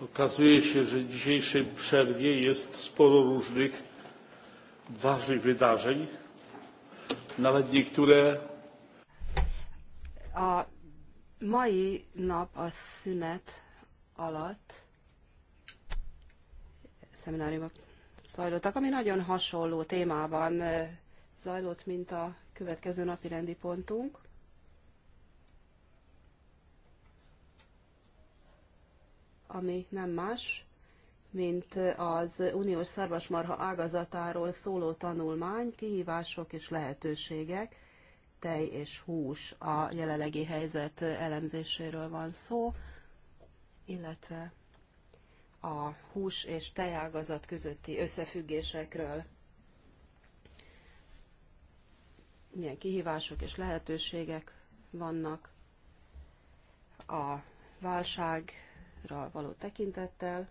Okazuje się, że w dzisiejszej przerwie jest sporo różnych ważnych wydarzeń, nawet niektóre. A mai nap a szünet alatt szemináriumok zajlottak, ami nagyon hasonló témában eh, zajlott, mint a következő napi rendi pontunk. ami nem más, mint az uniós szarvasmarha ágazatáról szóló tanulmány, kihívások és lehetőségek, tej és hús a jelenlegi helyzet elemzéséről van szó, illetve a hús és tejágazat közötti összefüggésekről. Milyen kihívások és lehetőségek vannak a válság ra való tekintettel.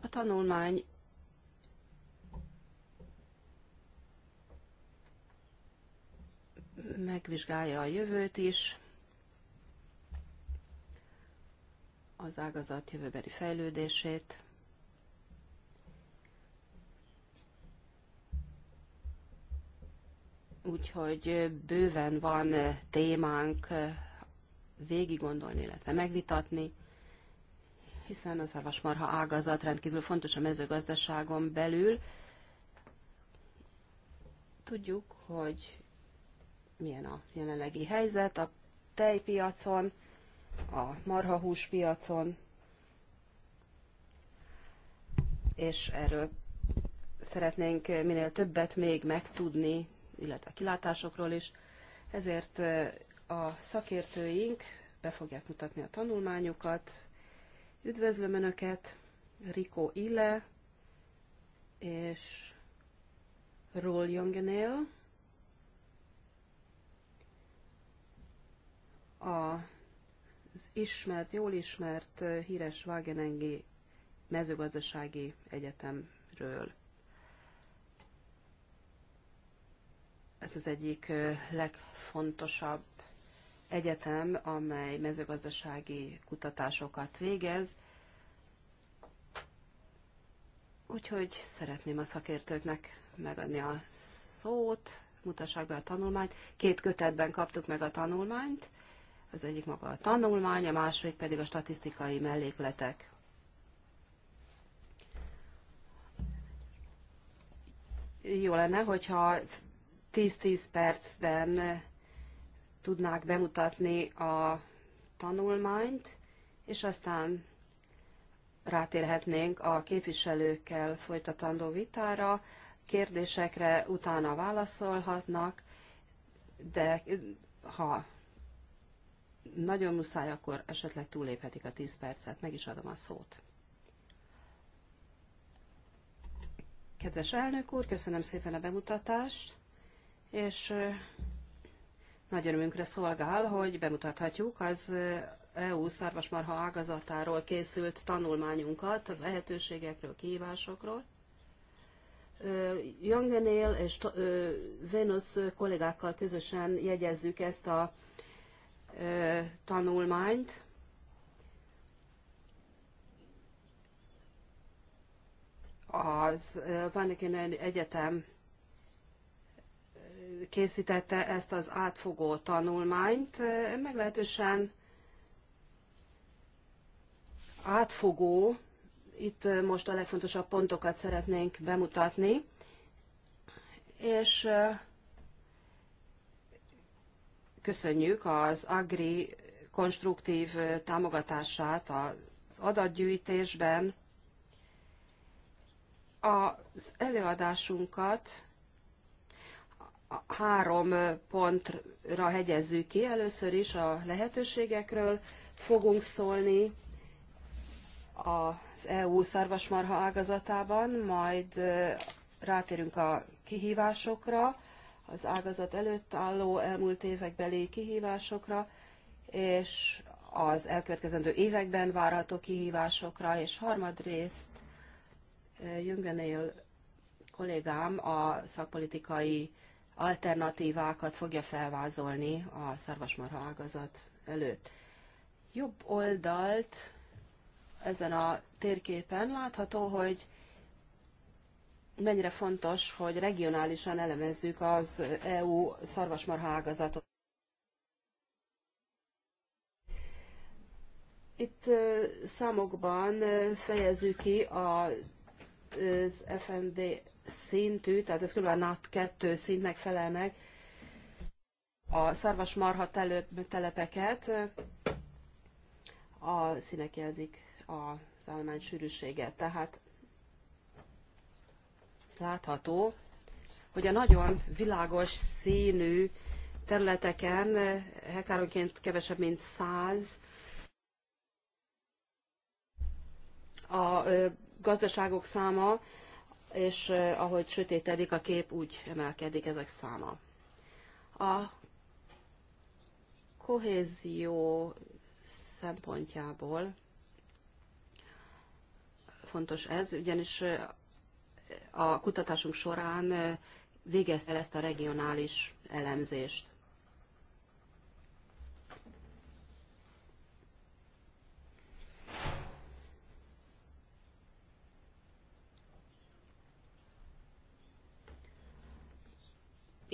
A tanulmány megvizsgálja a jövőt is, az ágazat jövőbeli fejlődését, úgyhogy bőven van témánk végig gondolni, illetve megvitatni, hiszen a szarvasmarha ágazat rendkívül fontos a mezőgazdaságon belül. Tudjuk, hogy milyen a jelenlegi helyzet a tejpiacon, a marhahús piacon, és erről szeretnénk minél többet még megtudni, illetve kilátásokról is. Ezért a szakértőink be fogják mutatni a tanulmányokat, Üdvözlöm Önöket, Riko Ille és Ról Jongenél. Az ismert, jól ismert, eh, híres Wagenengi mezőgazdasági egyetemről. Ez az egyik eh, legfontosabb egyetem, amely mezőgazdasági kutatásokat végez, úgyhogy szeretném a szakértőknek megadni a szót, mutassák be a tanulmányt. Két kötetben kaptuk meg a tanulmányt, az egyik maga a tanulmány, a másik pedig a statisztikai mellékletek. Jó lenne, hogyha 10-10 percben tudnák bemutatni a tanulmányt, és aztán rátérhetnénk a képviselőkkel folytatandó vitára, kérdésekre utána válaszolhatnak, de ha nagyon muszáj, akkor esetleg túléphetik a 10 percet. Meg is adom a szót. Kedves elnök úr, köszönöm szépen a bemutatást, és nagy örömünkre szolgál, hogy bemutathatjuk az EU szarvasmarha ágazatáról készült tanulmányunkat, lehetőségekről, kihívásokról. Jöngenél és Venus kollégákkal közösen jegyezzük ezt a tanulmányt. Az Vanekenen Egyetem készítette ezt az átfogó tanulmányt, meglehetősen átfogó, itt most a legfontosabb pontokat szeretnénk bemutatni, és köszönjük az Agri konstruktív támogatását az adatgyűjtésben. Az előadásunkat három pontra hegyezzük ki. Először is a lehetőségekről fogunk szólni az EU szarvasmarha ágazatában, majd rátérünk a kihívásokra, az ágazat előtt álló elmúlt évekbeli kihívásokra, és az elkövetkezendő években várható kihívásokra, és harmadrészt Jüngenél kollégám a szakpolitikai alternatívákat fogja felvázolni a szarvasmarha ágazat előtt. Jobb oldalt ezen a térképen látható, hogy mennyire fontos, hogy regionálisan elemezzük az EU szarvasmarha ágazatot. Itt számokban fejezzük ki az FMD szintű, tehát ez kb. a NAT 2 szintnek felel meg a szarvasmarha telepeket. A színek jelzik az állomány sűrűséget, tehát látható, hogy a nagyon világos színű területeken hektáronként kevesebb, mint 100 a gazdaságok száma és ahogy sötétedik a kép, úgy emelkedik ezek száma. A kohézió szempontjából fontos ez, ugyanis a kutatásunk során végezte el ezt a regionális elemzést.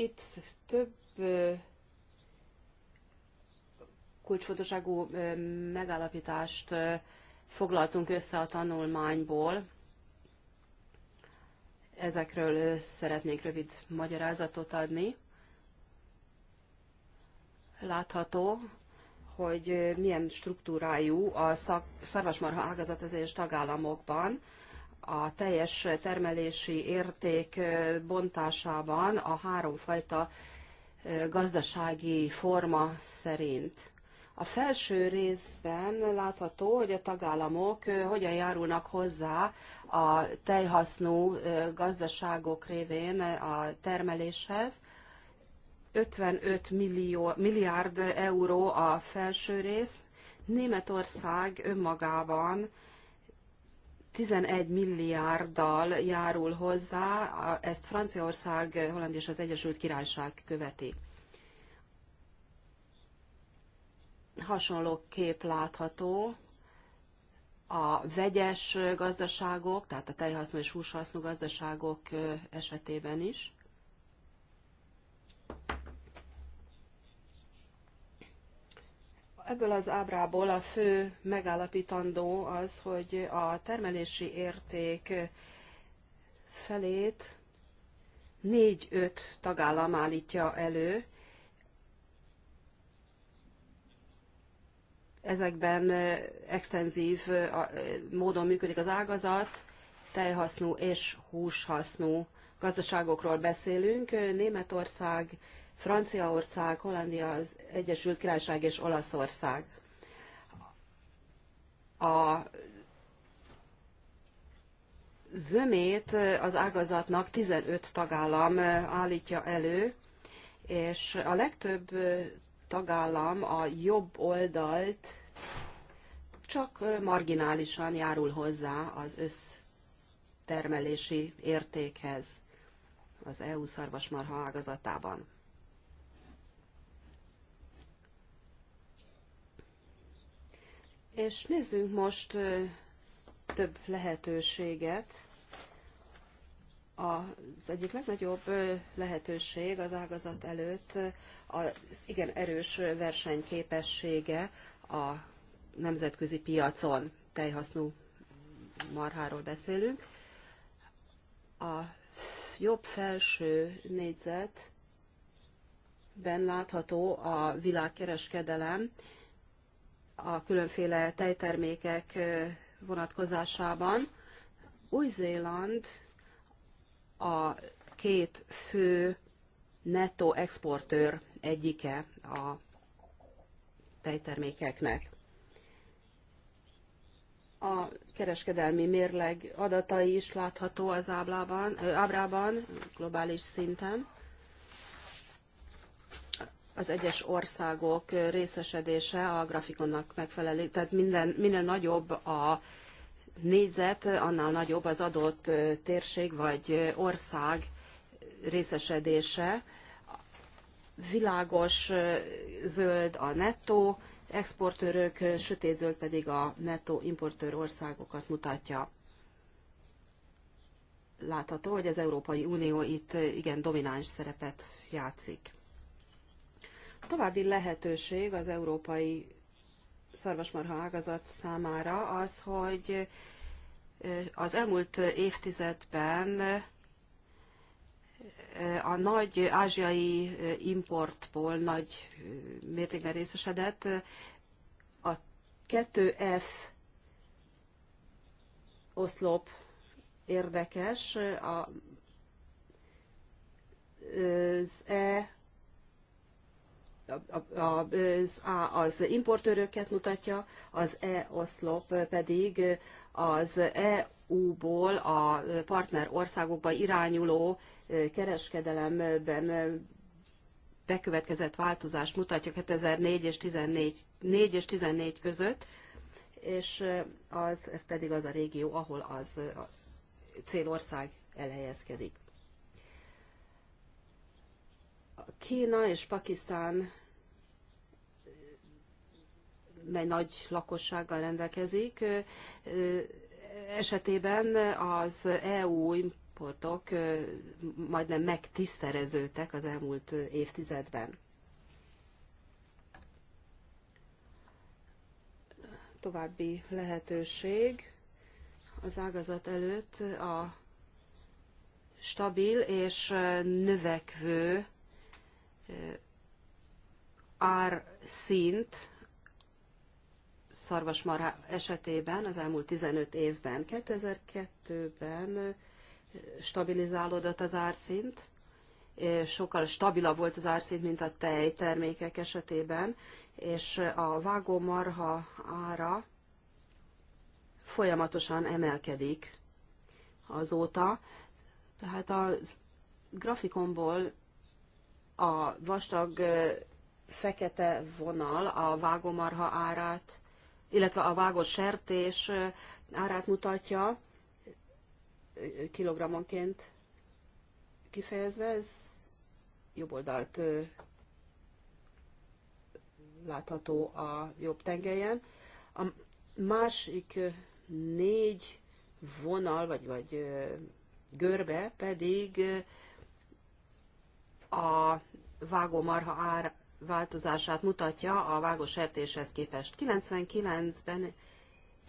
Itt több kulcsfontosságú megállapítást foglaltunk össze a tanulmányból. Ezekről szeretnék rövid magyarázatot adni. Látható, hogy milyen struktúrájú a szarvasmarha ágazat az tagállamokban a teljes termelési érték bontásában a háromfajta gazdasági forma szerint. A felső részben látható, hogy a tagállamok hogyan járulnak hozzá a tejhasznú gazdaságok révén a termeléshez. 55 millió, milliárd euró a felső rész. Németország önmagában 11 milliárddal járul hozzá, ezt Franciaország, Holland és az Egyesült Királyság követi. Hasonló kép látható a vegyes gazdaságok, tehát a tejhasznú és húshasznú gazdaságok esetében is. Ebből az ábrából a fő megállapítandó az, hogy a termelési érték felét 4-5 tagállam állítja elő. Ezekben extenzív módon működik az ágazat, tejhasznú és húshasznú gazdaságokról beszélünk. Németország Franciaország, Hollandia, az Egyesült Királyság és Olaszország. A zömét az ágazatnak 15 tagállam állítja elő, és a legtöbb tagállam a jobb oldalt csak marginálisan járul hozzá az össztermelési értékhez az EU szarvasmarha ágazatában. És nézzünk most több lehetőséget. Az egyik legnagyobb lehetőség az ágazat előtt az igen erős versenyképessége a nemzetközi piacon. Tejhasznú marháról beszélünk. A jobb felső négyzetben látható a világkereskedelem, a különféle tejtermékek vonatkozásában. Új-Zéland a két fő netto exportőr egyike a tejtermékeknek. A kereskedelmi mérleg adatai is látható az ábrában, ábrában globális szinten az egyes országok részesedése a grafikonnak megfelelő, tehát minden, minél nagyobb a négyzet, annál nagyobb az adott térség vagy ország részesedése. Világos zöld a nettó, exportőrök, sötét zöld pedig a nettó importőr országokat mutatja. Látható, hogy az Európai Unió itt igen domináns szerepet játszik további lehetőség az európai szarvasmarha ágazat számára az, hogy az elmúlt évtizedben a nagy ázsiai importból nagy mértékben részesedett. A 2F oszlop érdekes, az E az A az importőröket mutatja, az E oszlop pedig az EU-ból a partner országokba irányuló e, kereskedelemben e, bekövetkezett változást mutatja 2004 és 14, 4 és 14 között, és e, az pedig az a régió, ahol az célország elhelyezkedik. Kína és Pakisztán mely nagy lakossággal rendelkezik, esetében az EU importok majdnem megtisztereződtek az elmúlt évtizedben. További lehetőség az ágazat előtt a stabil és növekvő árszint szarvasmarha esetében az elmúlt 15 évben, 2002-ben stabilizálódott az árszint, sokkal stabilabb volt az árszint, mint a tejtermékek esetében, és a vágómarha ára folyamatosan emelkedik azóta. Tehát a grafikomból a vastag fekete vonal a vágomarha árát, illetve a vágó sertés árát mutatja kilogrammonként kifejezve, ez jobb oldalt látható a jobb tengelyen. A másik négy vonal, vagy, vagy görbe pedig a vágómarha ár változását mutatja a vágó sertéshez képest. 99-ben,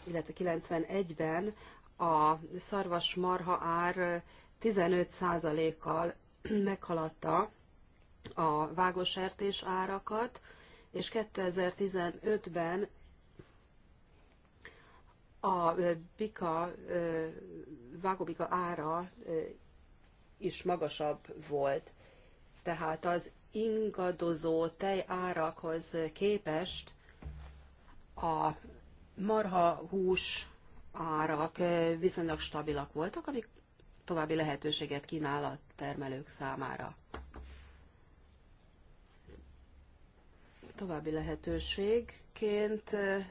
illetve 91-ben a szarvasmarha ár 15%-kal meghaladta a vágósertés árakat, és 2015-ben a bika, vágóbika ára is magasabb volt. Tehát az ingadozó tej árakhoz képest a marha hús árak viszonylag stabilak voltak, amik további lehetőséget kínál a termelők számára. További lehetőségként eh,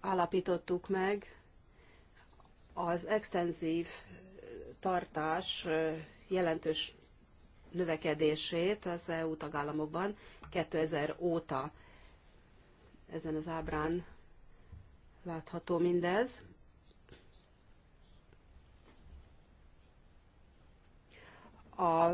állapítottuk meg az extenzív tartás eh, jelentős növekedését az EU tagállamokban 2000 óta. Ezen az ábrán látható mindez. A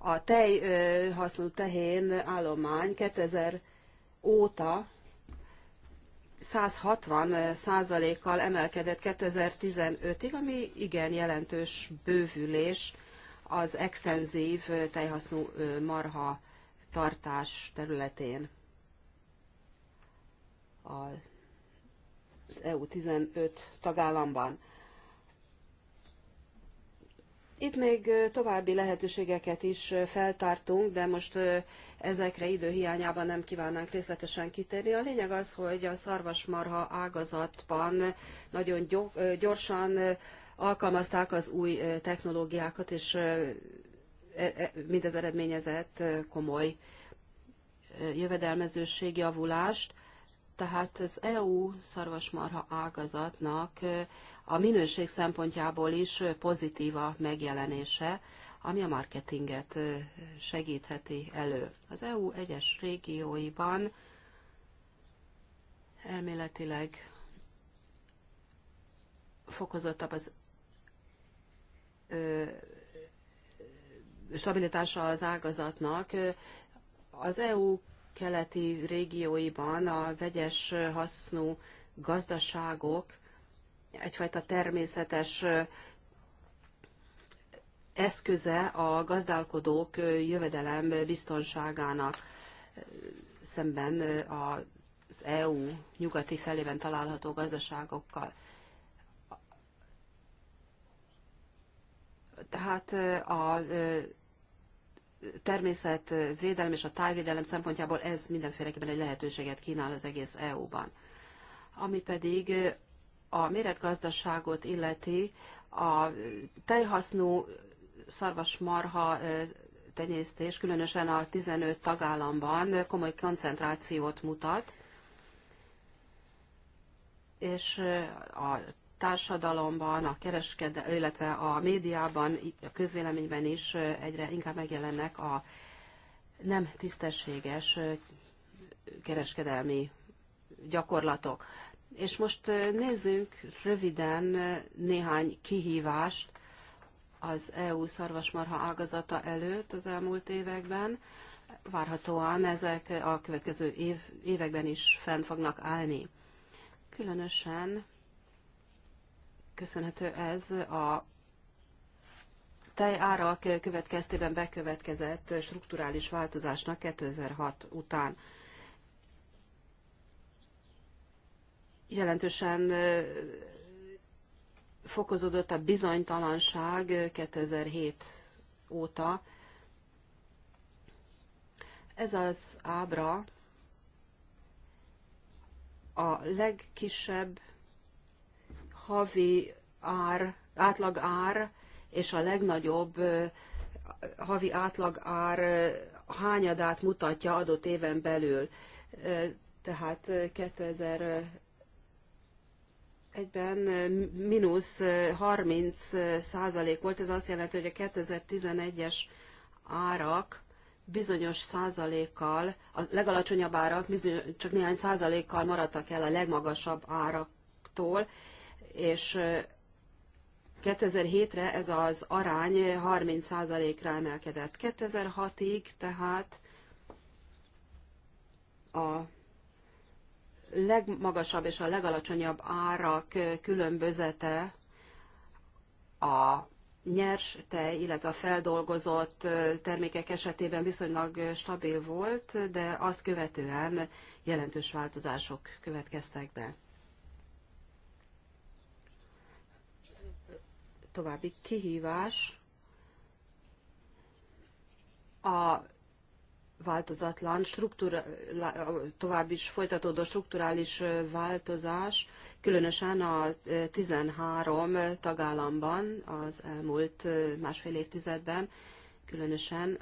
a tej hasznú tehén állomány 2000 óta 160 százalékkal emelkedett 2015-ig, ami igen jelentős bővülés az extenzív tejhasznú marha tartás területén. Az EU 15 tagállamban. Itt még további lehetőségeket is feltártunk, de most ezekre idő hiányában nem kívánnánk részletesen kitérni. A lényeg az, hogy a szarvasmarha ágazatban nagyon gyorsan alkalmazták az új technológiákat, és e, e, mindez eredményezett komoly jövedelmezőség javulást. Tehát az EU szarvasmarha ágazatnak a minőség szempontjából is pozitív a megjelenése, ami a marketinget segítheti elő. Az EU egyes régióiban elméletileg fokozottabb az stabilitása az ágazatnak. Az EU keleti régióiban a vegyes hasznú gazdaságok egyfajta természetes eszköze a gazdálkodók jövedelem biztonságának szemben az EU nyugati felében található gazdaságokkal. Tehát a természetvédelem és a tájvédelem szempontjából ez mindenféleképpen egy lehetőséget kínál az egész EU-ban. Ami pedig a méretgazdaságot illeti, a tejhasznú szarvasmarha tenyésztés, különösen a 15 tagállamban komoly koncentrációt mutat, és a társadalomban, a kereskedelem, illetve a médiában, a közvéleményben is egyre inkább megjelennek a nem tisztességes kereskedelmi gyakorlatok. És most nézzünk röviden néhány kihívást az EU szarvasmarha ágazata előtt az elmúlt években. Várhatóan ezek a következő év, években is fenn fognak állni. Különösen köszönhető ez a tejárak következtében bekövetkezett strukturális változásnak 2006 után. jelentősen fokozódott a bizonytalanság 2007 óta. Ez az ábra a legkisebb havi ár, átlag ár és a legnagyobb havi átlag ár hányadát mutatja adott éven belül. Tehát 2000 egyben eh, mínusz 30 eh, eh, százalék volt, ez azt jelenti, hogy a 2011-es árak bizonyos százalékkal, a legalacsonyabb árak csak néhány százalékkal maradtak el a legmagasabb áraktól, és 2007-re ez az arány 30 százalékra emelkedett. 2006-ig tehát a legmagasabb és a legalacsonyabb árak különbözete a nyers tej, illetve a feldolgozott termékek esetében viszonylag stabil volt, de azt követően jelentős változások következtek be. További kihívás a változatlan, struktúra, tovább is folytatódó strukturális változás, különösen a 13 tagállamban az elmúlt másfél évtizedben, különösen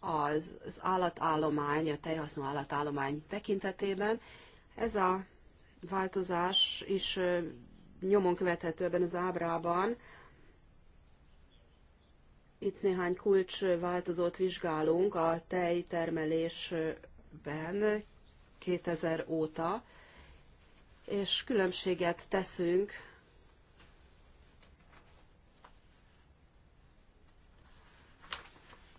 az, az állatállomány, a tejhasznú állatállomány tekintetében. Ez a változás is nyomon követhető ebben az ábrában, itt néhány kulcs változót vizsgálunk a tejtermelésben 2000 óta, és különbséget teszünk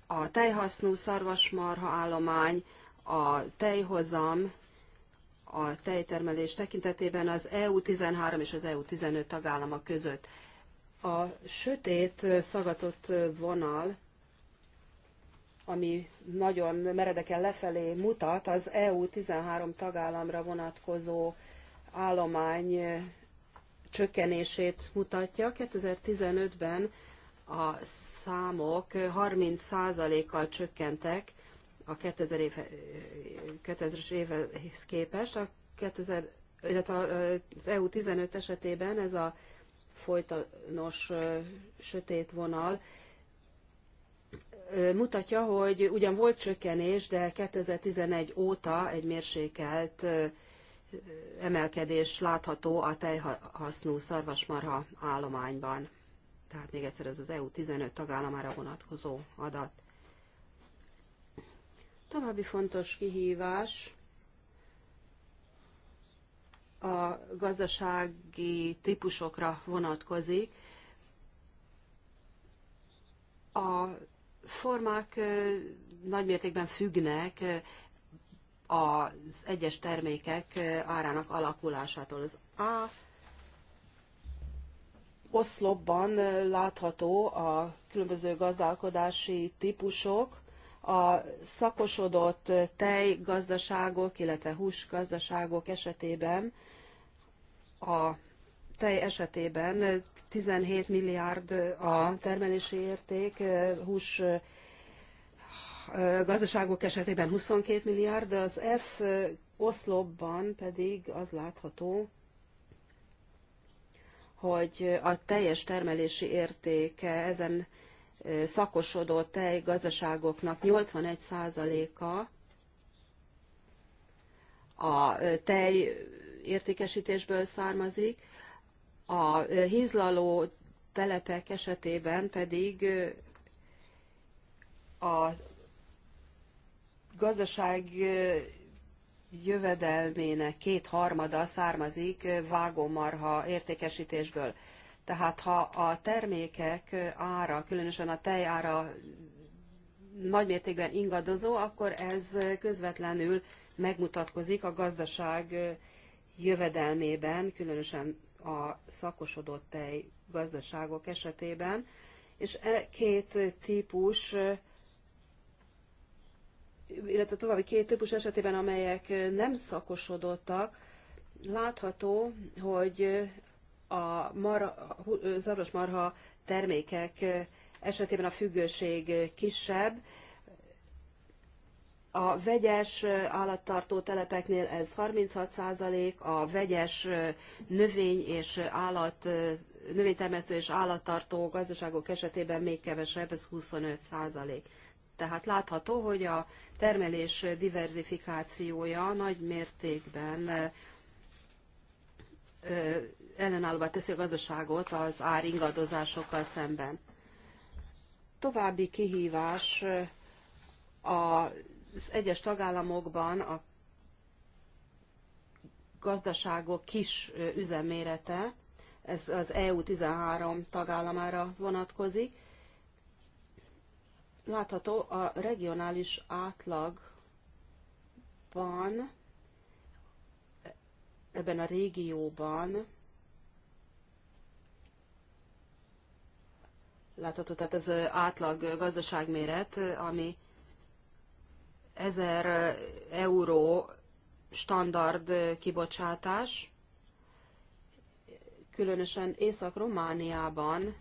a tejhasznú szarvasmarha állomány, a tejhozam, a tejtermelés tekintetében az EU 13 és az EU 15 tagállama között. A sötét szagatott vonal, ami nagyon meredeken lefelé mutat, az EU 13 tagállamra vonatkozó állomány csökkenését mutatja. 2015-ben a számok 30%-kal csökkentek a 2000 éve, 2000-es évhez képest, a 2000, illetve az EU 15 esetében ez a folytonos sötét vonal mutatja, hogy ugyan volt csökkenés, de 2011 óta egy mérsékelt emelkedés látható a tejhasznú szarvasmarha állományban. Tehát még egyszer ez az EU 15 tagállamára vonatkozó adat. További fontos kihívás a gazdasági típusokra vonatkozik. A formák nagymértékben függnek az egyes termékek árának alakulásától. Az A oszlopban látható a különböző gazdálkodási típusok, a szakosodott tejgazdaságok, illetve húsgazdaságok esetében a tej esetében 17 milliárd a termelési érték, hús gazdaságok esetében 22 milliárd, az F oszlopban pedig az látható, hogy a teljes termelési értéke ezen szakosodó gazdaságoknak 81%-a a tej értékesítésből származik, a hízlaló telepek esetében pedig a gazdaság jövedelmének kétharmada származik vágómarha értékesítésből. Tehát ha a termékek ára, különösen a tej ára nagymértékben ingadozó, akkor ez közvetlenül megmutatkozik a gazdaság jövedelmében, különösen a szakosodott tej gazdaságok esetében, és e két típus, illetve további két típus esetében, amelyek nem szakosodottak, látható, hogy a marha, zaros marha termékek esetében a függőség kisebb, a vegyes állattartó telepeknél ez 36%, a vegyes növény és állat, növénytermesztő és állattartó gazdaságok esetében még kevesebb, ez 25%. Tehát látható, hogy a termelés diverzifikációja nagy mértékben ellenállóvá teszi a gazdaságot az áringadozásokkal szemben. További kihívás a az egyes tagállamokban a gazdaságok kis üzemmérete, ez az EU 13 tagállamára vonatkozik. Látható a regionális átlagban, ebben a régióban, látható, tehát ez átlag gazdaságméret, ami 1000 euró standard kibocsátás, különösen Észak-Romániában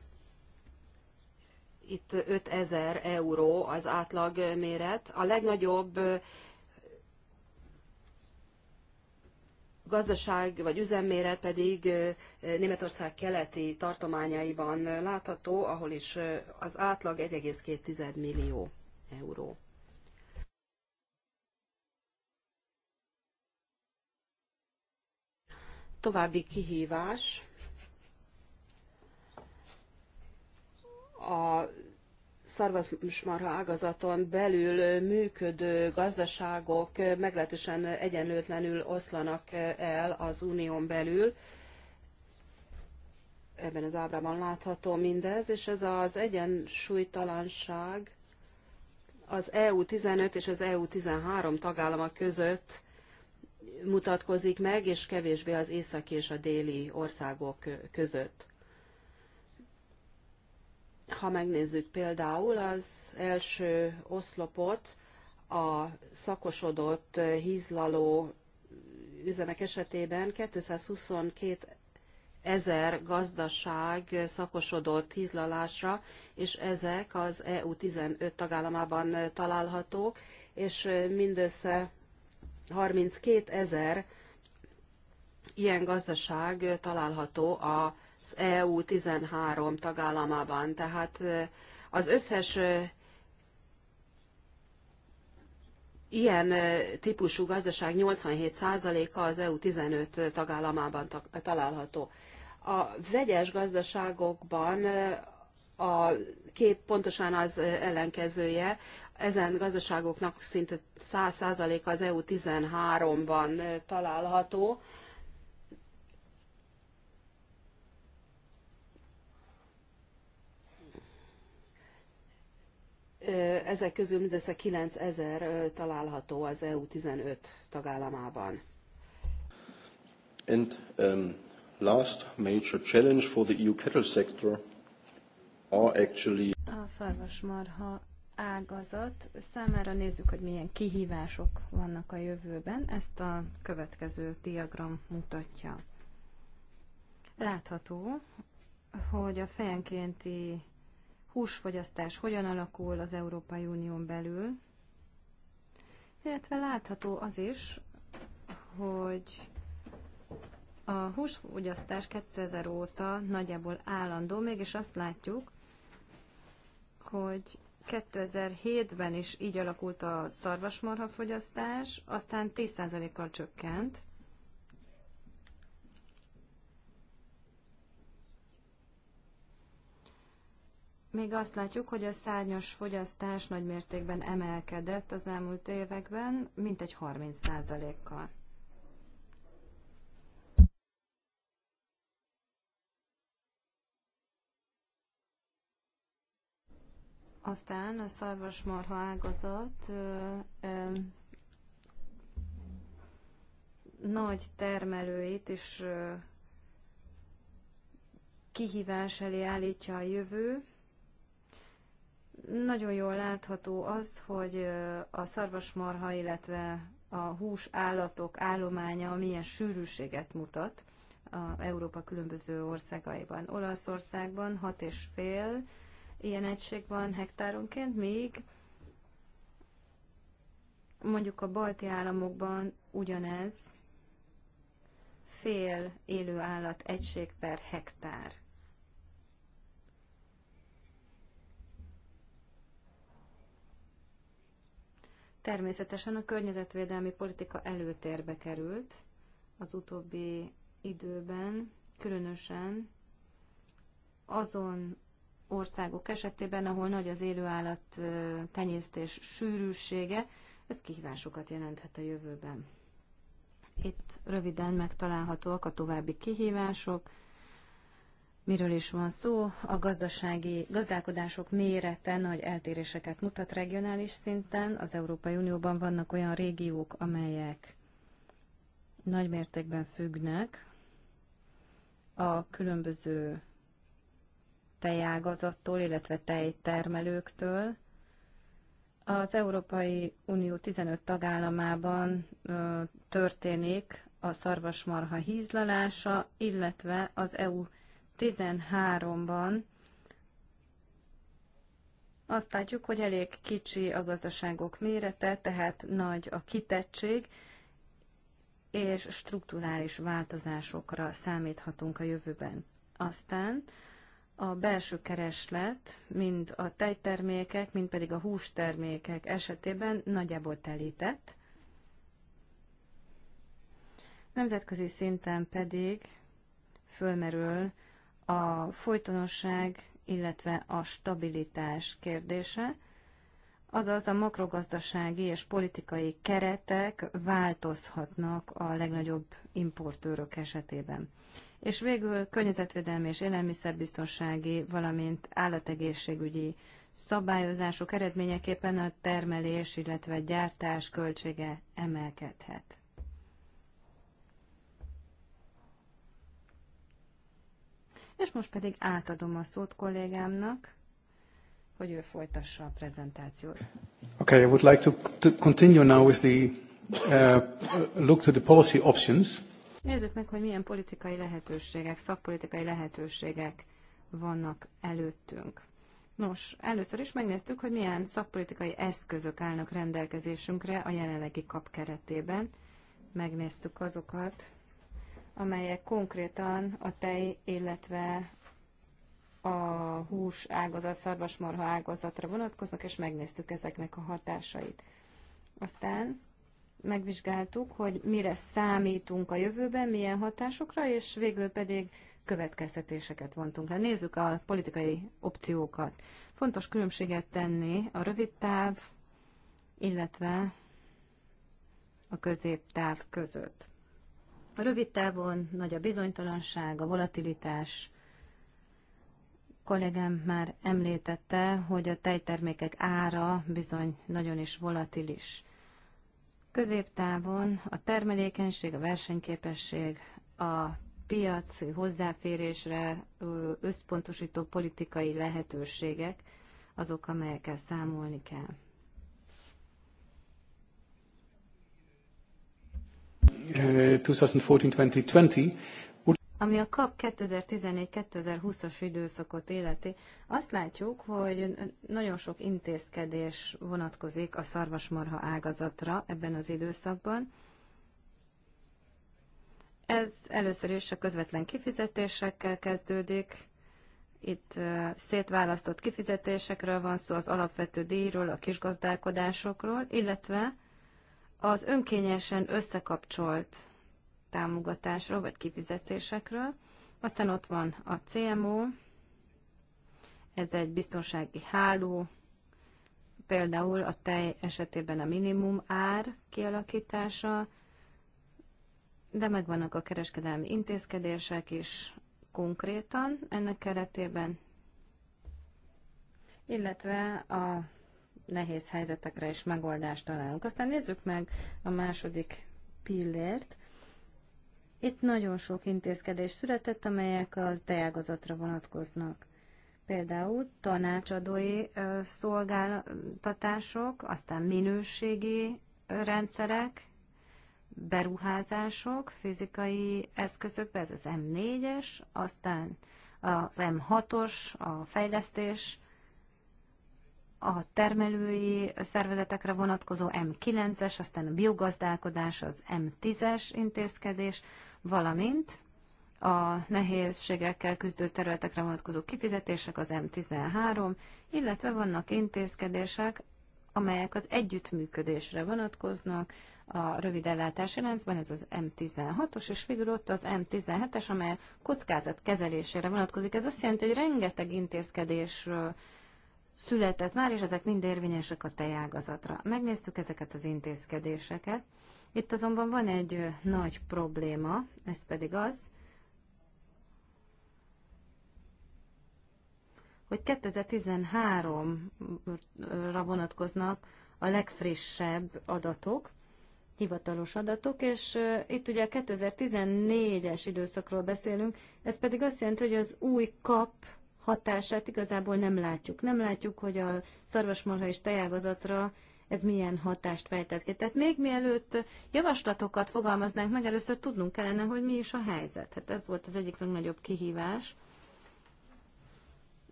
itt 5000 euró az átlag méret. A legnagyobb gazdaság vagy üzemméret pedig Németország keleti tartományaiban látható, ahol is az átlag 1,2 millió euró. további kihívás a szarvasmarha ágazaton belül működő gazdaságok meglehetősen egyenlőtlenül oszlanak el az unión belül. Ebben az ábrában látható mindez, és ez az egyensúlytalanság az EU 15 és az EU 13 tagállama között mutatkozik meg, és kevésbé az északi és a déli országok között. Ha megnézzük például az első oszlopot, a szakosodott hízlaló üzemek esetében 222 ezer gazdaság szakosodott hízlalásra, és ezek az EU 15 tagállamában találhatók, és mindössze 32 ezer ilyen gazdaság található az EU 13 tagállamában, tehát az összes ilyen típusú gazdaság 87%-a az EU 15 tagállamában található. A vegyes gazdaságokban a kép pontosan az ellenkezője, ezen gazdaságoknak szinte 100% az EU13-ban található. Ezek közül mindössze 9000 található az EU 15 tagállamában. And um, last major challenge for the EU cattle sector are actually a szarvasmarha ágazat számára nézzük, hogy milyen kihívások vannak a jövőben. Ezt a következő diagram mutatja. Látható, hogy a fejenkénti húsfogyasztás hogyan alakul az Európai Unión belül, illetve látható az is, hogy a húsfogyasztás 2000 óta nagyjából állandó, mégis azt látjuk, hogy 2007-ben is így alakult a szarvasmarha fogyasztás, aztán 10%-kal csökkent. Még azt látjuk, hogy a szárnyas fogyasztás nagymértékben emelkedett az elmúlt években, mintegy 30%-kal. Aztán a szarvasmarha ágazat ö, ö, nagy termelőit is ö, kihívás elé állítja a jövő. Nagyon jól látható az, hogy a szarvasmarha, illetve a hús állatok állománya milyen sűrűséget mutat a Európa különböző országaiban. Olaszországban 6,5 ilyen egység van hektáronként, míg mondjuk a balti államokban ugyanez fél élő állat egység per hektár. Természetesen a környezetvédelmi politika előtérbe került az utóbbi időben, különösen azon országok esetében, ahol nagy az élőállat tenyésztés sűrűsége, ez kihívásokat jelenthet a jövőben. Itt röviden megtalálhatóak a további kihívások, Miről is van szó? A gazdasági gazdálkodások mérete nagy eltéréseket mutat regionális szinten. Az Európai Unióban vannak olyan régiók, amelyek nagy mértékben függnek a különböző tejágazattól, illetve tejtermelőktől. Az Európai Unió 15 tagállamában ö, történik a szarvasmarha hízlalása, illetve az EU 13-ban azt látjuk, hogy elég kicsi a gazdaságok mérete, tehát nagy a kitettség, és strukturális változásokra számíthatunk a jövőben. Aztán a belső kereslet, mind a tejtermékek, mind pedig a hústermékek esetében nagyjából telített. Nemzetközi szinten pedig fölmerül a folytonosság, illetve a stabilitás kérdése, azaz a makrogazdasági és politikai keretek változhatnak a legnagyobb importőrök esetében és végül környezetvédelmi és élelmiszerbiztonsági, valamint állategészségügyi szabályozások eredményeképpen a termelés, illetve gyártás költsége emelkedhet. És most pedig átadom a szót kollégámnak, hogy ő folytassa a prezentációt. Okay, I would like to, to continue now with the uh, look to the policy options. Nézzük meg, hogy milyen politikai lehetőségek, szakpolitikai lehetőségek vannak előttünk. Nos, először is megnéztük, hogy milyen szakpolitikai eszközök állnak rendelkezésünkre a jelenlegi kap keretében. Megnéztük azokat, amelyek konkrétan a tej, illetve a hús ágazat, szarvasmarha ágazatra vonatkoznak, és megnéztük ezeknek a hatásait. Aztán megvizsgáltuk, hogy mire számítunk a jövőben, milyen hatásokra, és végül pedig következtetéseket vontunk le. Nézzük a politikai opciókat. Fontos különbséget tenni a rövid táv, illetve a középtáv között. A rövid távon nagy a bizonytalanság, a volatilitás. A kollégám már említette, hogy a tejtermékek ára bizony nagyon is volatilis. Középtávon a termelékenység, a versenyképesség, a piaci hozzáférésre összpontosító politikai lehetőségek azok, amelyekkel számolni kell. Uh, 2014-2020 ami a KAP 2014-2020-as időszakot életi, azt látjuk, hogy nagyon sok intézkedés vonatkozik a szarvasmarha ágazatra ebben az időszakban. Ez először is a közvetlen kifizetésekkel kezdődik. Itt szétválasztott kifizetésekről van szó, az alapvető díjról, a kisgazdálkodásokról, illetve az önkényesen összekapcsolt támogatásról vagy kifizetésekről. Aztán ott van a CMO, ez egy biztonsági háló, például a tej esetében a minimum ár kialakítása, de megvannak a kereskedelmi intézkedések is konkrétan ennek keretében, illetve a nehéz helyzetekre is megoldást találunk. Aztán nézzük meg a második pillért, itt nagyon sok intézkedés született, amelyek az deágazatra vonatkoznak. Például tanácsadói szolgáltatások, aztán minőségi rendszerek, beruházások, fizikai eszközök ez az M4-es, aztán az M6-os, a fejlesztés, a termelői szervezetekre vonatkozó M9-es, aztán a biogazdálkodás, az M10-es intézkedés, valamint a nehézségekkel küzdő területekre vonatkozó kifizetések, az M13, illetve vannak intézkedések, amelyek az együttműködésre vonatkoznak a rövid ellátási láncban, ez az M16-os, és végül ott az M17-es, amely kockázat kezelésére vonatkozik. Ez azt jelenti, hogy rengeteg intézkedés született már, és ezek mind érvényesek a tejágazatra. Megnéztük ezeket az intézkedéseket, itt azonban van egy nagy probléma, ez pedig az, hogy 2013-ra vonatkoznak a legfrissebb adatok, hivatalos adatok, és itt ugye a 2014-es időszakról beszélünk, ez pedig azt jelenti, hogy az új kap hatását igazából nem látjuk. Nem látjuk, hogy a szarvasmarha és tejágazatra ez milyen hatást fejtett ki. Tehát még mielőtt javaslatokat fogalmaznánk meg, először tudnunk kellene, hogy mi is a helyzet. Hát ez volt az egyik legnagyobb kihívás.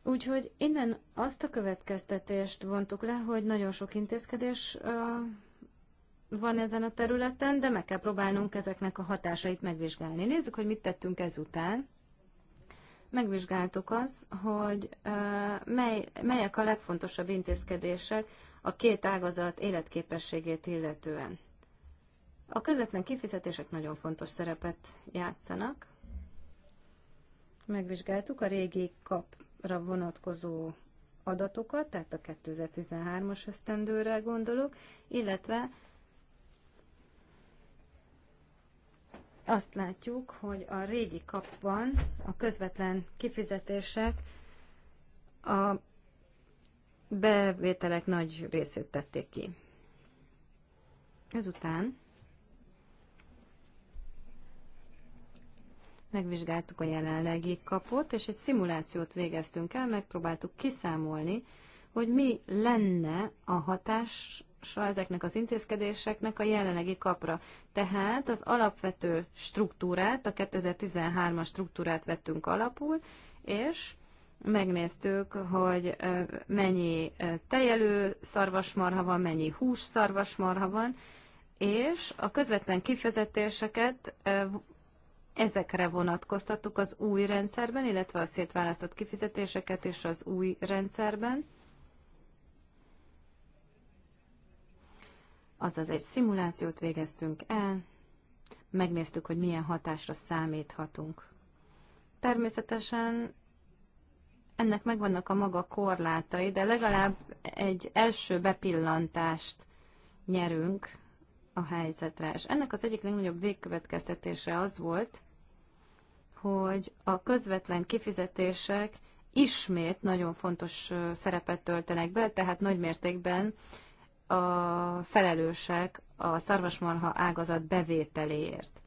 Úgyhogy innen azt a következtetést vontuk le, hogy nagyon sok intézkedés van ezen a területen, de meg kell próbálnunk ezeknek a hatásait megvizsgálni. Nézzük, hogy mit tettünk ezután. Megvizsgáltuk az, hogy mely, melyek a legfontosabb intézkedések, a két ágazat életképességét illetően. A közvetlen kifizetések nagyon fontos szerepet játszanak. Megvizsgáltuk a régi kapra vonatkozó adatokat, tehát a 2013-as esztendőre gondolok, illetve azt látjuk, hogy a régi kapban a közvetlen kifizetések a bevételek nagy részét tették ki. Ezután megvizsgáltuk a jelenlegi kapot, és egy szimulációt végeztünk el, megpróbáltuk kiszámolni, hogy mi lenne a hatása ezeknek az intézkedéseknek a jelenlegi kapra. Tehát az alapvető struktúrát, a 2013-as struktúrát vettünk alapul, és megnéztük, hogy mennyi tejelő szarvasmarha van, mennyi hús szarvasmarha van, és a közvetlen kifizetéseket ezekre vonatkoztattuk az új rendszerben, illetve a szétválasztott kifizetéseket is az új rendszerben. Azaz egy szimulációt végeztünk el, megnéztük, hogy milyen hatásra számíthatunk. Természetesen ennek megvannak a maga korlátai, de legalább egy első bepillantást nyerünk a helyzetre. És ennek az egyik legnagyobb végkövetkeztetése az volt, hogy a közvetlen kifizetések ismét nagyon fontos szerepet töltenek be, tehát nagy mértékben a felelősek a szarvasmarha ágazat bevételéért.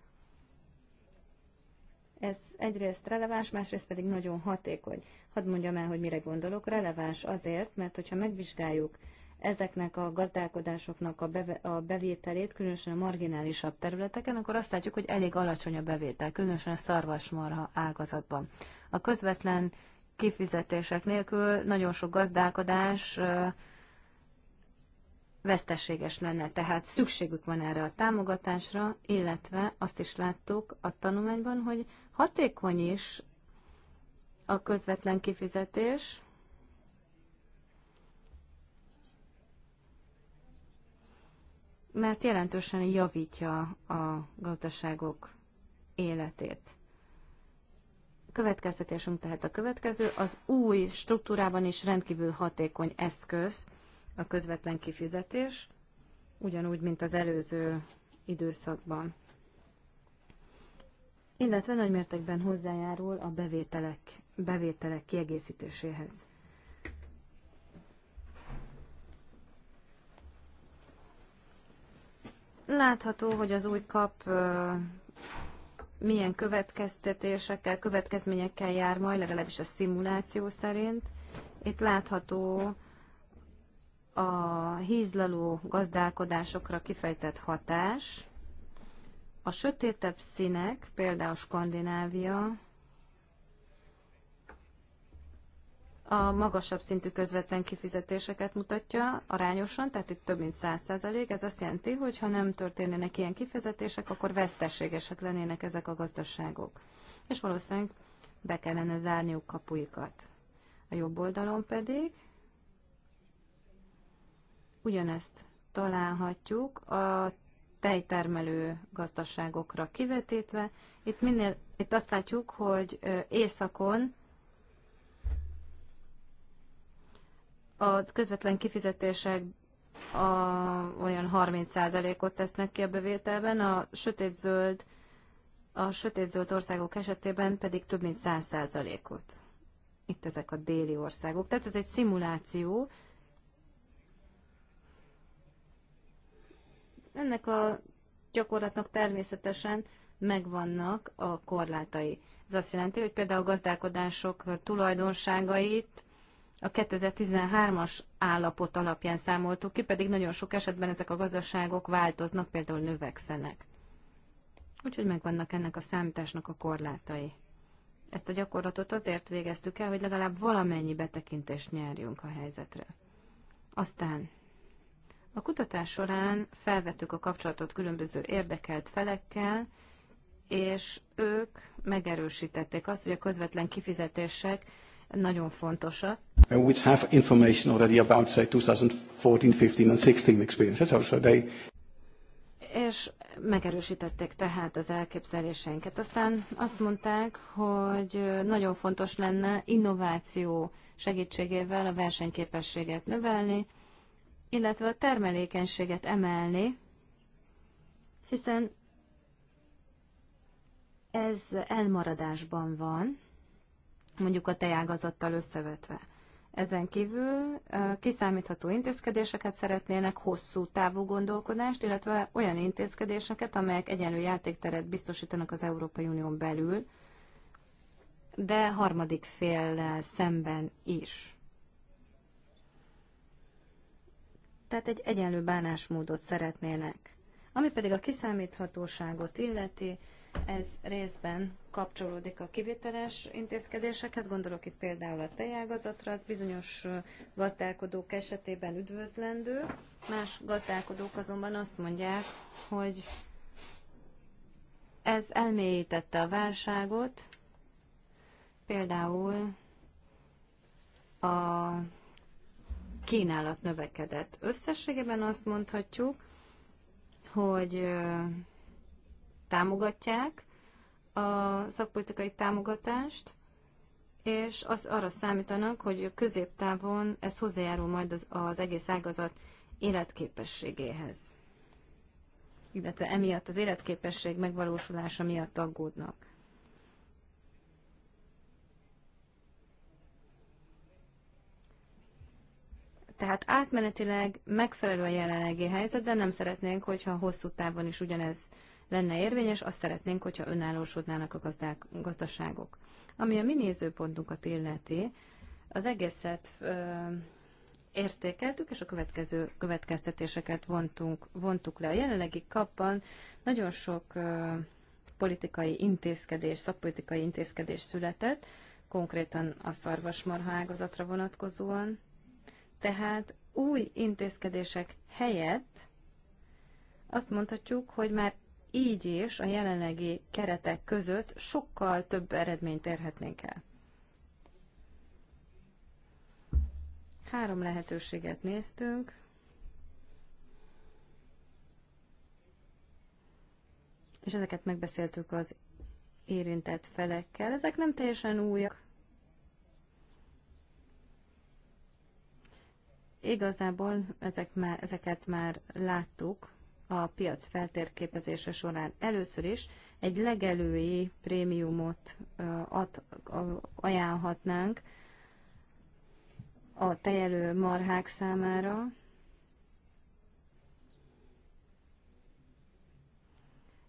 Ez egyrészt releváns, másrészt pedig nagyon hatékony. Hadd mondjam el, hogy mire gondolok. Releváns azért, mert hogyha megvizsgáljuk ezeknek a gazdálkodásoknak a, beve, a bevételét, különösen a marginálisabb területeken, akkor azt látjuk, hogy elég alacsony a bevétel, különösen a szarvasmarha ágazatban. A közvetlen kifizetések nélkül nagyon sok gazdálkodás veszteséges lenne. Tehát szükségük van erre a támogatásra, illetve azt is láttuk a tanulmányban, hogy Hatékony is a közvetlen kifizetés. mert jelentősen javítja a gazdaságok életét. Következtetésünk tehát a következő, az új struktúrában is rendkívül hatékony eszköz a közvetlen kifizetés, ugyanúgy, mint az előző időszakban illetve mértékben hozzájárul a bevételek, bevételek kiegészítéséhez. Látható, hogy az új kap milyen következtetésekkel, következményekkel jár majd, legalábbis a szimuláció szerint. Itt látható a hízlaló gazdálkodásokra kifejtett hatás, a sötétebb színek, például Skandinávia, a magasabb szintű közvetlen kifizetéseket mutatja arányosan, tehát itt több mint 100%. Ez azt jelenti, hogy ha nem történnének ilyen kifizetések, akkor veszteségesek lennének ezek a gazdaságok. És valószínűleg be kellene zárniuk kapuikat. A jobb oldalon pedig ugyanezt találhatjuk a tejtermelő gazdaságokra kivetítve. Itt, minél, itt azt látjuk, hogy északon a közvetlen kifizetések a, olyan 30%-ot tesznek ki a bevételben, a sötétzöld, a sötétzöld országok esetében pedig több mint 100%-ot. Itt ezek a déli országok. Tehát ez egy szimuláció, Ennek a gyakorlatnak természetesen megvannak a korlátai. Ez azt jelenti, hogy például a gazdálkodások tulajdonságait a 2013-as állapot alapján számoltuk ki, pedig nagyon sok esetben ezek a gazdaságok változnak, például növekszenek. Úgyhogy megvannak ennek a számításnak a korlátai. Ezt a gyakorlatot azért végeztük el, hogy legalább valamennyi betekintést nyerjünk a helyzetre. Aztán a kutatás során felvettük a kapcsolatot különböző érdekelt felekkel, és ők megerősítették azt, hogy a közvetlen kifizetések nagyon fontosak. Which have information already about, say, 2014, 15 and 16 experiences also. They... És megerősítették tehát az elképzeléseinket. Aztán azt mondták, hogy nagyon fontos lenne innováció segítségével a versenyképességet növelni, illetve a termelékenységet emelni, hiszen ez elmaradásban van, mondjuk a tejágazattal összevetve. Ezen kívül kiszámítható intézkedéseket szeretnének, hosszú távú gondolkodást, illetve olyan intézkedéseket, amelyek egyenlő játékteret biztosítanak az Európai Unión belül, de harmadik féllel szemben is. tehát egy egyenlő bánásmódot szeretnének. Ami pedig a kiszámíthatóságot illeti, ez részben kapcsolódik a kivételes intézkedésekhez, gondolok itt például a tejágazatra, az bizonyos gazdálkodók esetében üdvözlendő, más gazdálkodók azonban azt mondják, hogy ez elmélyítette a válságot, például a kínálat növekedett. Összességében azt mondhatjuk, hogy támogatják a szakpolitikai támogatást, és az arra számítanak, hogy középtávon ez hozzájárul majd az, az egész ágazat életképességéhez. Illetve emiatt az életképesség megvalósulása miatt aggódnak. Tehát átmenetileg megfelelő a jelenlegi helyzet, de nem szeretnénk, hogyha hosszú távon is ugyanez lenne érvényes, azt szeretnénk, hogyha önállósodnának a gazdák, gazdaságok. Ami a mi nézőpontunkat illeti, az egészet ö, értékeltük, és a következő következtetéseket vontunk, vontuk le. A jelenlegi kapban nagyon sok ö, politikai intézkedés, szakpolitikai intézkedés született, konkrétan a szarvasmarha ágazatra vonatkozóan, tehát új intézkedések helyett azt mondhatjuk, hogy már így is a jelenlegi keretek között sokkal több eredményt érhetnénk el. Három lehetőséget néztünk. És ezeket megbeszéltük az érintett felekkel. Ezek nem teljesen újak. Igazából ezek már, ezeket már láttuk a piac feltérképezése során. Először is egy legelői prémiumot ad, ajánlhatnánk a tejelő marhák számára,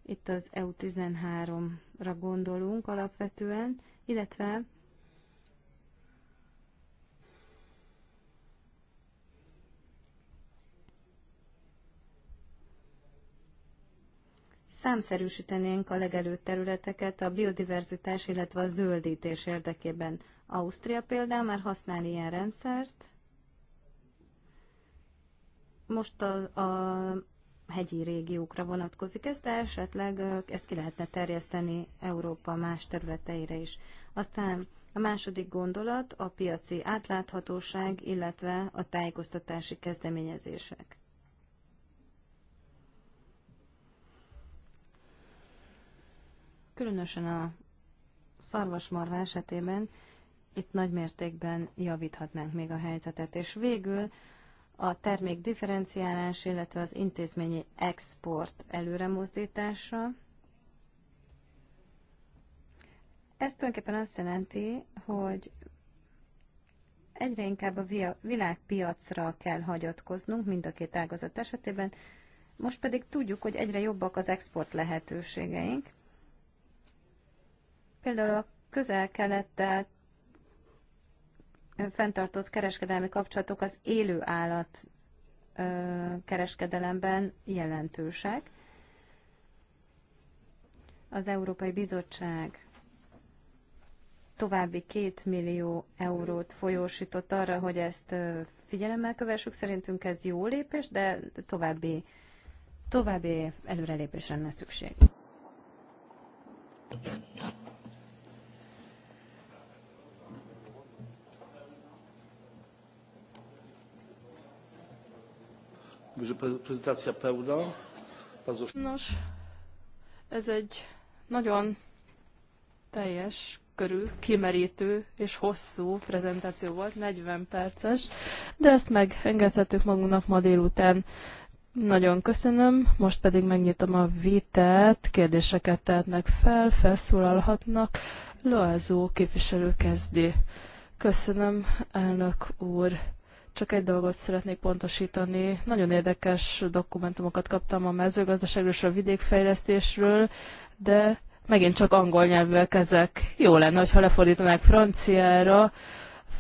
itt az EU13-ra gondolunk alapvetően, illetve számszerűsítenénk a legelőtt területeket a biodiverzitás, illetve a zöldítés érdekében. Ausztria például már használ ilyen rendszert. Most a, a hegyi régiókra vonatkozik ez, de esetleg ezt ki lehetne terjeszteni Európa más területeire is. Aztán a második gondolat a piaci átláthatóság, illetve a tájékoztatási kezdeményezések. különösen a szarvasmarva esetében itt nagy mértékben javíthatnánk még a helyzetet. És végül a termék differenciálás, illetve az intézményi export előremozdítása. Ez tulajdonképpen azt jelenti, hogy egyre inkább a világpiacra kell hagyatkoznunk mind a két ágazat esetében, most pedig tudjuk, hogy egyre jobbak az export lehetőségeink, Például a közel-kelettel fenntartott kereskedelmi kapcsolatok az élő állat kereskedelemben jelentősek. Az Európai Bizottság további két millió eurót folyósított arra, hogy ezt figyelemmel kövessük. Szerintünk ez jó lépés, de további, további előrelépésre lenne szükség. pełna. Bardzo... Nos, ez egy nagyon teljes körű, kimerítő és hosszú prezentáció volt, 40 perces, de ezt megengedhetük magunknak ma délután. Nagyon köszönöm, most pedig megnyitom a vitát, kérdéseket tehetnek fel, felszólalhatnak. Loázó képviselő kezdi. Köszönöm, elnök úr. Csak egy dolgot szeretnék pontosítani. Nagyon érdekes dokumentumokat kaptam a mezőgazdaságról és a vidékfejlesztésről, de megint csak angol nyelvűek ezek. Jó lenne, ha lefordítanák franciára.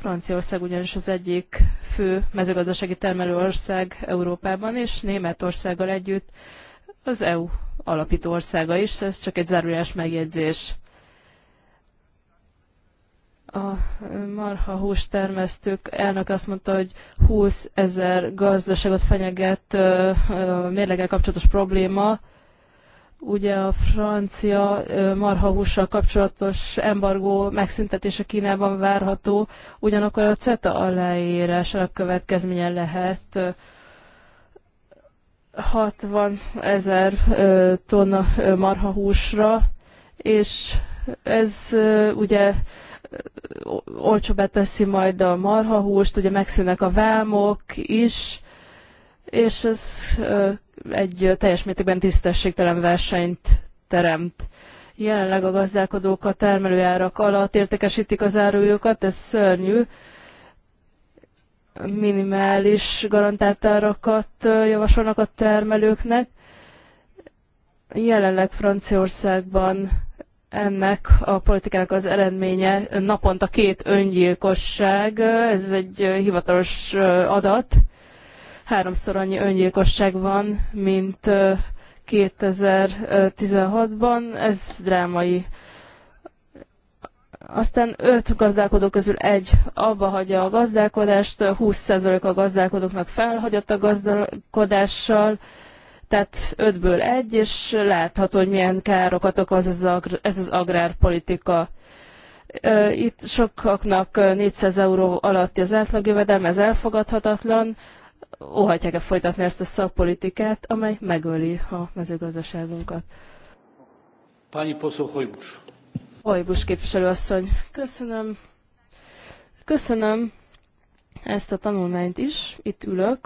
Franciaország ugyanis az egyik fő mezőgazdasági ország Európában, és Németországgal együtt az EU alapító országa is. Ez csak egy záruljás megjegyzés a marha termesztők elnök azt mondta, hogy 20 ezer gazdaságot fenyeget a mérlegel kapcsolatos probléma. Ugye a francia marhahússal kapcsolatos embargó megszüntetése Kínában várható, ugyanakkor a CETA aláírásának következménye lehet 60 ezer tonna marhahúsra, és ez ugye olcsóbbá teszi majd a marhahúst, ugye megszűnnek a vámok is, és ez egy teljes mértékben tisztességtelen versenyt teremt. Jelenleg a gazdálkodók a termelőárak alatt értékesítik az árujukat, ez szörnyű. Minimális garantált árakat javasolnak a termelőknek. Jelenleg Franciaországban ennek a politikának az eredménye naponta két öngyilkosság, ez egy hivatalos adat, háromszor annyi öngyilkosság van, mint 2016-ban, ez drámai. Aztán öt gazdálkodó közül egy abba hagyja a gazdálkodást, 20% a gazdálkodóknak felhagyott a gazdálkodással, tehát ötből egy, és látható, hogy milyen károkat okoz ez, agr ez az agrárpolitika. Itt sokaknak 400 euró alatti az átlagjövedelme, ez elfogadhatatlan. Óhatják-e folytatni ezt a szakpolitikát, amely megöli a mezőgazdaságunkat? Pani poseł Hojbusz. képviselőasszony. Köszönöm. Köszönöm ezt a tanulmányt is. Itt ülök.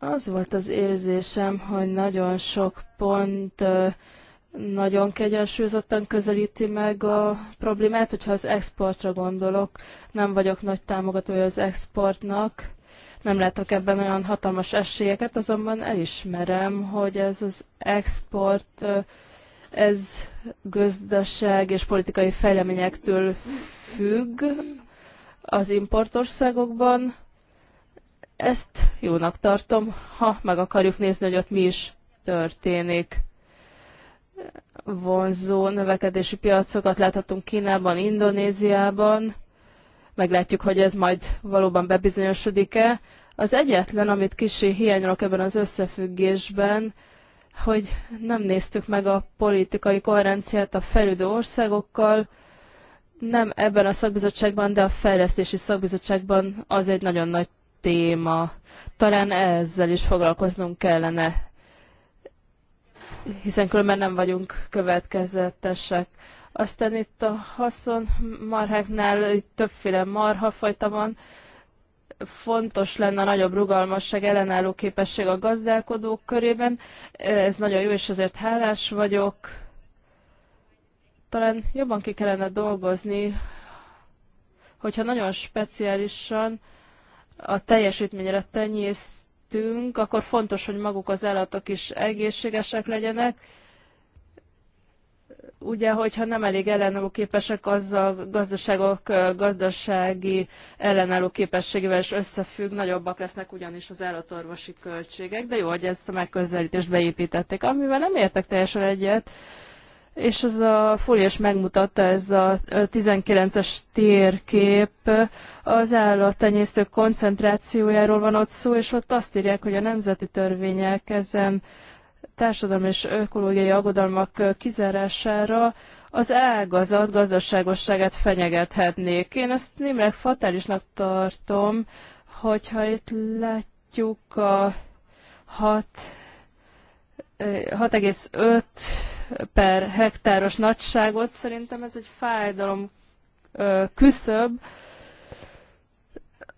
Az volt az érzésem, hogy nagyon sok pont nagyon kegyensúlyozottan közelíti meg a problémát, hogyha az exportra gondolok, nem vagyok nagy támogatója az exportnak, nem látok ebben olyan hatalmas esélyeket, azonban elismerem, hogy ez az export, ez gazdaság és politikai fejleményektől függ az importországokban, ezt jónak tartom, ha meg akarjuk nézni, hogy ott mi is történik. Vonzó növekedési piacokat láthatunk Kínában, Indonéziában. Meglátjuk, hogy ez majd valóban bebizonyosodik-e. Az egyetlen, amit kicsi hiányolok ebben az összefüggésben, hogy nem néztük meg a politikai koherenciát a felüldő országokkal, nem ebben a szakbizottságban, de a fejlesztési szakbizottságban az egy nagyon nagy téma. Talán ezzel is foglalkoznunk kellene, hiszen különben nem vagyunk következetesek. Aztán itt a haszon marháknál többféle marhafajta van, fontos lenne a nagyobb rugalmasság, ellenálló képesség a gazdálkodók körében. Ez nagyon jó, és ezért hálás vagyok. Talán jobban ki kellene dolgozni, hogyha nagyon speciálisan, a teljesítményre tenyésztünk, akkor fontos, hogy maguk az állatok is egészségesek legyenek. Ugye, hogyha nem elég ellenálló képesek, az a gazdaságok gazdasági ellenálló képességével is összefügg, nagyobbak lesznek ugyanis az állatorvosi költségek, de jó, hogy ezt a megközelítést beépítették. Amivel nem értek teljesen egyet, és ez a fólias megmutatta, ez a 19-es térkép, az állattenyésztők koncentrációjáról van ott szó, és ott azt írják, hogy a nemzeti törvények ezen társadalmi és ökológiai aggodalmak kizárására az ágazat gazdaságosságát fenyegethetnék. Én ezt némileg fatálisnak tartom, hogyha itt látjuk a hat 6,5 per hektáros nagyságot, szerintem ez egy fájdalom küszöbb.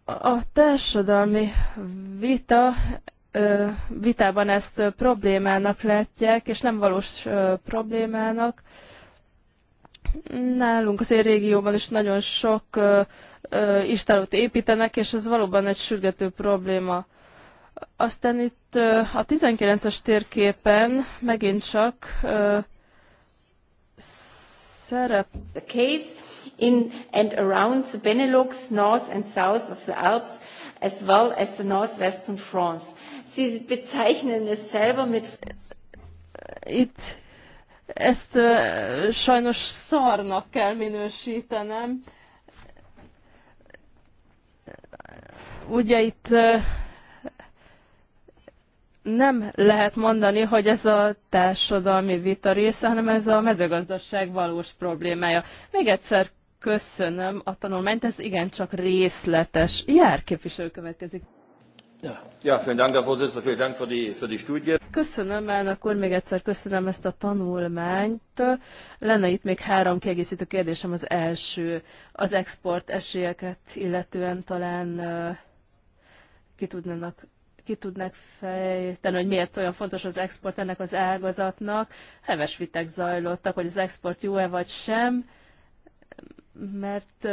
A társadalmi vita vitában ezt problémának látják, és nem valós problémának. Nálunk az én régióban is nagyon sok istálót építenek, és ez valóban egy sürgető probléma. Aztán itt a 19-es térképen megint csak szerep. The case in and around the Benelux, north and south of the Alps, as well as the northwestern France. Sie bezeichnen es selber mit... Itt ezt sajnos szarnak kell minősítenem. Ugye itt uh, nem lehet mondani, hogy ez a társadalmi vita része, hanem ez a mezőgazdaság valós problémája. Még egyszer köszönöm a tanulmányt, ez igencsak részletes. Jár képviselő következik. Ja, Köszönöm, elnök úr, még egyszer köszönöm ezt a tanulmányt. Lenne itt még három kiegészítő kérdésem. Az első, az export esélyeket illetően talán ki tudnának ki tudnak fejteni, hogy miért olyan fontos az export ennek az ágazatnak. Heves vitek zajlottak, hogy az export jó-e vagy sem, mert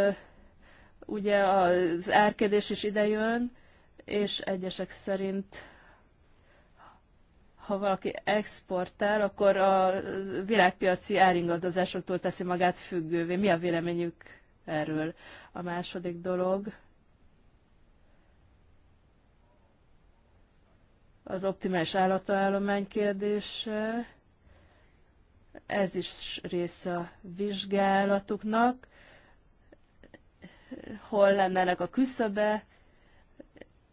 ugye az árkedés is idejön, és egyesek szerint ha valaki exportál, akkor a világpiaci áringadozásoktól teszi magát függővé. Mi a véleményük erről? A második dolog az optimális állatállomány kérdése, ez is része a vizsgálatuknak, hol lennének a küszöbe,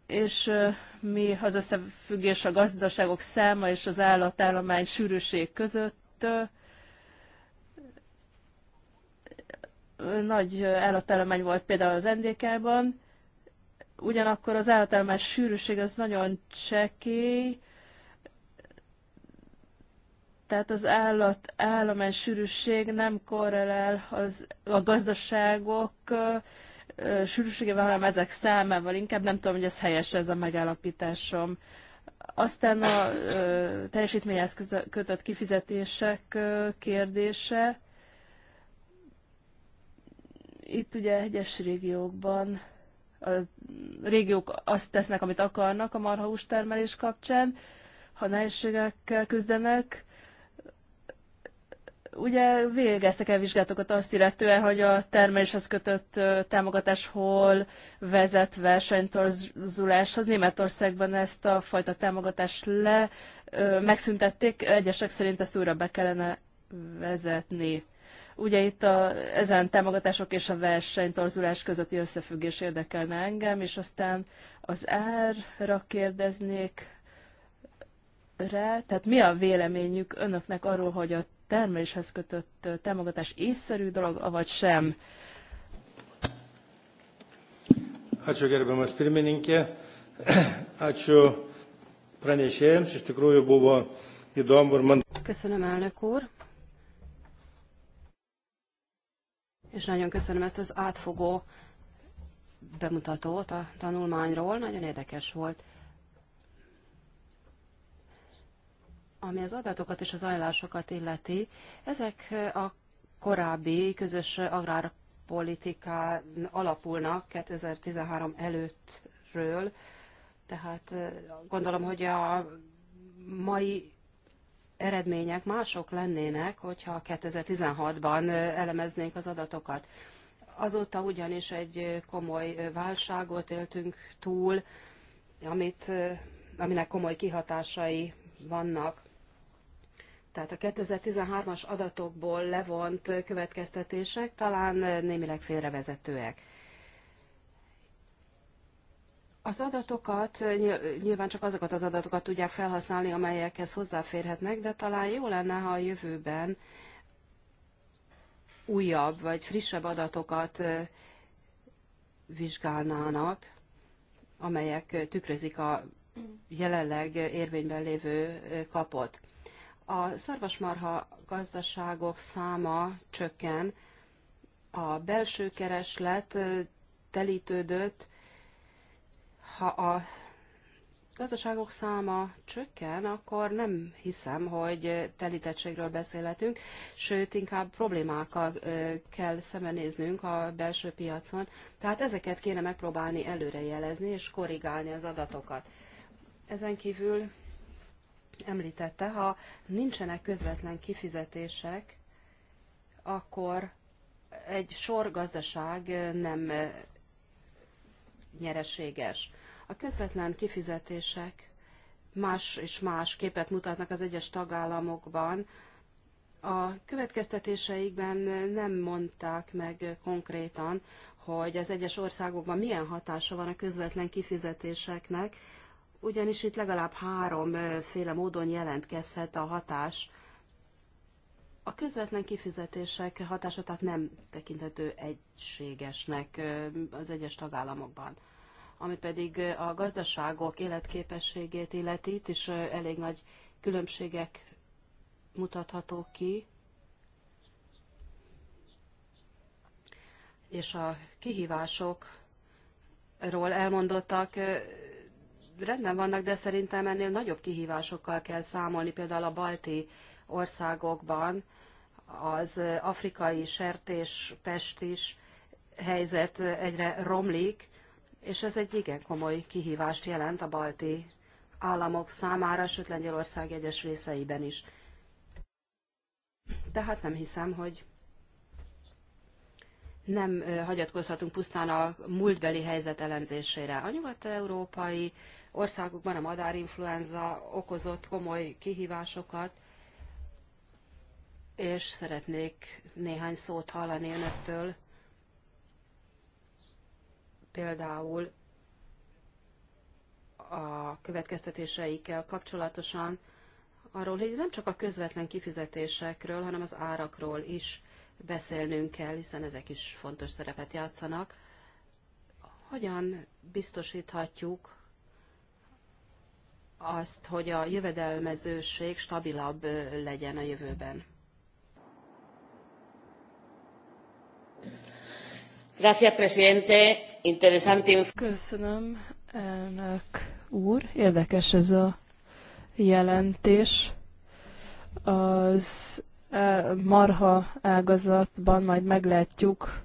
és mi az összefüggés a gazdaságok száma és az állatállomány sűrűség között. Nagy állatállomány volt például az NDK-ban, ugyanakkor az állatállomás sűrűség az nagyon csekély, tehát az állat állomány sűrűség nem korrelál az, a gazdaságok sűrűségével, hanem ezek számával. Inkább nem tudom, hogy ez helyes ez a megállapításom. Aztán a ö, teljesítményhez kötött kifizetések ö, kérdése. Itt ugye egyes régiókban a régiók azt tesznek, amit akarnak a marhahús termelés kapcsán, ha nehézségekkel küzdenek, ugye végeztek el vizsgálatokat azt illetően, hogy a termeléshez kötött támogatás hol vezet versenytorzuláshoz. Németországban ezt a fajta támogatást le megszüntették, egyesek szerint ezt újra be kellene vezetni. Ugye itt a, ezen támogatások és a versenytorzulás közötti összefüggés érdekelne engem, és aztán az árra kérdeznék rá, tehát mi a véleményük önöknek arról, hogy a termeléshez kötött támogatás észszerű dolog, avagy sem? Ačiū gerbiamas pirmininkė, ačiū pranešėjams, iš tikrųjų buvo įdomu ir man. Köszönöm, elnök úr. és nagyon köszönöm ezt az átfogó bemutatót a tanulmányról, nagyon érdekes volt. Ami az adatokat és az ajánlásokat illeti, ezek a korábbi közös agrárpolitikán alapulnak 2013 előttről, tehát eh, gondolom, hogy a mai eredmények mások lennének, hogyha 2016-ban elemeznénk az adatokat. Azóta ugyanis egy komoly válságot éltünk túl, amit, aminek komoly kihatásai vannak. Tehát a 2013-as adatokból levont következtetések talán némileg félrevezetőek. Az adatokat, nyilván csak azokat az adatokat tudják felhasználni, amelyekhez hozzáférhetnek, de talán jó lenne, ha a jövőben újabb vagy frissebb adatokat vizsgálnának, amelyek tükrözik a jelenleg érvényben lévő kapot. A szarvasmarha gazdaságok száma csökken, a belső kereslet telítődött, ha a gazdaságok száma csökken, akkor nem hiszem, hogy telítettségről beszélhetünk, sőt, inkább problémákkal kell szembenéznünk a belső piacon. Tehát ezeket kéne megpróbálni előrejelezni és korrigálni az adatokat. Ezen kívül említette, ha nincsenek közvetlen kifizetések, akkor egy sor gazdaság nem nyereséges. A közvetlen kifizetések más és más képet mutatnak az egyes tagállamokban. A következtetéseikben nem mondták meg konkrétan, hogy az egyes országokban milyen hatása van a közvetlen kifizetéseknek, ugyanis itt legalább háromféle módon jelentkezhet a hatás. A közvetlen kifizetések hatása tehát nem tekinthető egységesnek az egyes tagállamokban ami pedig a gazdaságok életképességét illeti, itt is elég nagy különbségek mutathatók ki, és a kihívásokról elmondottak rendben vannak, de szerintem ennél nagyobb kihívásokkal kell számolni, például a balti országokban az afrikai sertéspest is helyzet egyre romlik, és ez egy igen komoly kihívást jelent a balti államok számára, sőt Lengyelország egyes részeiben is. Tehát nem hiszem, hogy nem hagyatkozhatunk pusztán a múltbeli helyzet elemzésére. A nyugat-európai országokban a madárinfluenza okozott komoly kihívásokat, és szeretnék néhány szót hallani önöktől például a következtetéseikkel kapcsolatosan arról, hogy nem csak a közvetlen kifizetésekről, hanem az árakról is beszélnünk kell, hiszen ezek is fontos szerepet játszanak. Hogyan biztosíthatjuk azt, hogy a jövedelmezőség stabilabb legyen a jövőben? Köszönöm, elnök úr. Érdekes ez a jelentés. Az e, marha ágazatban majd meglátjuk,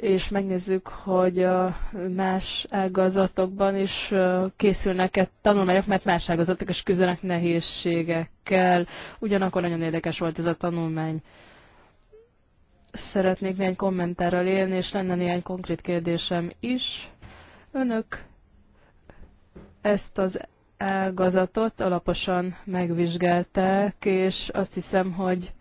és megnézzük, hogy a más ágazatokban is e, készülnek-e tanulmányok, mert más ágazatok is küzdenek nehézségekkel. Ugyanakkor nagyon érdekes volt ez a tanulmány szeretnék néhány kommentárral élni, és lenne néhány konkrét kérdésem is. Önök ezt az ágazatot alaposan megvizsgálták, és azt hiszem, hogy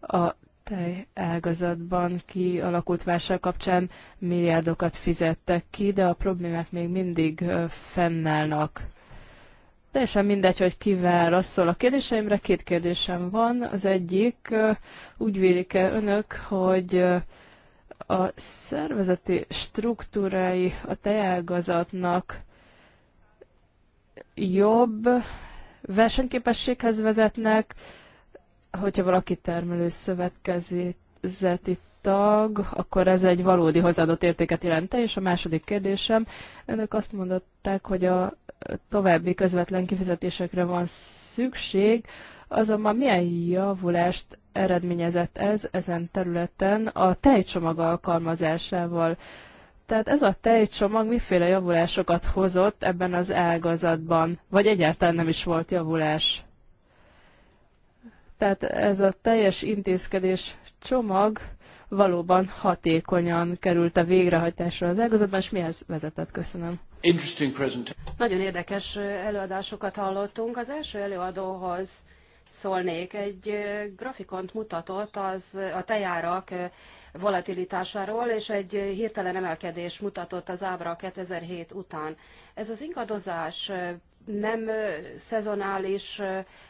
a tej ágazatban kialakult válság kapcsán milliárdokat fizettek ki, de a problémák még mindig fennállnak. Teljesen mindegy, hogy ki szól a kérdéseimre. Két kérdésem van. Az egyik, úgy vélik-e önök, hogy a szervezeti struktúrái a tejágazatnak jobb versenyképességhez vezetnek, hogyha valaki termelő szövetkezeti tag, akkor ez egy valódi hozzáadott értéket jelente. És a második kérdésem, önök azt mondották, hogy a további közvetlen kifizetésekre van szükség, azonban milyen javulást eredményezett ez ezen területen a tejcsomag alkalmazásával? Tehát ez a tejcsomag miféle javulásokat hozott ebben az ágazatban, vagy egyáltalán nem is volt javulás? Tehát ez a teljes intézkedés csomag valóban hatékonyan került a végrehajtásra az ágazatban, és mihez vezetett? Köszönöm. Nagyon érdekes előadásokat hallottunk. Az első előadóhoz szólnék. Egy grafikont mutatott az a tejárak volatilitásáról, és egy hirtelen emelkedés mutatott az ábra 2007 után. Ez az ingadozás nem szezonális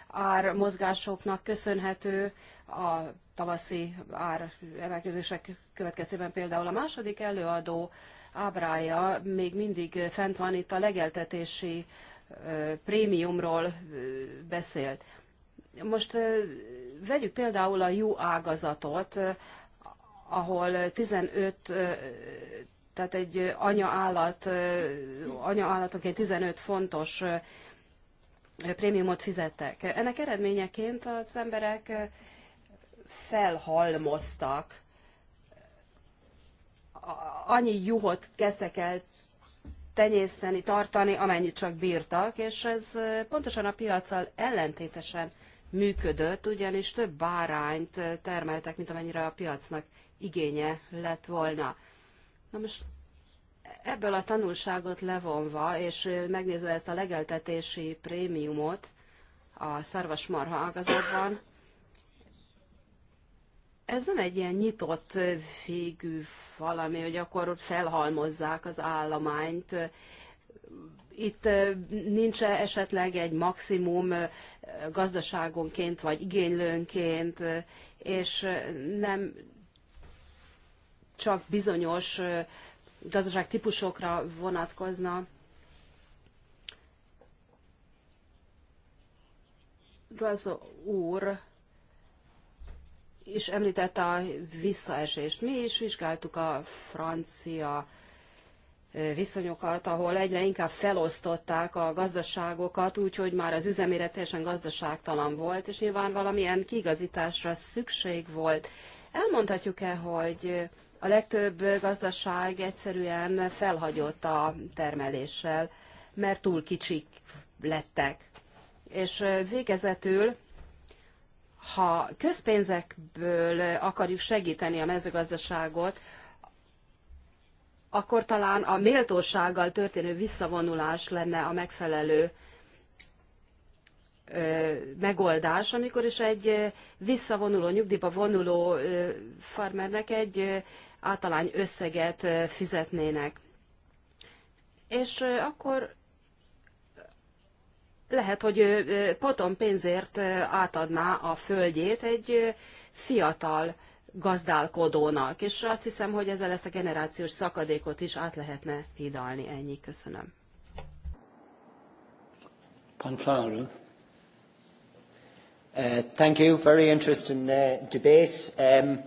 ármozgásoknak köszönhető a tavaszi áremelkedések következtében például a második előadó ábrája még mindig fent van, itt a legeltetési prémiumról beszélt. Most vegyük például a jó ágazatot, ahol 15, tehát egy anyaállat, anyaállatonként 15 fontos prémiumot fizettek. Ennek eredményeként az emberek felhalmoztak, annyi juhot kezdtek el tenyészteni, tartani, amennyit csak bírtak, és ez pontosan a piacsal ellentétesen működött, ugyanis több bárányt termeltek, mint amennyire a piacnak igénye lett volna. Na most ebből a tanulságot levonva, és megnézve ezt a legeltetési prémiumot a szarvasmarha ágazatban, ez nem egy ilyen nyitott végű valami, hogy akkor ott felhalmozzák az állományt. Itt nincs -e esetleg egy maximum gazdaságonként vagy igénylőnként, és nem csak bizonyos típusokra vonatkozna. Gazda úr, is említette a visszaesést. Mi is vizsgáltuk a francia viszonyokat, ahol egyre inkább felosztották a gazdaságokat, úgyhogy már az üzemére teljesen gazdaságtalan volt, és nyilván valamilyen kigazításra szükség volt. Elmondhatjuk-e, hogy a legtöbb gazdaság egyszerűen felhagyott a termeléssel, mert túl kicsik lettek. És végezetül ha közpénzekből akarjuk segíteni a mezőgazdaságot, akkor talán a méltósággal történő visszavonulás lenne a megfelelő megoldás, amikor is egy visszavonuló, nyugdíjba vonuló farmernek egy általány összeget fizetnének. És akkor lehet, hogy potom pénzért átadná a földjét egy fiatal gazdálkodónak, és azt hiszem, hogy ezzel ezt a generációs szakadékot is át lehetne hidalni. Ennyi, köszönöm. Panfáru. Uh, thank you. Very interesting uh, debate. Um,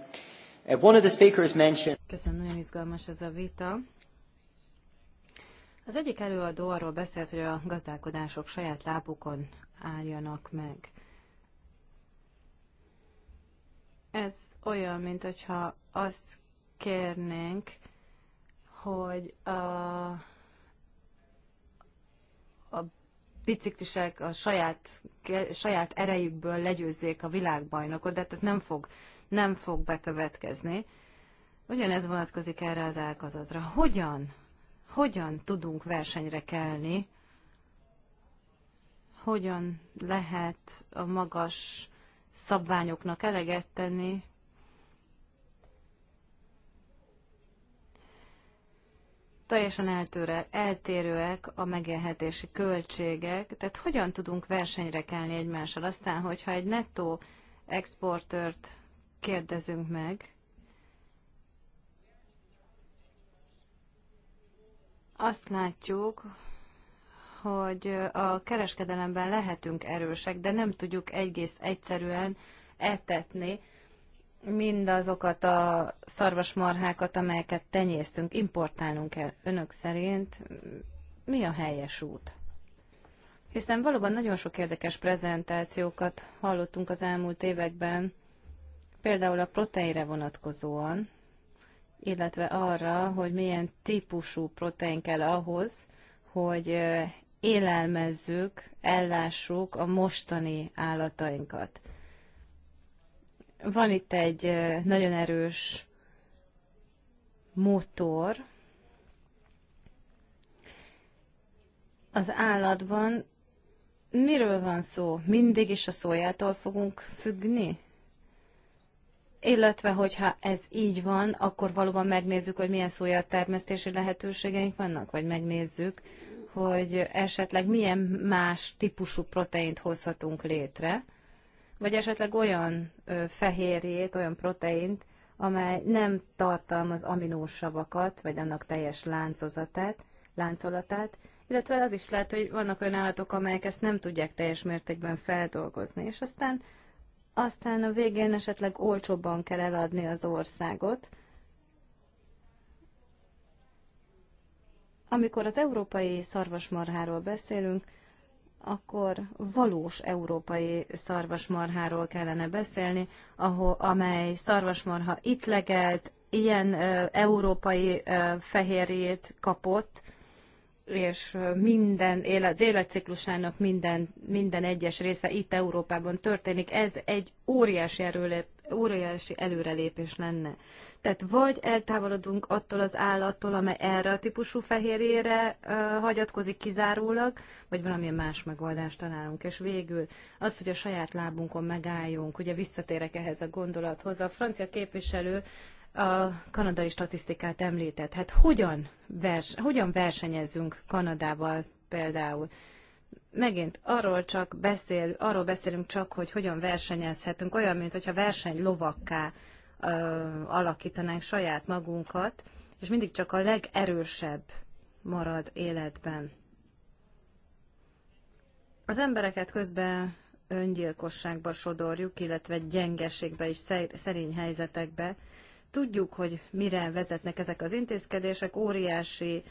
uh, one of the speakers mentioned. Köszönöm, nagyon izgalmas ez a vita. Az egyik előadó arról beszélt, hogy a gazdálkodások saját lábukon álljanak meg. Ez olyan, mint hogyha azt kérnénk, hogy a, a biciklisek a saját, saját erejükből legyőzzék a világbajnokot, de hát ez nem fog, nem fog bekövetkezni. Ugyanez vonatkozik erre az ágazatra. Hogyan hogyan tudunk versenyre kelni, hogyan lehet a magas szabványoknak eleget tenni, teljesen eltőre, eltérőek a megélhetési költségek, tehát hogyan tudunk versenyre kelni egymással. Aztán, hogyha egy nettó exportört kérdezünk meg, azt látjuk, hogy a kereskedelemben lehetünk erősek, de nem tudjuk egész egyszerűen etetni mindazokat a szarvasmarhákat, amelyeket tenyésztünk, importálnunk el önök szerint. Mi a helyes út? Hiszen valóban nagyon sok érdekes prezentációkat hallottunk az elmúlt években, például a proteire vonatkozóan, illetve arra, hogy milyen típusú protein kell ahhoz, hogy élelmezzük, ellássuk a mostani állatainkat. Van itt egy nagyon erős motor. Az állatban miről van szó? Mindig is a szójától fogunk függni? illetve hogyha ez így van, akkor valóban megnézzük, hogy milyen termesztési lehetőségeink vannak, vagy megnézzük, hogy esetleg milyen más típusú proteint hozhatunk létre, vagy esetleg olyan fehérjét, olyan proteint, amely nem tartalmaz aminósavakat, vagy annak teljes láncozatát, láncolatát, illetve az is lehet, hogy vannak olyan állatok, amelyek ezt nem tudják teljes mértékben feldolgozni, és aztán aztán a végén esetleg olcsóbban kell eladni az országot. Amikor az európai szarvasmarháról beszélünk, akkor valós európai szarvasmarháról kellene beszélni, ahol, amely szarvasmarha itt legelt, ilyen ö, európai ö, fehérjét kapott, és minden élet, az életciklusának minden, minden egyes része itt Európában történik. Ez egy óriási, erőlép, óriási előrelépés lenne. Tehát vagy eltávolodunk attól az állattól, amely erre a típusú fehérjére uh, hagyatkozik kizárólag, vagy valamilyen más megoldást találunk. És végül az, hogy a saját lábunkon megálljunk, ugye visszatérek ehhez a gondolathoz. A francia képviselő uh, a kanadai statisztikát említett. Hát hogyan, vers, hogyan versenyezünk Kanadával például? Megint arról csak beszél, arról beszélünk csak, hogy hogyan versenyezhetünk, olyan, mint hogyha verseny lovakká ö, alakítanánk saját magunkat, és mindig csak a legerősebb marad életben. Az embereket közben öngyilkosságba sodorjuk, illetve gyengeségbe és szerény helyzetekbe, Tudjuk, hogy mire vezetnek ezek az intézkedések, óriási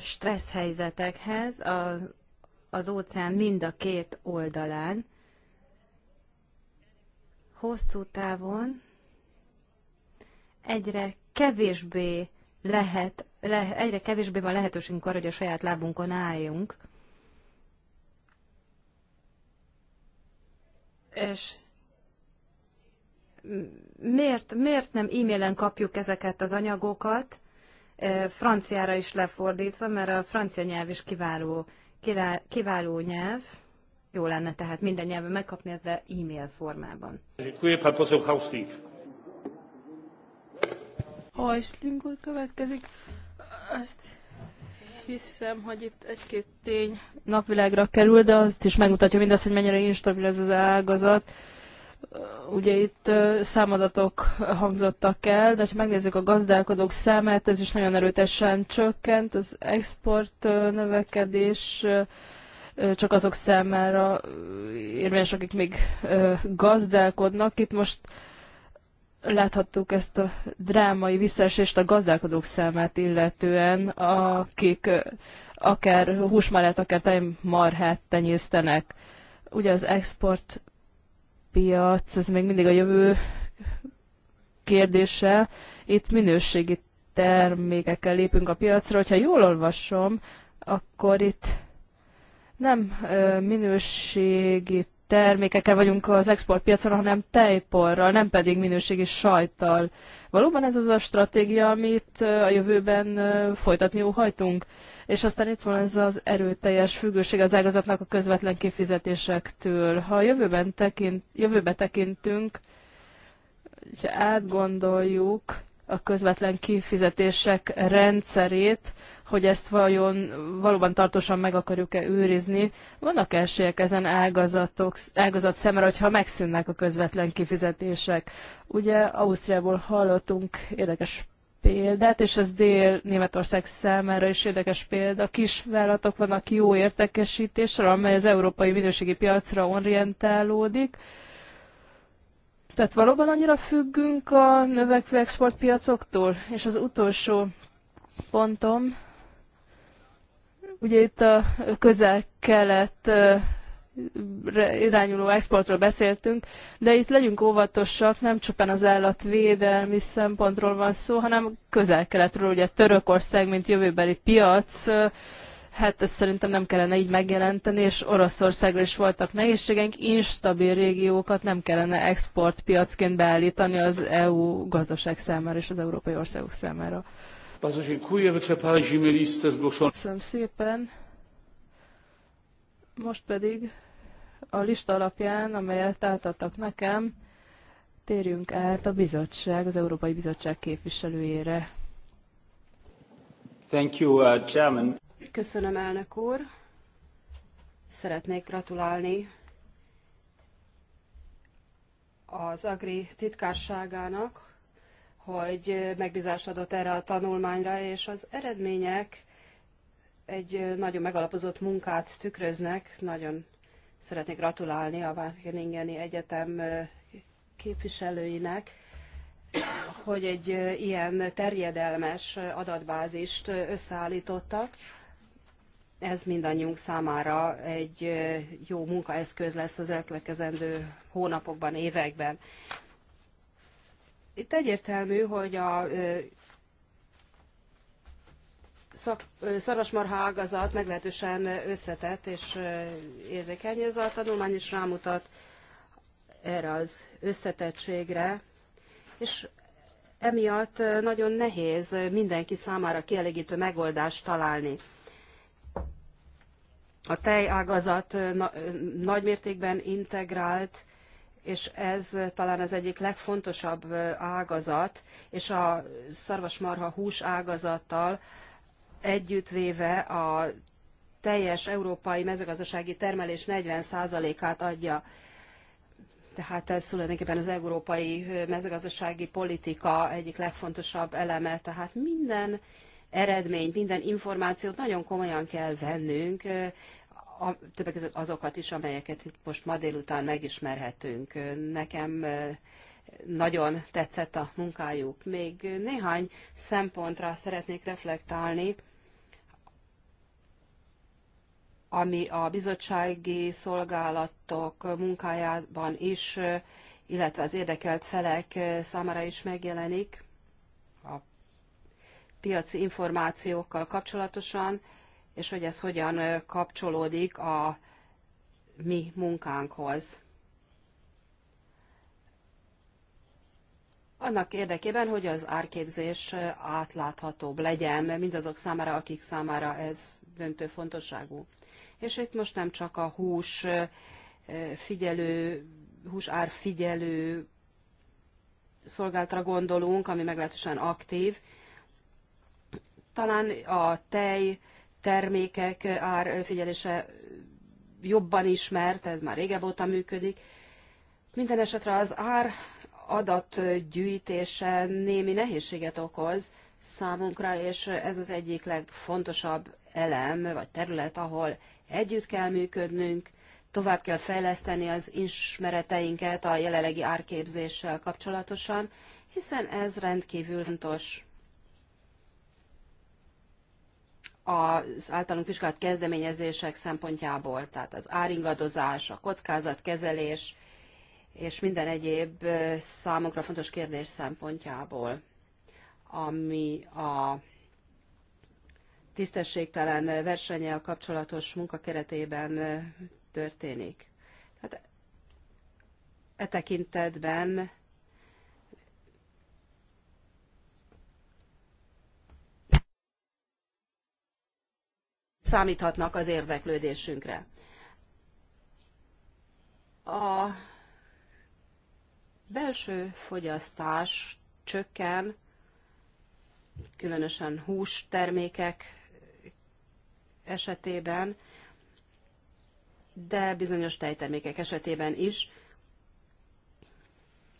stressz helyzetekhez a, az óceán mind a két oldalán. Hosszú távon egyre kevésbé lehet, le, egyre kevésbé van lehetőségünk arra, hogy a saját lábunkon álljunk. És miért, miért nem e-mailen kapjuk ezeket az anyagokat, eh, franciára is lefordítva, mert a francia nyelv is kiváló, kiváló nyelv. Jó lenne tehát minden nyelven megkapni ezt, de e-mail formában. Hajszling úr következik. Azt hiszem, hogy itt egy-két tény napvilágra kerül, de azt is megmutatja mindazt, hogy mennyire instabil ez az ágazat Ugye itt számadatok hangzottak el, de ha megnézzük a gazdálkodók számát, ez is nagyon erőtesen csökkent, az export növekedés csak azok számára érvényes, akik még gazdálkodnak. Itt most láthattuk ezt a drámai visszaesést a gazdálkodók számát illetően, akik akár húsmárát, akár tejmarhát tenyésztenek. Ugye az export piac, ez még mindig a jövő kérdése. Itt minőségi termékekkel lépünk a piacra. Hogyha jól olvasom, akkor itt nem minőségi termékekkel vagyunk az exportpiacon, hanem tejporral, nem pedig minőségi sajttal. Valóban ez az a stratégia, amit a jövőben folytatni óhajtunk? És aztán itt van ez az erőteljes függőség az ágazatnak a közvetlen kifizetésektől. Ha a jövőben tekint, jövőbe tekintünk, és átgondoljuk, a közvetlen kifizetések rendszerét, hogy ezt vajon valóban tartósan meg akarjuk-e őrizni. Vannak esélyek ezen ágazatok, ágazat szemre, hogyha megszűnnek a közvetlen kifizetések. Ugye Ausztriából hallottunk érdekes példát, és ez Dél-Németország számára is érdekes példa. Kisvállalatok vannak jó értekesítésre, amely az európai minőségi piacra orientálódik, tehát valóban annyira függünk a növekvő exportpiacoktól? És az utolsó pontom, ugye itt a közel-kelet irányuló exportról beszéltünk, de itt legyünk óvatosak, nem csupán az állatvédelmi szempontról van szó, hanem közel-keletről, ugye Törökország, mint jövőbeli piac, Hát ezt szerintem nem kellene így megjelenteni, és Oroszországról is voltak nehézségeink, instabil régiókat nem kellene exportpiacként beállítani az EU gazdaság számára és az európai országok számára. Köszönöm szépen. Most pedig a lista alapján, amelyet átadtak nekem, térjünk át a bizottság, az Európai Bizottság képviselőjére. Thank you, uh, Chairman. Köszönöm, elnök úr. Szeretnék gratulálni az Agri titkárságának, hogy megbízást adott erre a tanulmányra, és az eredmények egy nagyon megalapozott munkát tükröznek. Nagyon szeretnék gratulálni a Wageningeni Egyetem képviselőinek, hogy egy ilyen terjedelmes adatbázist összeállítottak ez mindannyiunk számára egy jó munkaeszköz lesz az elkövetkezendő hónapokban, években. Itt egyértelmű, hogy a szarvasmarha ágazat meglehetősen összetett és érzékeny, ez a tanulmány is rámutat erre az összetettségre, és emiatt nagyon nehéz mindenki számára kielégítő megoldást találni. A tejágazat nagymértékben integrált, és ez talán az egyik legfontosabb ágazat, és a szarvasmarha hús ágazattal együttvéve a teljes európai mezőgazdasági termelés 40%-át adja. Tehát ez tulajdonképpen az európai mezőgazdasági politika egyik legfontosabb eleme. Tehát minden eredményt, minden információt nagyon komolyan kell vennünk, a, többek között azokat is, amelyeket itt most ma délután megismerhetünk. Nekem nagyon tetszett a munkájuk. Még néhány szempontra szeretnék reflektálni, ami a bizottsági szolgálatok munkájában is, illetve az érdekelt felek számára is megjelenik a piaci információkkal kapcsolatosan és hogy ez hogyan kapcsolódik a mi munkánkhoz. Annak érdekében, hogy az árképzés átláthatóbb legyen mindazok számára, akik számára ez döntő fontosságú. És itt most nem csak a hús figyelő, hús árfigyelő szolgáltra gondolunk, ami meglehetősen aktív. Talán a tej, termékek árfigyelése jobban ismert, ez már régebb óta működik. Minden esetre az ár adatgyűjtése némi nehézséget okoz számunkra, és ez az egyik legfontosabb elem vagy terület, ahol együtt kell működnünk, tovább kell fejleszteni az ismereteinket a jelenlegi árképzéssel kapcsolatosan, hiszen ez rendkívül fontos az általunk vizsgált kezdeményezések szempontjából, tehát az áringadozás, a kockázatkezelés és minden egyéb számokra fontos kérdés szempontjából, ami a tisztességtelen versennyel kapcsolatos munka keretében történik. Tehát e tekintetben számíthatnak az érdeklődésünkre. A belső fogyasztás csökken, különösen hústermékek esetében, de bizonyos tejtermékek esetében is,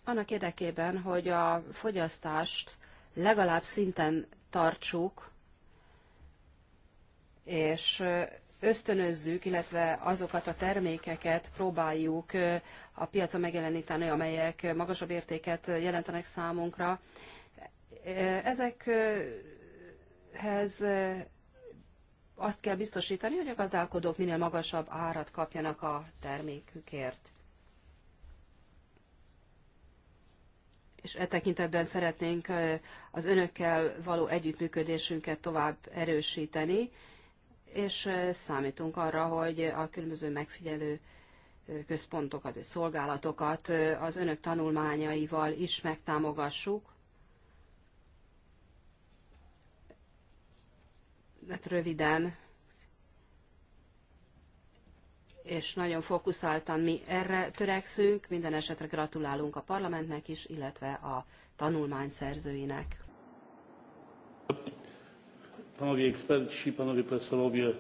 annak érdekében, hogy a fogyasztást legalább szinten tartsuk és ösztönözzük, illetve azokat a termékeket próbáljuk a piacon megjeleníteni, amelyek magasabb értéket jelentenek számunkra. Ezekhez azt kell biztosítani, hogy a gazdálkodók minél magasabb árat kapjanak a termékükért. És e tekintetben szeretnénk az önökkel való együttműködésünket tovább erősíteni és számítunk arra, hogy a különböző megfigyelő központokat és szolgálatokat az önök tanulmányaival is megtámogassuk. Hát röviden és nagyon fókuszáltan mi erre törekszünk. Minden esetre gratulálunk a parlamentnek is, illetve a tanulmány szerzőinek. Panowie eksperci, panowie profesorowie,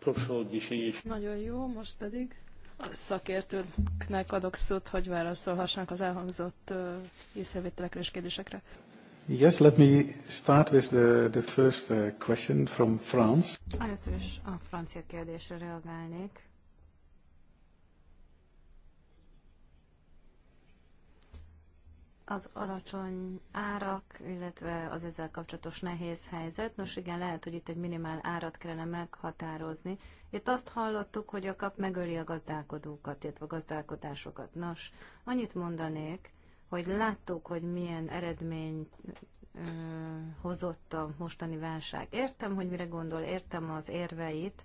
proszę o odniesienie się. Nagyon jó, most pedig a szakértőknek adok szót, hogy válaszolhassanak az elhangzott észrevételekre és kérdésekre. Yes, let me start with the, the first uh, question from France. Először is a francia kérdésre reagálnék. az alacsony árak, illetve az ezzel kapcsolatos nehéz helyzet. Nos igen, lehet, hogy itt egy minimál árat kellene meghatározni. Itt azt hallottuk, hogy a kap megöli a gazdálkodókat, illetve a gazdálkodásokat. Nos, annyit mondanék, hogy láttuk, hogy milyen eredmény ö, hozott a mostani válság. Értem, hogy mire gondol, értem az érveit.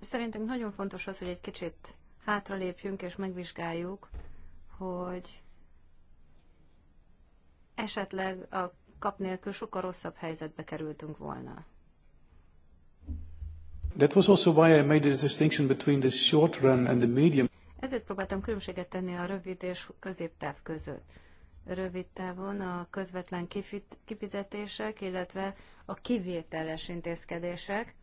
Szerintünk nagyon fontos az, hogy egy kicsit hátralépjünk és megvizsgáljuk, hogy esetleg a kap nélkül sokkal rosszabb helyzetbe kerültünk volna. That was also why I made this distinction between the short run and the medium. Ezért próbáltam különbséget tenni a rövid és középtáv között. Rövid távon a közvetlen kifizetések, illetve a kivételes intézkedések,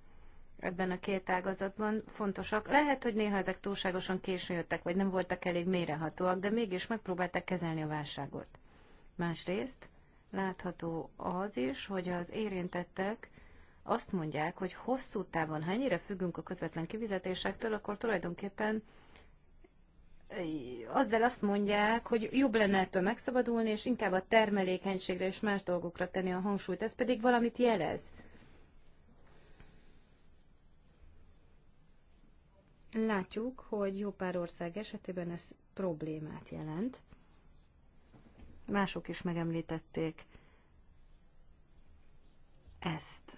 ebben a két ágazatban fontosak. Lehet, hogy néha ezek túlságosan későn jöttek, vagy nem voltak elég mérehatóak, de mégis megpróbálták kezelni a válságot. Másrészt látható az is, hogy az érintettek azt mondják, hogy hosszú távon, ha ennyire függünk a közvetlen kivizetésektől, akkor tulajdonképpen azzal azt mondják, hogy jobb lenne ettől megszabadulni, és inkább a termelékenységre és más dolgokra tenni a hangsúlyt. Ez pedig valamit jelez. látjuk, hogy jó pár ország esetében ez problémát jelent. Mások is megemlítették ezt.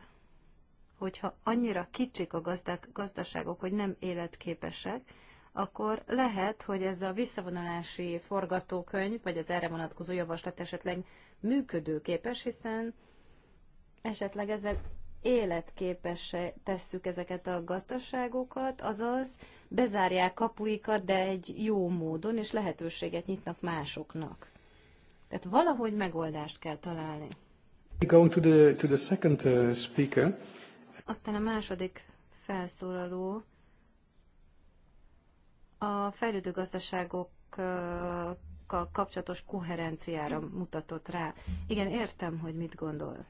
Hogyha annyira kicsik a gazdák, gazdaságok, hogy nem életképesek, akkor lehet, hogy ez a visszavonulási forgatókönyv, vagy az erre vonatkozó javaslat esetleg működőképes, hiszen esetleg ezzel életképesre tesszük ezeket a gazdaságokat, azaz bezárják kapuikat, de egy jó módon, és lehetőséget nyitnak másoknak. Tehát valahogy megoldást kell találni. Going to the, to the second uh, speaker. Aztán a második felszólaló a fejlődő gazdaságokkal kapcsolatos koherenciára mutatott rá. Igen, értem, hogy mit gondol.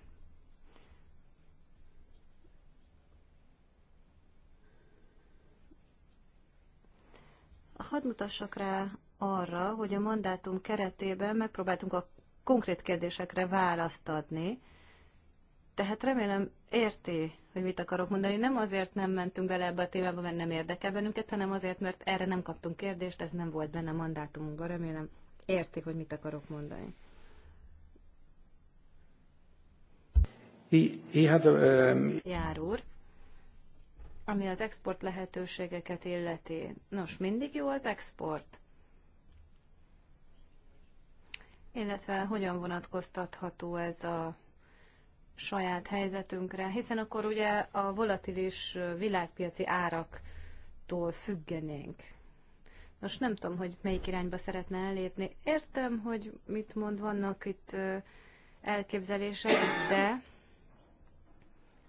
Hadd mutassak rá arra, hogy a mandátum keretében megpróbáltunk a konkrét kérdésekre választ adni, tehát remélem érti, hogy mit akarok mondani. Nem azért nem mentünk bele ebbe a témába, mert nem érdekel bennünket, hanem azért, mert erre nem kaptunk kérdést, ez nem volt benne a mandátumunkban. Remélem érti, hogy mit akarok mondani. He, he had a, um... Jár úr, ami az export lehetőségeket illeti. Nos, mindig jó az export? Illetve hogyan vonatkoztatható ez a saját helyzetünkre, hiszen akkor ugye a volatilis világpiaci áraktól függenénk. Most nem tudom, hogy melyik irányba szeretne ellépni. Értem, hogy mit mond, vannak itt elképzelések, de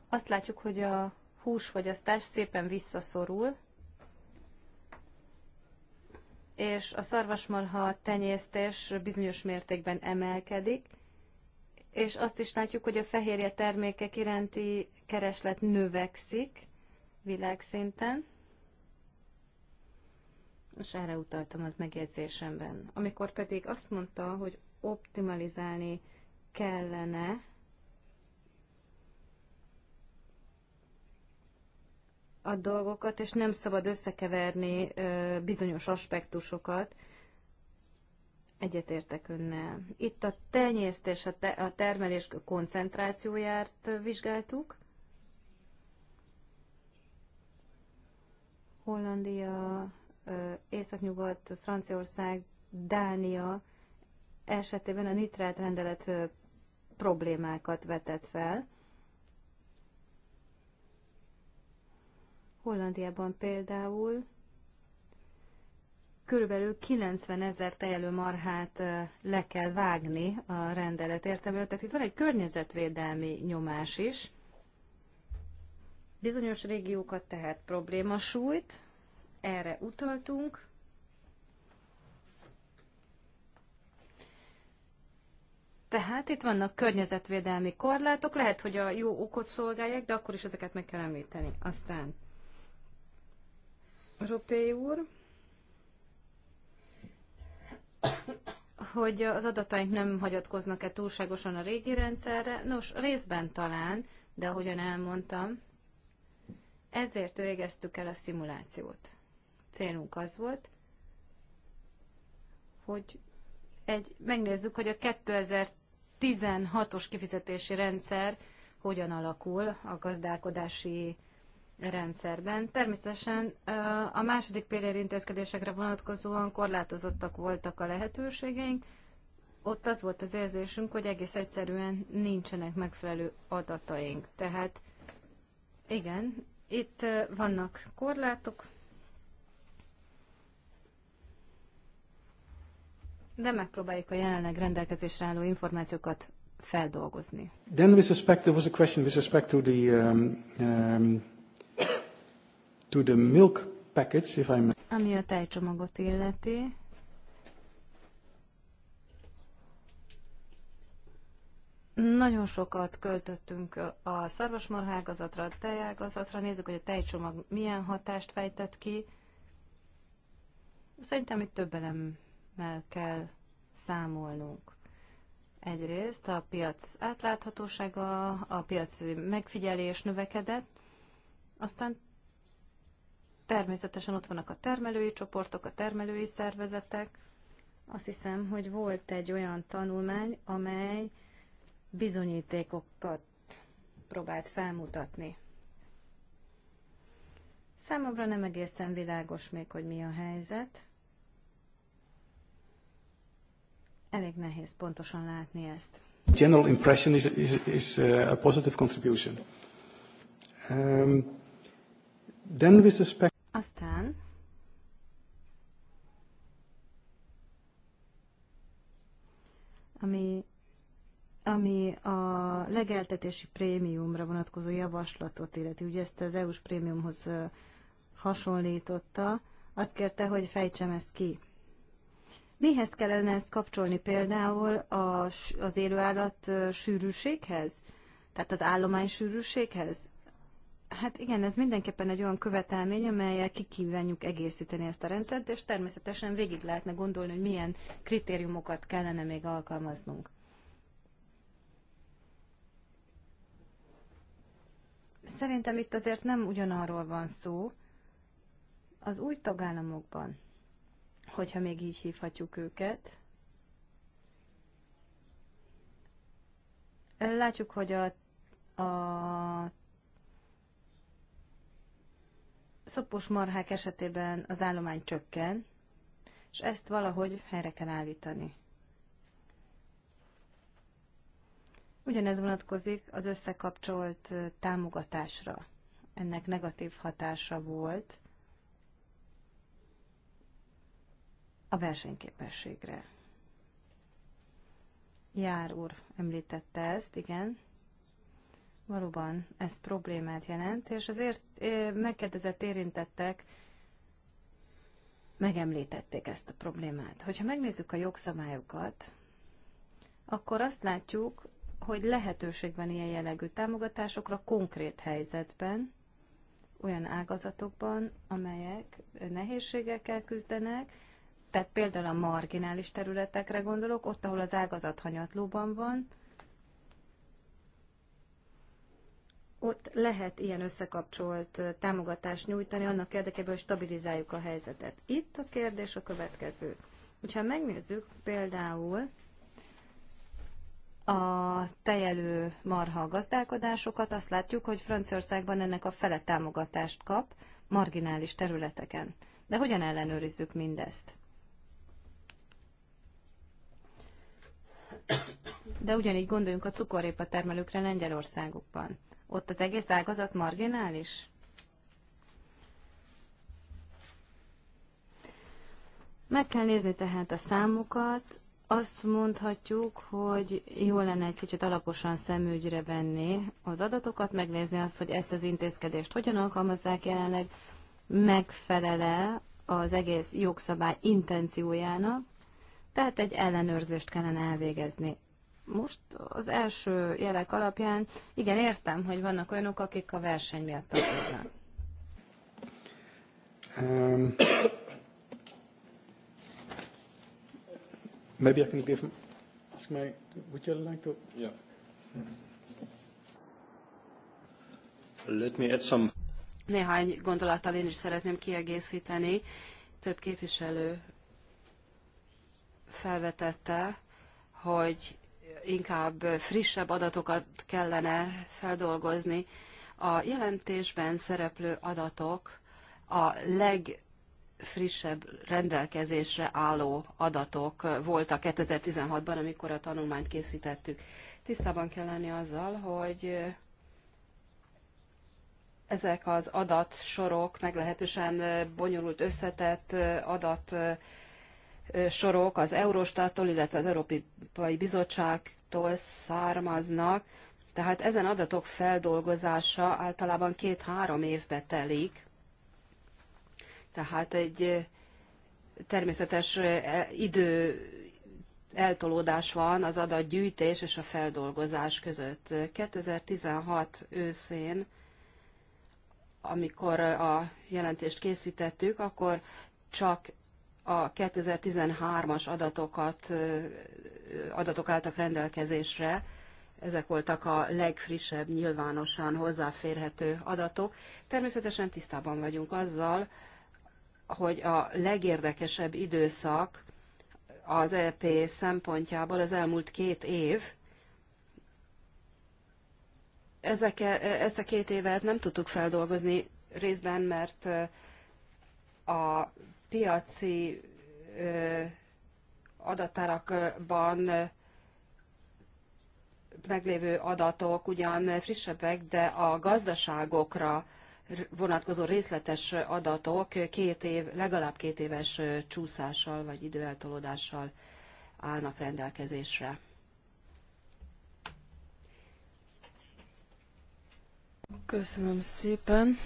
azt látjuk, hogy a húsfogyasztás szépen visszaszorul, és a szarvasmarha tenyésztés bizonyos mértékben emelkedik, és azt is látjuk, hogy a fehérje termékek iránti kereslet növekszik világszinten, és erre utaltam az megjegyzésemben. Amikor pedig azt mondta, hogy optimalizálni kellene a dolgokat, és nem szabad összekeverni bizonyos aspektusokat. Egyetértek önnel. Itt a tenyésztés, a, te, a termelés koncentrációját vizsgáltuk. Hollandia, Északnyugat, Franciaország, Dánia esetében a nitrát rendelet problémákat vetett fel. Hollandiában például körülbelül 90 ezer tejelő marhát le kell vágni a rendelet értelmében. Tehát itt van egy környezetvédelmi nyomás is. Bizonyos régiókat tehát probléma sújt, erre utaltunk. Tehát itt vannak környezetvédelmi korlátok, lehet, hogy a jó okot szolgálják, de akkor is ezeket meg kell említeni. Aztán Ropé úr, hogy az adataink nem hagyatkoznak-e túlságosan a régi rendszerre. Nos, részben talán, de ahogyan elmondtam, ezért végeztük el a szimulációt. Célunk az volt, hogy egy, megnézzük, hogy a 2016-os kifizetési rendszer hogyan alakul a gazdálkodási rendszerben. Természetesen a második pillér intézkedésekre vonatkozóan korlátozottak voltak a lehetőségeink. Ott az volt az érzésünk, hogy egész egyszerűen nincsenek megfelelő adataink. Tehát igen, itt vannak korlátok, de megpróbáljuk a jelenleg rendelkezésre álló információkat feldolgozni. Then with respect, there was a question with respect to the um, um, to the milk packets, if I may. Ami a tejcsomagot illeti, Nagyon sokat költöttünk a szarvasmarhágazatra, a tejágazatra, nézzük, hogy a tejcsomag milyen hatást fejtett ki. Szerintem itt több elemmel kell számolnunk. Egyrészt a piac átláthatósága, a piaci megfigyelés növekedett, aztán Természetesen ott vannak a termelői csoportok, a termelői szervezetek. Azt hiszem, hogy volt egy olyan tanulmány, amely bizonyítékokat próbált felmutatni. Számomra nem egészen világos még, hogy mi a helyzet. Elég nehéz pontosan látni ezt. General impression is, is, is uh, a positive contribution. Um, then with respect aztán ami, ami a legeltetési prémiumra vonatkozó javaslatot illeti, ugye ezt az EU-s prémiumhoz hasonlította, azt kérte, hogy fejtsem ezt ki. Mihez kellene ezt kapcsolni például a, az élőállat sűrűséghez? Tehát az állomány sűrűséghez? Hát igen, ez mindenképpen egy olyan követelmény, amelyel kikívánjuk egészíteni ezt a rendszert, és természetesen végig lehetne gondolni, hogy milyen kritériumokat kellene még alkalmaznunk. Szerintem itt azért nem ugyanarról van szó, az új tagállamokban, hogyha még így hívhatjuk őket, látjuk, hogy a, a szopos marhák esetében az állomány csökken, és ezt valahogy helyre kell állítani. Ugyanez vonatkozik az összekapcsolt támogatásra. Ennek negatív hatása volt a versenyképességre. Jár úr említette ezt, igen. Valóban ez problémát jelent, és azért megkérdezett érintettek megemlítették ezt a problémát. Hogyha megnézzük a jogszabályokat, akkor azt látjuk, hogy lehetőség van ilyen jellegű támogatásokra konkrét helyzetben, olyan ágazatokban, amelyek nehézségekkel küzdenek, tehát például a marginális területekre gondolok, ott, ahol az ágazat hanyatlóban van, ott lehet ilyen összekapcsolt támogatást nyújtani annak érdekében, hogy stabilizáljuk a helyzetet. Itt a kérdés a következő. Hogyha megnézzük például a tejelő marha gazdálkodásokat, azt látjuk, hogy Franciaországban ennek a fele támogatást kap marginális területeken. De hogyan ellenőrizzük mindezt? De ugyanígy gondoljunk a cukorépa termelőkre Lengyelországokban ott az egész ágazat marginális? Meg kell nézni tehát a számokat, azt mondhatjuk, hogy jó lenne egy kicsit alaposan szemügyre venni az adatokat, megnézni azt, hogy ezt az intézkedést hogyan alkalmazzák jelenleg, megfelele az egész jogszabály intenciójának, tehát egy ellenőrzést kellene elvégezni most az első jelek alapján igen, értem, hogy vannak olyanok, akik a verseny miatt tartoznak. Um, maybe I can give ask my would you like to yeah. Let me add some néhány gondolattal én is szeretném kiegészíteni. Több képviselő felvetette, hogy inkább frissebb adatokat kellene feldolgozni. A jelentésben szereplő adatok a legfrissebb rendelkezésre álló adatok voltak 2016-ban, amikor a tanulmányt készítettük. Tisztában kell lenni azzal, hogy ezek az adatsorok meglehetősen bonyolult összetett adat sorok az Eurostattól, illetve az Európai Bizottságtól származnak, tehát ezen adatok feldolgozása általában két-három évbe telik, tehát egy természetes e, idő eltolódás van az adatgyűjtés és a feldolgozás között. 2016 őszén, amikor a jelentést készítettük, akkor csak a 2013-as adatokat, adatok álltak rendelkezésre, ezek voltak a legfrissebb, nyilvánosan hozzáférhető adatok. Természetesen tisztában vagyunk azzal, hogy a legérdekesebb időszak az EP szempontjából az elmúlt két év, ezek, e, ezt a két évet nem tudtuk feldolgozni részben, mert a piaci adatárakban meglévő adatok ugyan frissebbek, de a gazdaságokra vonatkozó részletes adatok két év, legalább két éves csúszással vagy időeltolódással állnak rendelkezésre. Köszönöm szépen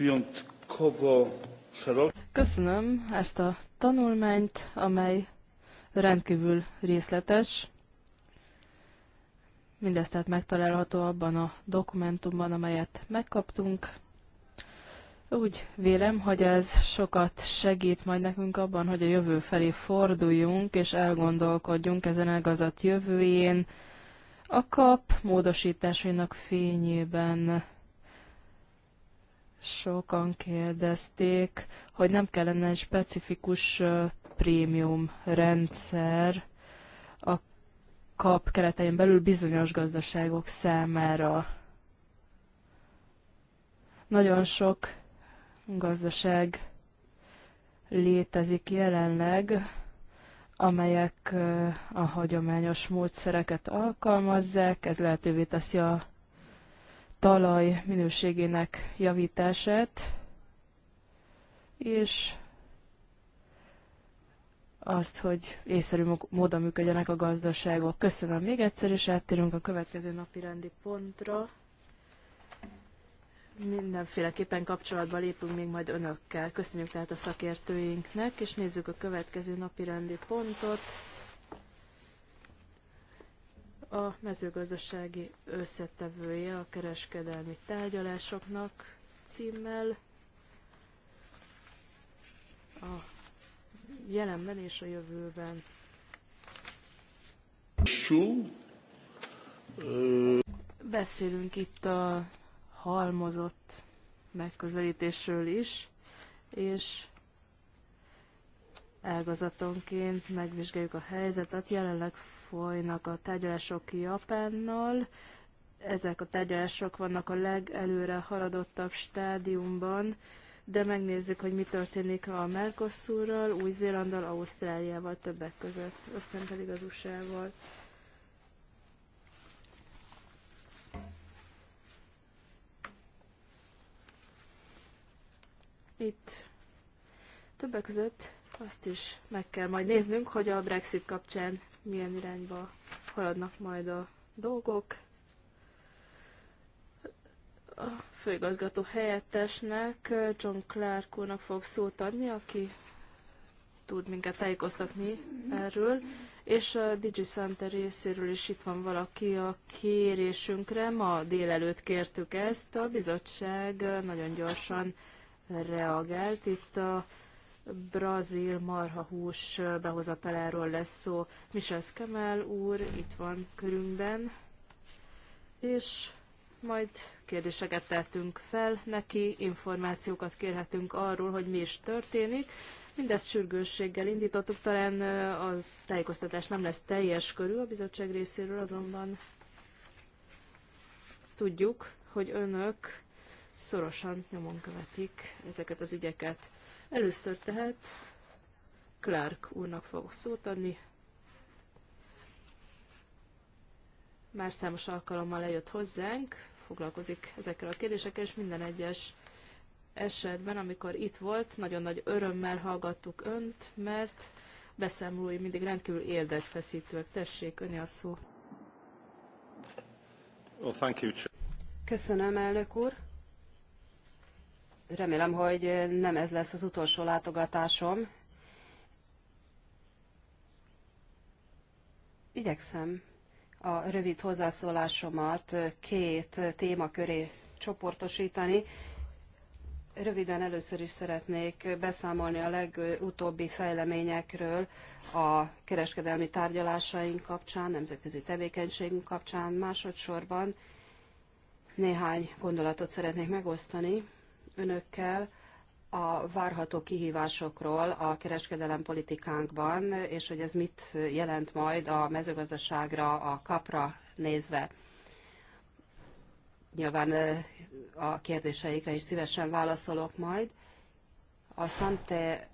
wyjątkowo szeroki. Köszönöm ezt a tanulmányt, amely rendkívül részletes. Mindezt tehát megtalálható abban a dokumentumban, amelyet megkaptunk. Úgy vélem, hogy ez sokat segít majd nekünk abban, hogy a jövő felé forduljunk és elgondolkodjunk ezen elgazat jövőjén, a kap módosításainak fényében. Sokan kérdezték, hogy nem kellene egy specifikus prémium rendszer a kap keretein belül bizonyos gazdaságok számára. Nagyon sok gazdaság létezik jelenleg, amelyek a hagyományos módszereket alkalmazzák, ez lehetővé teszi a talaj minőségének javítását, és azt, hogy észszerű módon működjenek a gazdaságok. Köszönöm még egyszer, és áttérünk a következő napi rendi pontra. Mindenféleképpen kapcsolatba lépünk még majd önökkel. Köszönjük tehát a szakértőinknek, és nézzük a következő napi rendi pontot a mezőgazdasági összetevője a kereskedelmi tárgyalásoknak címmel a jelenben és a jövőben. Beszélünk itt a halmozott megközelítésről is, és ágazatonként megvizsgáljuk a helyzetet. Jelenleg folynak a tárgyalások Japánnal. Ezek a tárgyalások vannak a legelőre haladottabb stádiumban, de megnézzük, hogy mi történik a Mercosurral, Új-Zélandal, Ausztráliával többek között, aztán pedig az USA-val. Itt többek között azt is meg kell majd néznünk, hogy a Brexit kapcsán milyen irányba haladnak majd a dolgok. A főigazgató helyettesnek, John Clark fog szót adni, aki tud minket tájékoztatni erről, és a DigiCenter részéről is itt van valaki a kérésünkre. Ma délelőtt kértük ezt, a bizottság nagyon gyorsan reagált. Itt a brazil marhahús behozataláról lesz szó. Michel Skemel úr itt van körünkben, és majd kérdéseket tettünk fel neki, információkat kérhetünk arról, hogy mi is történik. Mindezt sürgősséggel indítottuk, talán a tájékoztatás nem lesz teljes körül a bizottság részéről, azonban tudjuk, hogy önök szorosan nyomon követik ezeket az ügyeket. Először tehát Clark úrnak fogok szót adni. Már számos alkalommal lejött hozzánk, foglalkozik ezekkel a kérdésekkel, és minden egyes esetben, amikor itt volt, nagyon nagy örömmel hallgattuk önt, mert beszámolói mindig rendkívül érdekfeszítőek. Tessék, öni a szó. Well, thank you. Köszönöm, elnök úr remélem, hogy nem ez lesz az utolsó látogatásom. Igyekszem a rövid hozzászólásomat két témaköré csoportosítani. Röviden először is szeretnék beszámolni a legutóbbi fejleményekről a kereskedelmi tárgyalásaink kapcsán, nemzetközi tevékenységünk kapcsán. Másodszorban néhány gondolatot szeretnék megosztani önökkel a várható kihívásokról a kereskedelem politikánkban, és hogy ez mit jelent majd a mezőgazdaságra, a kapra nézve. Nyilván eh, a kérdéseikre is szívesen válaszolok majd. A Szante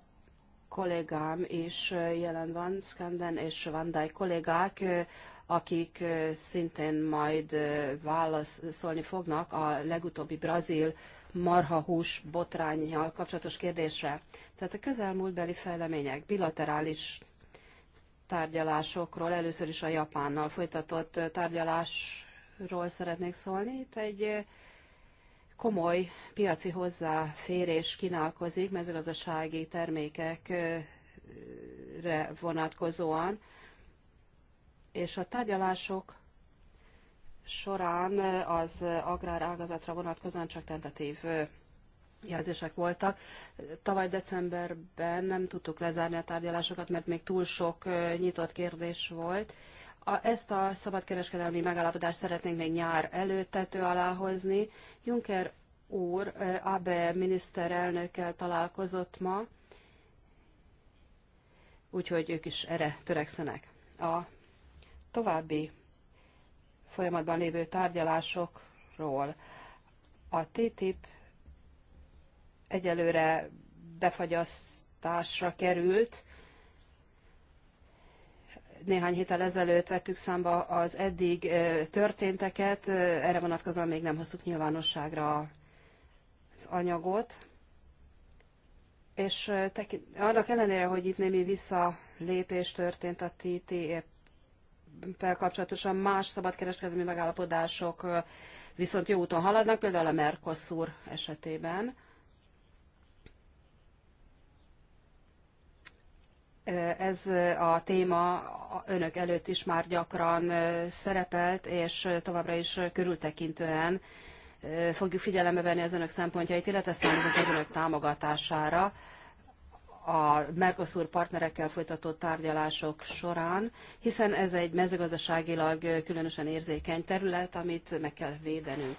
kollégám is eh, jelen van, Skanden és Vandai kollégák, eh, akik szintén majd válaszolni fognak a legutóbbi brazil marhahús botrányjal kapcsolatos kérdésre. Tehát a közelmúltbeli fejlemények, bilaterális tárgyalásokról, először is a Japánnal folytatott tárgyalásról szeretnék szólni. Itt egy eh, komoly piaci hozzáférés kínálkozik mezőgazdasági termékekre vonatkozóan, és a tárgyalások során az agrárágazatra vonatkozóan csak tentatív jelzések voltak. Tavaly decemberben nem tudtuk lezárni a tárgyalásokat, mert még túl sok nyitott kérdés volt. A, ezt a szabadkereskedelmi megállapodást szeretnénk még nyár előtt tető alá hozni. Juncker úr AB miniszterelnökkel találkozott ma, úgyhogy ők is erre törekszenek. A további folyamatban lévő tárgyalásokról. A TTIP egyelőre befagyasztásra került. Néhány héttel ezelőtt vettük számba az eddig történteket, erre vonatkozóan még nem hoztuk nyilvánosságra az anyagot. És annak ellenére, hogy itt némi visszalépés történt a TTIP e kapcsolatosan más szabadkereskedelmi megállapodások viszont jó úton haladnak, például a Mercosur esetében. Ez a téma önök előtt is már gyakran szerepelt, és továbbra is körültekintően fogjuk figyelembe venni az önök szempontjait, illetve számítunk az önök támogatására a Mercosur partnerekkel folytatott tárgyalások során, hiszen ez egy mezőgazdaságilag különösen érzékeny terület, amit meg kell védenünk.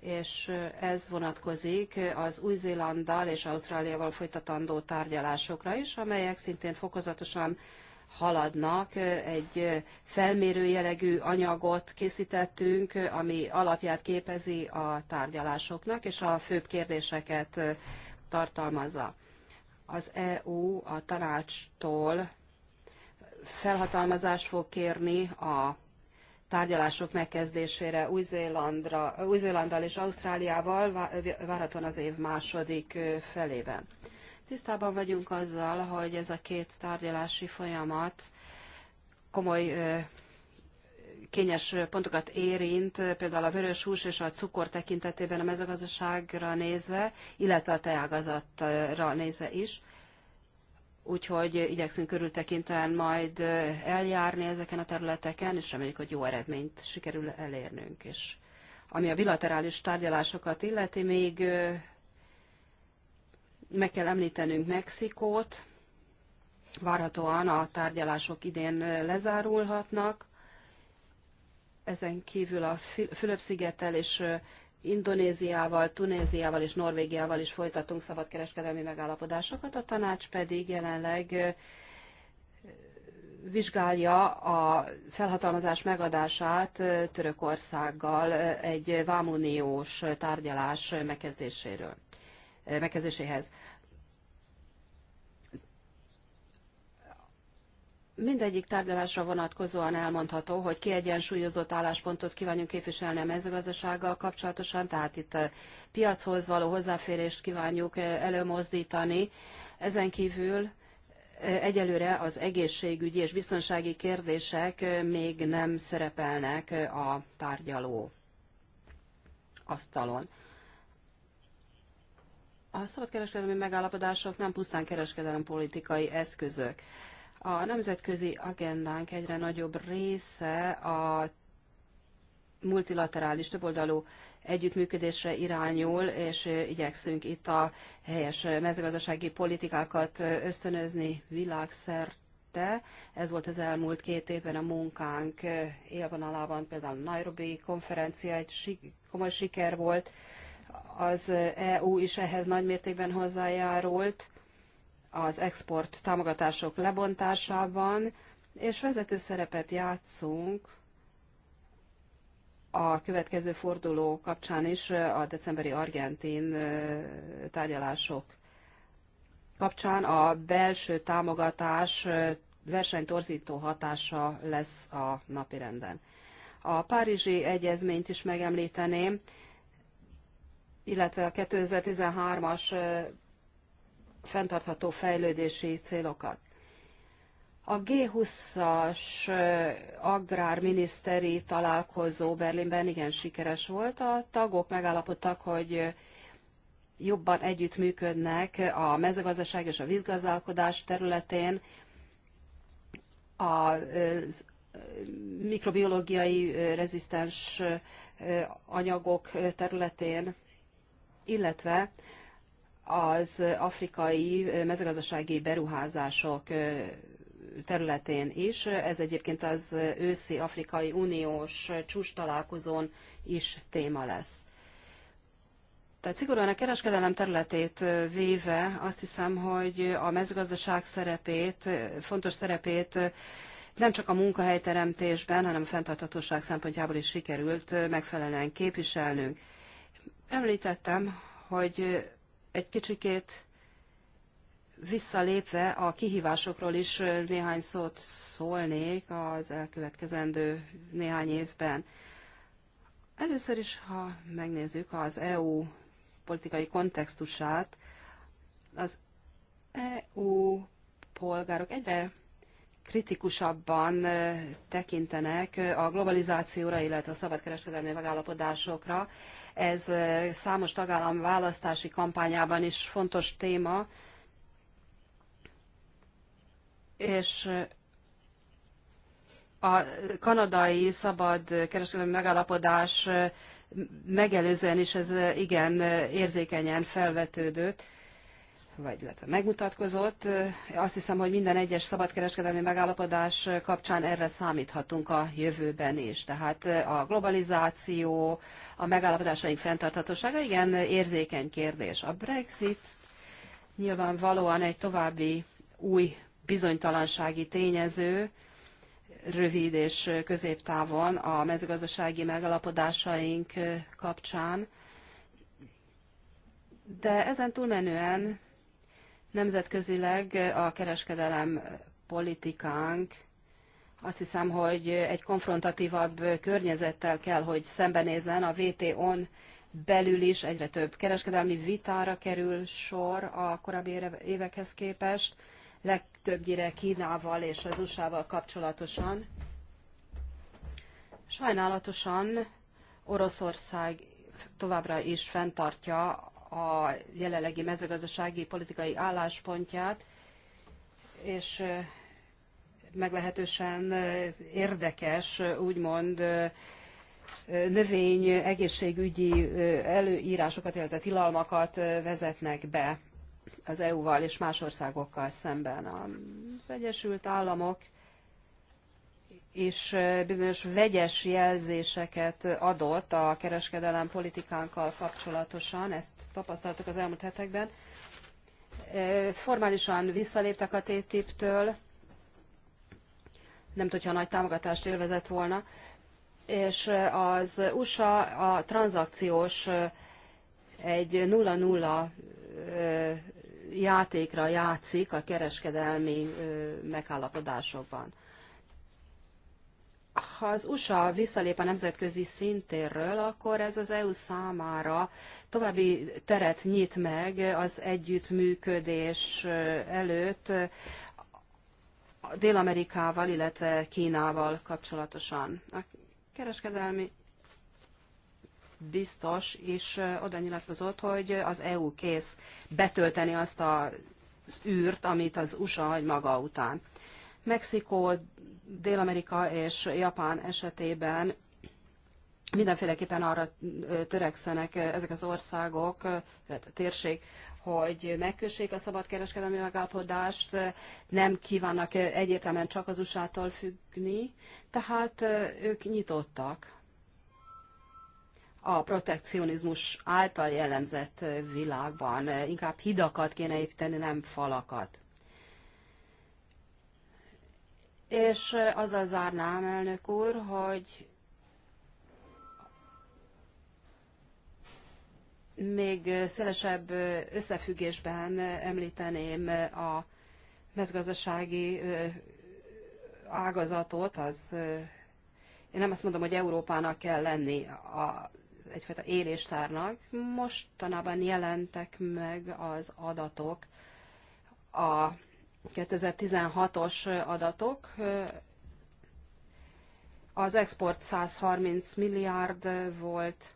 És ez vonatkozik az Új-Zélanddal és Ausztráliával folytatandó tárgyalásokra is, amelyek szintén fokozatosan haladnak. Egy felmérő jellegű anyagot készítettünk, ami alapját képezi a tárgyalásoknak, és a főbb kérdéseket tartalmazza az EU a tanácstól felhatalmazást fog kérni a tárgyalások megkezdésére Új-Zélanddal Új és Ausztráliával várhatóan az év második felében. Tisztában vagyunk azzal, hogy ez a két tárgyalási folyamat komoly kényes pontokat érint, például a vörös hús és a cukor tekintetében a mezőgazdaságra nézve, illetve a teágazatra nézve is. Úgyhogy igyekszünk körültekintően majd eljárni ezeken a területeken, és reméljük, hogy jó eredményt sikerül elérnünk. És ami a bilaterális tárgyalásokat illeti, még meg kell említenünk Mexikót, várhatóan a tárgyalások idén lezárulhatnak ezen kívül a Fülöp-szigettel és Indonéziával, Tunéziával és Norvégiával is folytatunk szabadkereskedelmi megállapodásokat, a tanács pedig jelenleg vizsgálja a felhatalmazás megadását Törökországgal egy vámuniós tárgyalás megkezdéséről, megkezdéséhez. Mindegyik tárgyalásra vonatkozóan elmondható, hogy kiegyensúlyozott álláspontot kívánjunk képviselni a mezőgazdasággal kapcsolatosan, tehát itt a piachoz való hozzáférést kívánjuk eh, előmozdítani. Ezen kívül eh, egyelőre az egészségügyi és biztonsági kérdések eh, még nem szerepelnek a tárgyaló asztalon. A szabadkereskedelmi megállapodások nem pusztán kereskedelmi politikai eszközök. A nemzetközi agendánk egyre nagyobb része a multilaterális többoldalú együttműködésre irányul, és igyekszünk itt a helyes mezőgazdasági politikákat ösztönözni világszerte. Ez volt az elmúlt két évben a munkánk élvonalában, például a Nairobi konferencia egy komoly siker volt, az EU is ehhez nagymértékben hozzájárult, az export támogatások lebontásában, és vezető szerepet játszunk a következő forduló kapcsán is, a decemberi argentin tárgyalások kapcsán a belső támogatás versenytorzító hatása lesz a napirenden. A Párizsi Egyezményt is megemlíteném, illetve a 2013-as fenntartható fejlődési célokat. A G20-as agrárminiszteri találkozó Berlinben igen sikeres volt. A tagok megállapodtak, hogy jobban együttműködnek a mezőgazdaság és a vízgazdálkodás területén, a mikrobiológiai rezisztens anyagok területén, illetve az afrikai mezőgazdasági beruházások területén is. Ez egyébként az őszi Afrikai Uniós csúcs találkozón is téma lesz. Tehát szigorúan a kereskedelem területét véve azt hiszem, hogy a mezőgazdaság szerepét, fontos szerepét nem csak a munkahelyteremtésben, hanem a fenntarthatóság szempontjából is sikerült megfelelően képviselnünk. Említettem, hogy egy kicsikét visszalépve a kihívásokról is néhány szót szólnék az elkövetkezendő néhány évben. Először is, ha megnézzük az EU politikai kontextusát, az EU polgárok egyre kritikusabban tekintenek a globalizációra, illetve a szabadkereskedelmi megállapodásokra. Ez számos tagállam választási kampányában is fontos téma, és a kanadai szabad kereskedelmi megállapodás megelőzően is ez igen érzékenyen felvetődött vagy illetve megmutatkozott. Azt hiszem, hogy minden egyes szabadkereskedelmi megállapodás kapcsán erre számíthatunk a jövőben is. Tehát a globalizáció, a megállapodásaink fenntarthatósága igen érzékeny kérdés. A Brexit nyilvánvalóan egy további új bizonytalansági tényező, rövid és középtávon a mezőgazdasági megalapodásaink kapcsán. De ezen túlmenően Nemzetközileg a kereskedelem politikánk azt hiszem, hogy egy konfrontatívabb környezettel kell, hogy szembenézzen a WTO-n belül is egyre több kereskedelmi vitára kerül sor a korábbi évekhez képest, legtöbbnyire Kínával és az USA-val kapcsolatosan. Sajnálatosan Oroszország továbbra is fenntartja a jelenlegi mezőgazdasági politikai álláspontját, és meglehetősen érdekes, úgymond növény egészségügyi előírásokat, illetve tilalmakat vezetnek be az EU-val és más országokkal szemben. Az Egyesült Államok és bizonyos vegyes jelzéseket adott a kereskedelem politikánkkal kapcsolatosan, ezt tapasztaltuk az elmúlt hetekben. Formálisan visszaléptek a TTIP-től, nem tudja, nagy támogatást élvezett volna, és az USA a tranzakciós egy nulla-nulla játékra játszik a kereskedelmi megállapodásokban ha az USA visszalép a nemzetközi szintérről, akkor ez az EU számára további teret nyit meg az együttműködés eh, előtt eh, Dél-Amerikával, illetve Kínával kapcsolatosan. A kereskedelmi biztos is eh, oda nyilatkozott, hogy az EU kész betölteni azt az űrt, amit az USA hagy maga után. Mexikó Dél-Amerika és Japán esetében mindenféleképpen arra törekszenek ezek az országok, a térség, hogy megkössék a szabadkereskedelmi megállapodást, nem kívánnak egyértelműen csak az usa függni, tehát ők nyitottak a protekcionizmus által jellemzett világban. Inkább hidakat kéne építeni, nem falakat. És azzal zárnám, elnök úr, hogy még szélesebb összefüggésben említeném a mezgazdasági ágazatot, az én nem azt mondom, hogy Európának kell lenni a, egyfajta éléstárnak. Mostanában jelentek meg az adatok a 2016-os adatok, az export 130 milliárd volt,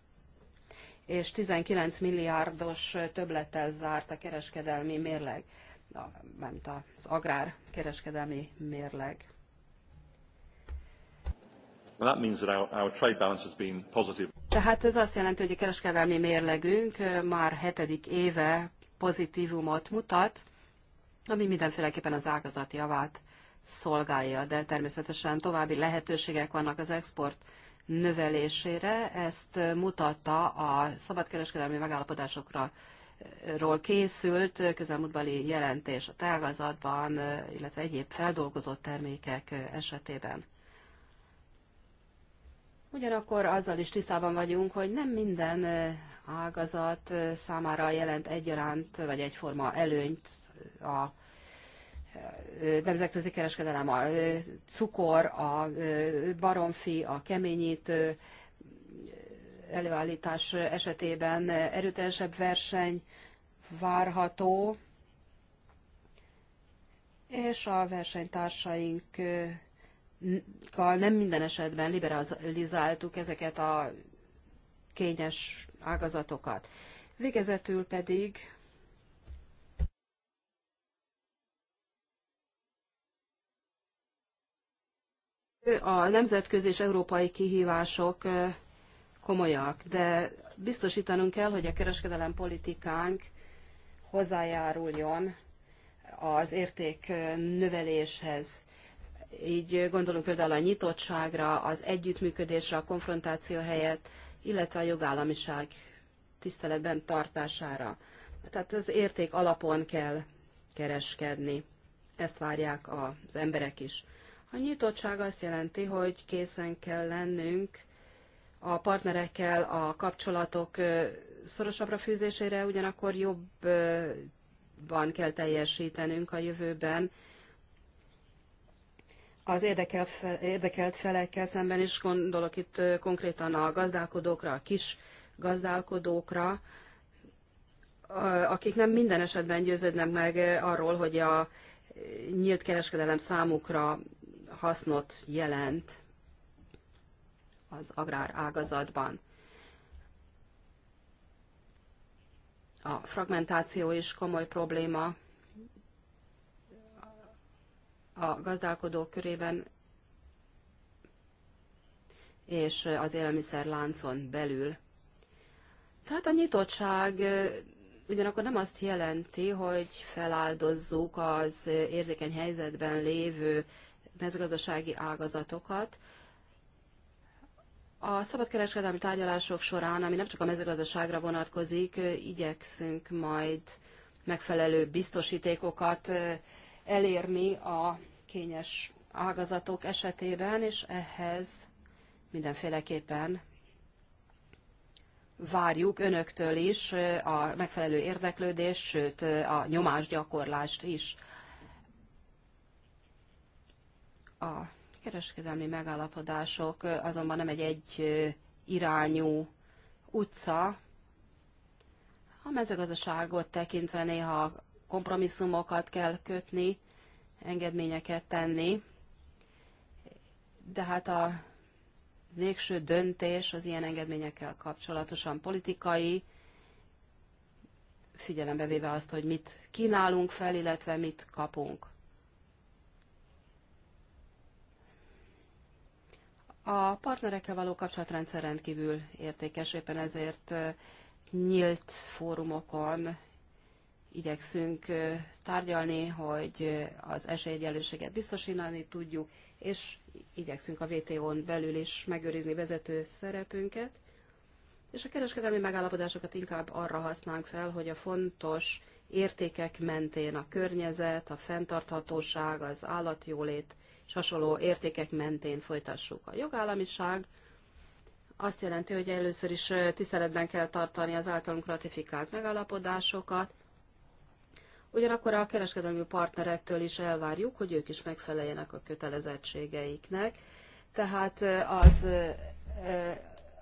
és 19 milliárdos többlettel zárt a kereskedelmi mérleg, nem az agrár kereskedelmi mérleg. Well, that means that our, our trade balance has been positive. Tehát ez azt jelenti, hogy a kereskedelmi mérlegünk már hetedik éve pozitívumot mutat, ami mindenféleképpen az ágazat javát szolgálja, de természetesen további lehetőségek vannak az export növelésére. Ezt mutatta a szabadkereskedelmi megállapodásokra ról készült közelmúltbeli jelentés a tágazatban, illetve egyéb feldolgozott termékek esetében. Ugyanakkor azzal is tisztában vagyunk, hogy nem minden ágazat számára jelent egyaránt vagy egyforma előnyt a nemzetközi kereskedelem, a cukor, a baromfi, a keményítő előállítás esetében erőteljesebb verseny várható, és a versenytársainkkal nem minden esetben liberalizáltuk ezeket a kényes ágazatokat. Végezetül pedig A nemzetközi és európai kihívások komolyak, de biztosítanunk kell, hogy a kereskedelem politikánk hozzájáruljon az érték növeléshez. Így gondolunk például a nyitottságra, az együttműködésre, a konfrontáció helyett, illetve a jogállamiság tiszteletben tartására. Tehát az érték alapon kell kereskedni. Ezt várják az emberek is. A nyitottság azt jelenti, hogy készen kell lennünk a partnerekkel a kapcsolatok szorosabbra fűzésére, ugyanakkor jobban kell teljesítenünk a jövőben. Az érdekel, érdekelt felekkel szemben is gondolok itt konkrétan a gazdálkodókra, a kis gazdálkodókra, akik nem minden esetben győződnek meg arról, hogy a nyílt kereskedelem számukra hasznot jelent az agrár ágazatban. A fragmentáció is komoly probléma a gazdálkodók körében és az élelmiszerláncon belül. Tehát a nyitottság ugyanakkor nem azt jelenti, hogy feláldozzuk az érzékeny helyzetben lévő mezőgazdasági ágazatokat. A szabadkereskedelmi tárgyalások során, ami nem csak a mezőgazdaságra vonatkozik, igyekszünk majd megfelelő biztosítékokat elérni a kényes ágazatok esetében, és ehhez mindenféleképpen várjuk önöktől is a megfelelő érdeklődést, sőt a nyomásgyakorlást is. A kereskedelmi megállapodások azonban nem egy egy irányú utca. A mezőgazdaságot tekintve néha kompromisszumokat kell kötni, engedményeket tenni, de hát a végső döntés az ilyen engedményekkel kapcsolatosan politikai, figyelembe véve azt, hogy mit kínálunk fel, illetve mit kapunk. A partnerekkel való kapcsolatrendszer rendkívül értékes, éppen ezért nyílt fórumokon igyekszünk tárgyalni, hogy az esélyegyenlőséget biztosítani tudjuk, és igyekszünk a WTO-n belül is megőrizni vezető szerepünket. És a kereskedelmi megállapodásokat inkább arra használunk fel, hogy a fontos értékek mentén a környezet, a fenntarthatóság, az állatjólét és hasonló értékek mentén folytassuk. A jogállamiság azt jelenti, hogy először is tiszteletben kell tartani az általunk ratifikált megállapodásokat, ugyanakkor a kereskedelmi partnerektől is elvárjuk, hogy ők is megfeleljenek a kötelezettségeiknek, tehát az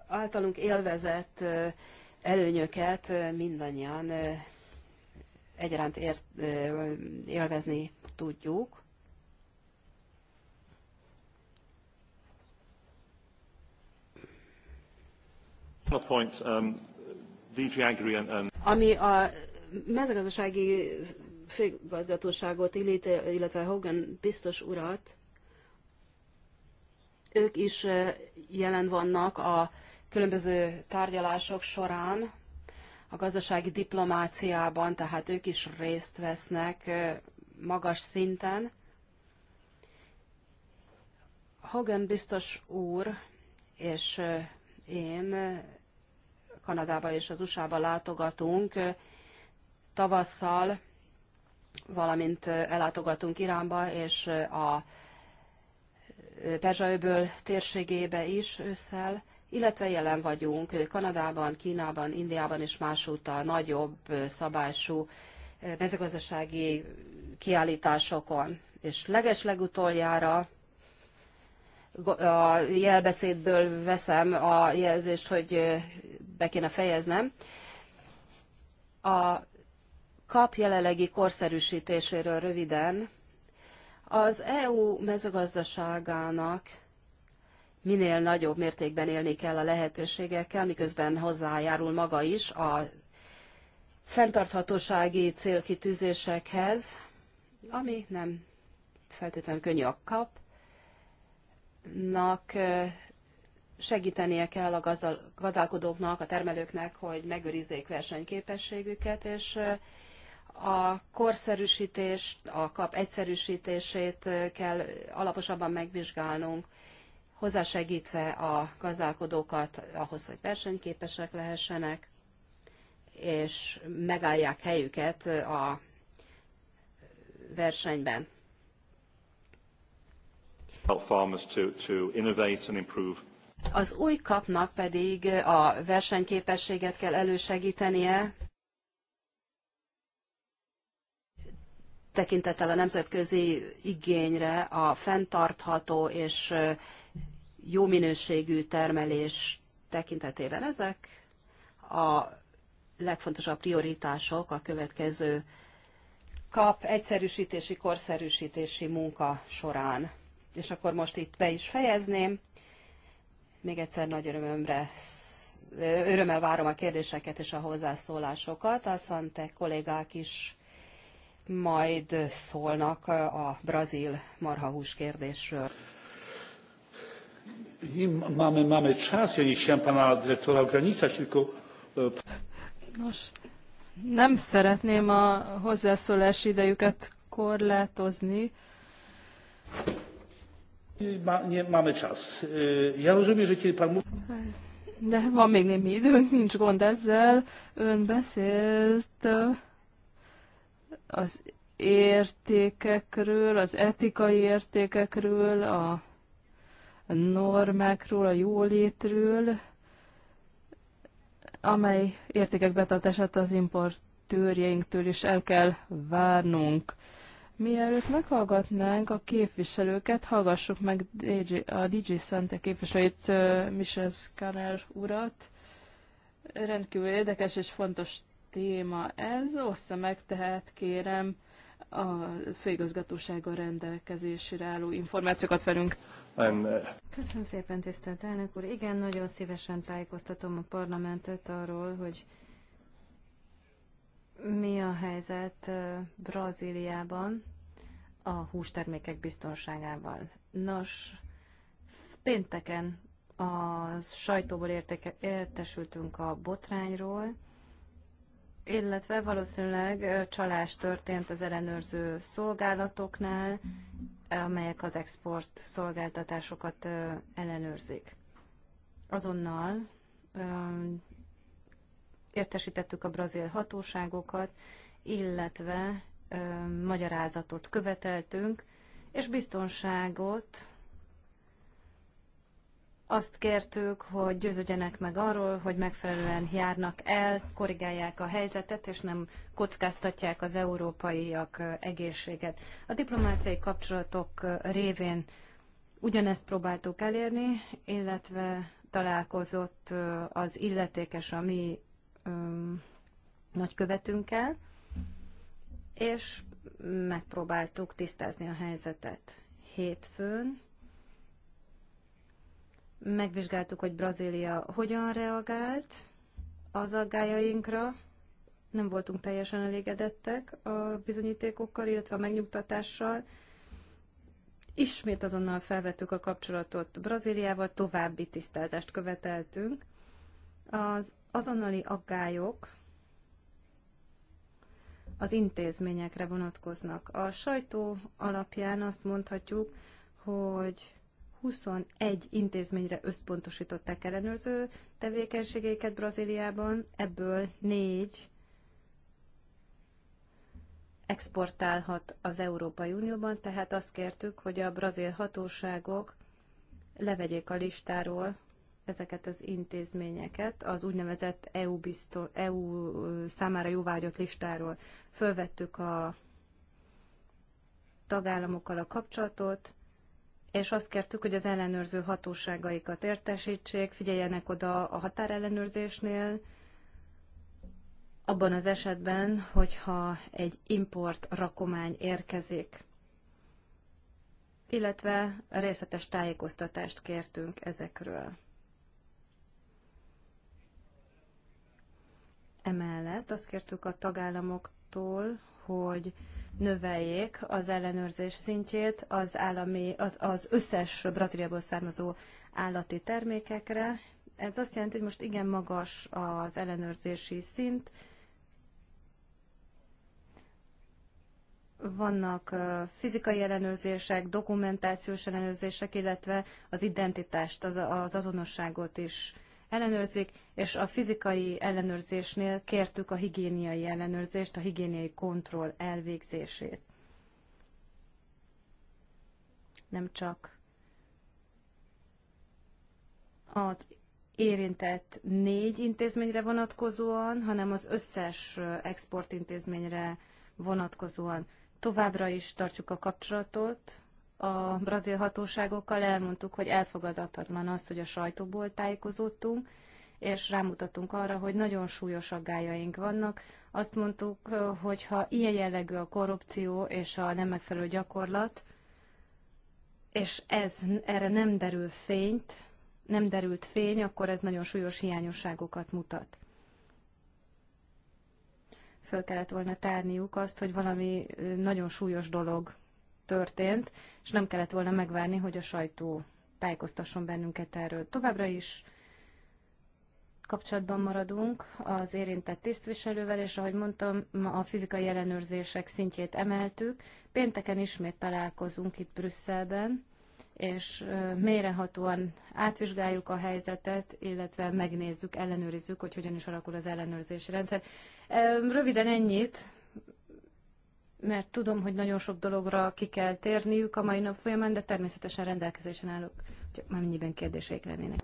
általunk élvezett előnyöket mindannyian egyaránt ér, élvezni tudjuk. Um, Ami a mezőgazdasági illeti illetve Hogan biztos urat, ők is jelen vannak a különböző tárgyalások során, a gazdasági diplomáciában, tehát ők is részt vesznek magas szinten. Hogan biztos úr és én Kanadába és az USA-ba látogatunk tavasszal, valamint ellátogatunk Iránba és a Perzsaöböl térségébe is ősszel, illetve jelen vagyunk Kanadában, Kínában, Indiában és másúttal nagyobb szabású mezőgazdasági kiállításokon. És leges legutoljára a jelbeszédből veszem a jelzést, hogy be kéne fejeznem. A kap jelenlegi korszerűsítéséről röviden. Az EU mezőgazdaságának minél nagyobb mértékben élni kell a lehetőségekkel, miközben hozzájárul maga is a fenntarthatósági célkitűzésekhez, ami nem feltétlenül könnyű a kap nak segítenie kell a gazdálkodóknak, a termelőknek, hogy megőrizzék versenyképességüket, és a korszerűsítést, a kap egyszerűsítését kell alaposabban megvizsgálnunk, hozzásegítve a gazdálkodókat ahhoz, hogy versenyképesek lehessenek, és megállják helyüket a versenyben. Az új kapnak pedig a versenyképességet kell elősegítenie, tekintettel a nemzetközi igényre a fenntartható és jó minőségű termelés tekintetében. Ezek a legfontosabb prioritások a következő kap egyszerűsítési, korszerűsítési munka során és akkor most itt be is fejezném. Még egyszer nagy örömömre örömmel várom a kérdéseket és a hozzászólásokat. A Szante kollégák is majd szólnak a brazil marhahús kérdésről. Mamy, mamy czas, ja nie pana dyrektora ograniczać, tylko... E, Nos, nem szeretném a hozzászólási idejüket korlátozni, nie mamy czas. Ja rozumiem, że kiedy pan mówi... De van még némi időnk, nincs gond ezzel. Ön beszélt az értékekről, az etikai értékekről, a normákról, a jólétről, amely értékek betartását az importőrjeinktől is el kell várnunk. Mielőtt meghallgatnánk a képviselőket, hallgassuk meg a DJ Szente képviselőit, Michel Scanner urat. Rendkívül érdekes és fontos téma ez. Ossza meg tehát kérem a főigazgatósága rendelkezésére álló információkat velünk. Köszönöm szépen, tisztelt elnök úr. Igen, nagyon szívesen tájékoztatom a parlamentet arról, hogy mi a helyzet Brazíliában a hústermékek biztonságával. Nos, pénteken a sajtóból érteke, értesültünk a botrányról, illetve valószínűleg csalás történt az ellenőrző szolgálatoknál, amelyek az export szolgáltatásokat ellenőrzik. Azonnal értesítettük a brazil hatóságokat, illetve magyarázatot követeltünk, és biztonságot azt kértük, hogy győződjenek meg arról, hogy megfelelően járnak el, korrigálják a helyzetet, és nem kockáztatják az európaiak egészséget. A diplomáciai kapcsolatok révén ugyanezt próbáltuk elérni, illetve találkozott az illetékes a mi nagykövetünkkel, és megpróbáltuk tisztázni a helyzetet hétfőn. Megvizsgáltuk, hogy Brazília hogyan reagált az aggájainkra. Nem voltunk teljesen elégedettek a bizonyítékokkal, illetve a megnyugtatással. Ismét azonnal felvettük a kapcsolatot Brazíliával, további tisztázást követeltünk. Az azonnali aggályok az intézményekre vonatkoznak. A sajtó alapján azt mondhatjuk, hogy 21 intézményre összpontosították ellenőrző tevékenységeiket Brazíliában, ebből 4 exportálhat az Európai Unióban, tehát azt kértük, hogy a brazil hatóságok levegyék a listáról ezeket az intézményeket az úgynevezett EU, biztos, EU számára jóvágyott listáról. Fölvettük a tagállamokkal a kapcsolatot, és azt kértük, hogy az ellenőrző hatóságaikat értesítsék, figyeljenek oda a határellenőrzésnél, abban az esetben, hogyha egy import rakomány érkezik. Illetve részletes tájékoztatást kértünk ezekről. Emellett azt kértük a tagállamoktól, hogy növeljék az ellenőrzés szintjét az, állami, az, az összes Brazíliából származó állati termékekre. Ez azt jelenti, hogy most igen magas az ellenőrzési szint. Vannak fizikai ellenőrzések, dokumentációs ellenőrzések, illetve az identitást, az, az azonosságot is ellenőrzik, és a fizikai ellenőrzésnél kértük a higiéniai ellenőrzést, a higiéniai kontroll elvégzését. Nem csak az érintett négy intézményre vonatkozóan, hanem az összes exportintézményre vonatkozóan. Továbbra is tartjuk a kapcsolatot a brazil hatóságokkal, elmondtuk, hogy elfogadhatatlan az, hogy a sajtóból tájékozódtunk, és rámutatunk arra, hogy nagyon súlyos aggájaink vannak. Azt mondtuk, hogy ha ilyen jellegű a korrupció és a nem megfelelő gyakorlat, és ez erre nem derül fényt, nem derült fény, akkor ez nagyon súlyos hiányosságokat mutat. Föl kellett volna tárniuk azt, hogy valami nagyon súlyos dolog történt, és nem kellett volna megvárni, hogy a sajtó tájékoztasson bennünket erről. Továbbra is kapcsolatban maradunk az érintett tisztviselővel, és ahogy mondtam, ma a fizikai ellenőrzések szintjét emeltük. Pénteken ismét találkozunk itt Brüsszelben, és mélyrehatóan átvizsgáljuk a helyzetet, illetve megnézzük, ellenőrizzük, hogy hogyan is alakul az ellenőrzési rendszer. Röviden ennyit, mert tudom, hogy nagyon sok dologra ki kell térniük a mai nap folyamán, de természetesen rendelkezésen állok, hogy már mennyiben kérdéseik lennének.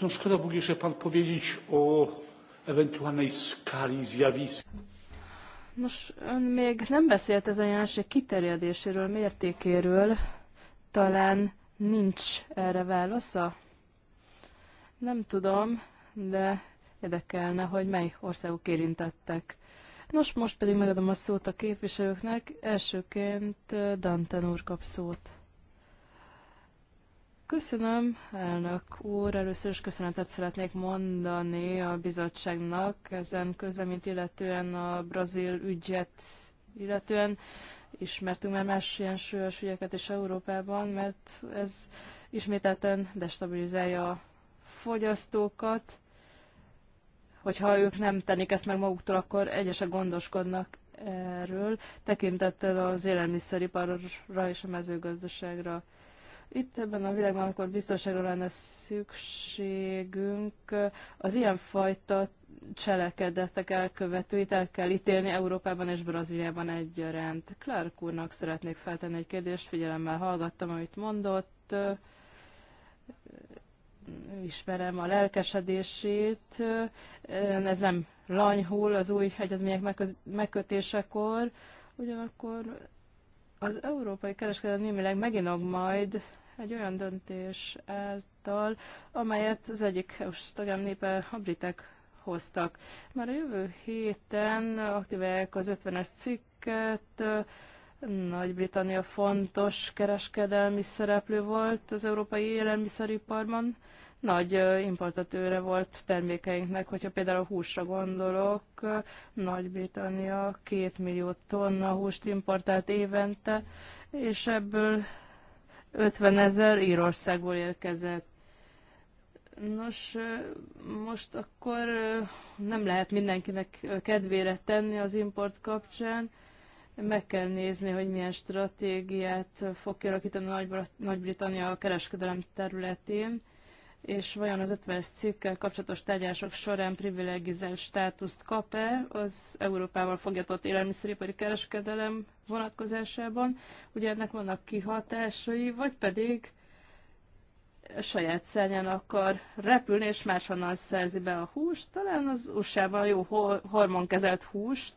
No, szkoda byłoby jeszcze pan powiedzieć o ewentualnej skali zjawisk. Nos, ön még nem beszélt ez a jelenség kiterjedéséről, mértékéről. Talán nincs erre válasza? Nem tudom, de érdekelne, hogy mely országok érintettek. Nos, most pedig megadom a szót a képviselőknek. Elsőként Danten úr kap szót. Köszönöm, elnök úr. Először is köszönetet szeretnék mondani a bizottságnak ezen közleményt, illetően a brazil ügyet, illetően ismertünk már más ilyen súlyos ügyeket is Európában, mert ez ismételten destabilizálja a fogyasztókat, hogyha ők nem tennék ezt meg maguktól, akkor egyesek gondoskodnak erről, tekintettel az élelmiszeriparra és a mezőgazdaságra. Itt ebben a világban, amikor biztonságra lenne szükségünk, az ilyenfajta cselekedetek elkövetőit el kell ítélni Európában és Brazíliában egyaránt. Clark úrnak szeretnék feltenni egy kérdést, figyelemmel hallgattam, amit mondott ismerem a lelkesedését. Ez nem lanyhul az új egyezmények megkötésekor, ugyanakkor az európai kereskedelem némileg meginog majd egy olyan döntés által, amelyet az egyik eu tagám népe a britek hoztak. Már a jövő héten aktiválják az 50-es cikket, Nagy-Britannia fontos kereskedelmi szereplő volt az európai élelmiszeriparban, nagy importatőre volt termékeinknek. Hogyha például a húsra gondolok, Nagy-Britannia 2 millió tonna húst importált évente, és ebből 50 ezer Írországból érkezett. Nos, most akkor nem lehet mindenkinek kedvére tenni az import kapcsán. Meg kell nézni, hogy milyen stratégiát fog kialakítani Nagy-Britannia a kereskedelem területén és vajon az 50-es cikkkel kapcsolatos tárgyások során privilegizált státuszt kap-e az Európával fogyatott élelmiszeripari kereskedelem vonatkozásában, ugye ennek vannak kihatásai, vagy pedig saját szárnyán akar repülni, és máshonnan szerzi be a húst, talán az USA-ban jó hormonkezelt húst,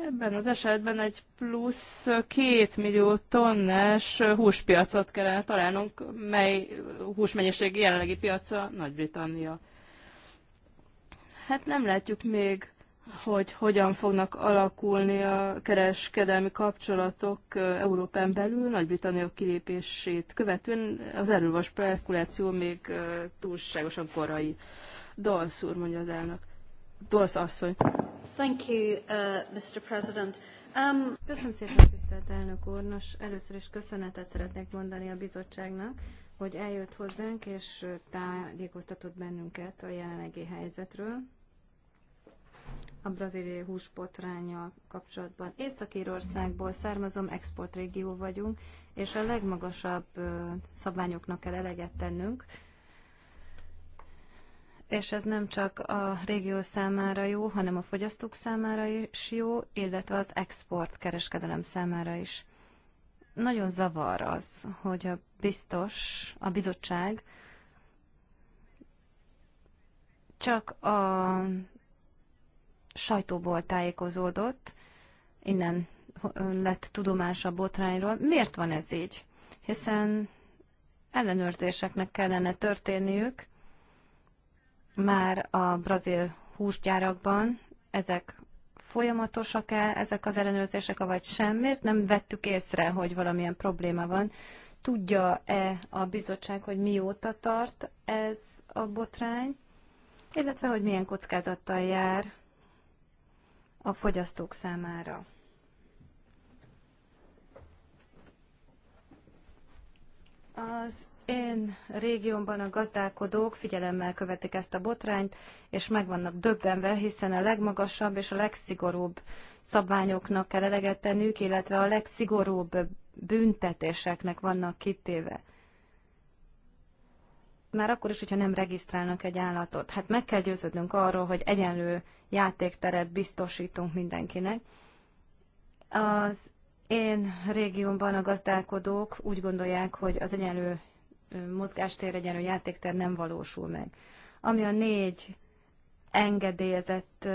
Ebben az esetben egy plusz két millió tonnás húspiacot kellene találnunk, mely húsmennyiség jelenlegi piaca Nagy-Britannia. Hát nem látjuk még, hogy hogyan fognak alakulni a kereskedelmi kapcsolatok Európán belül, Nagy-Britannia kilépését követően. Az erről spekuláció még túlságosan korai. Dalszúr, mondja az elnök asszony. Thank you, uh, Mr. President. Um... Köszönöm szépen, tisztelt elnök úr. Nos, először is köszönetet szeretnék mondani a bizottságnak, hogy eljött hozzánk és tájékoztatott bennünket a jelenlegi helyzetről a braziliai húsbotrányjal kapcsolatban. Észak-Írországból származom, exportrégió vagyunk, és a legmagasabb szabványoknak kell eleget tennünk, és ez nem csak a régió számára jó, hanem a fogyasztók számára is jó, illetve az export kereskedelem számára is. Nagyon zavar az, hogy a biztos, a bizottság csak a sajtóból tájékozódott, innen lett tudomás a botrányról. Miért van ez így? Hiszen ellenőrzéseknek kellene történniük, már a brazil húsgyárakban ezek folyamatosak-e ezek az ellenőrzések, vagy sem? Miért nem vettük észre, hogy valamilyen probléma van? Tudja-e a bizottság, hogy mióta tart ez a botrány, illetve hogy milyen kockázattal jár a fogyasztók számára? Az én régiómban a gazdálkodók figyelemmel követik ezt a botrányt, és meg vannak döbbenve, hiszen a legmagasabb és a legszigorúbb szabványoknak kell eleget tennünk, illetve a legszigorúbb büntetéseknek vannak kitéve. Már akkor is, hogyha nem regisztrálnak egy állatot. Hát meg kell győződnünk arról, hogy egyenlő játékteret biztosítunk mindenkinek. Az én régiómban a gazdálkodók úgy gondolják, hogy az egyenlő mozgástér egyenlő játéktér nem valósul meg. Ami a négy engedélyezett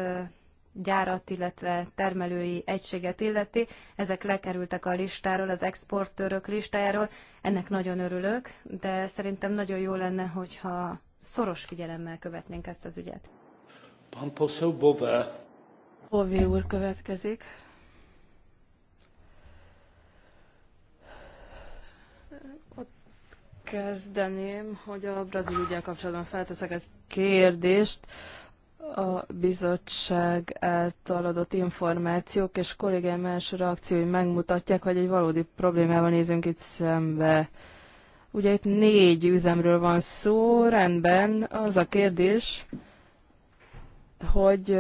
gyárat, illetve termelői egységet illeti. Ezek lekerültek a listáról, az exportőrök listájáról. Ennek nagyon örülök, de szerintem nagyon jó lenne, hogyha szoros figyelemmel követnénk ezt az ügyet. Pan Poszó Bové. Bové úr következik. kezdeném, hogy a brazil ügyel kapcsolatban felteszek egy kérdést. A bizottság által adott információk és kollégáim első reakciói megmutatják, hogy egy valódi problémával nézünk itt szembe. Ugye itt négy üzemről van szó, rendben. Az a kérdés, hogy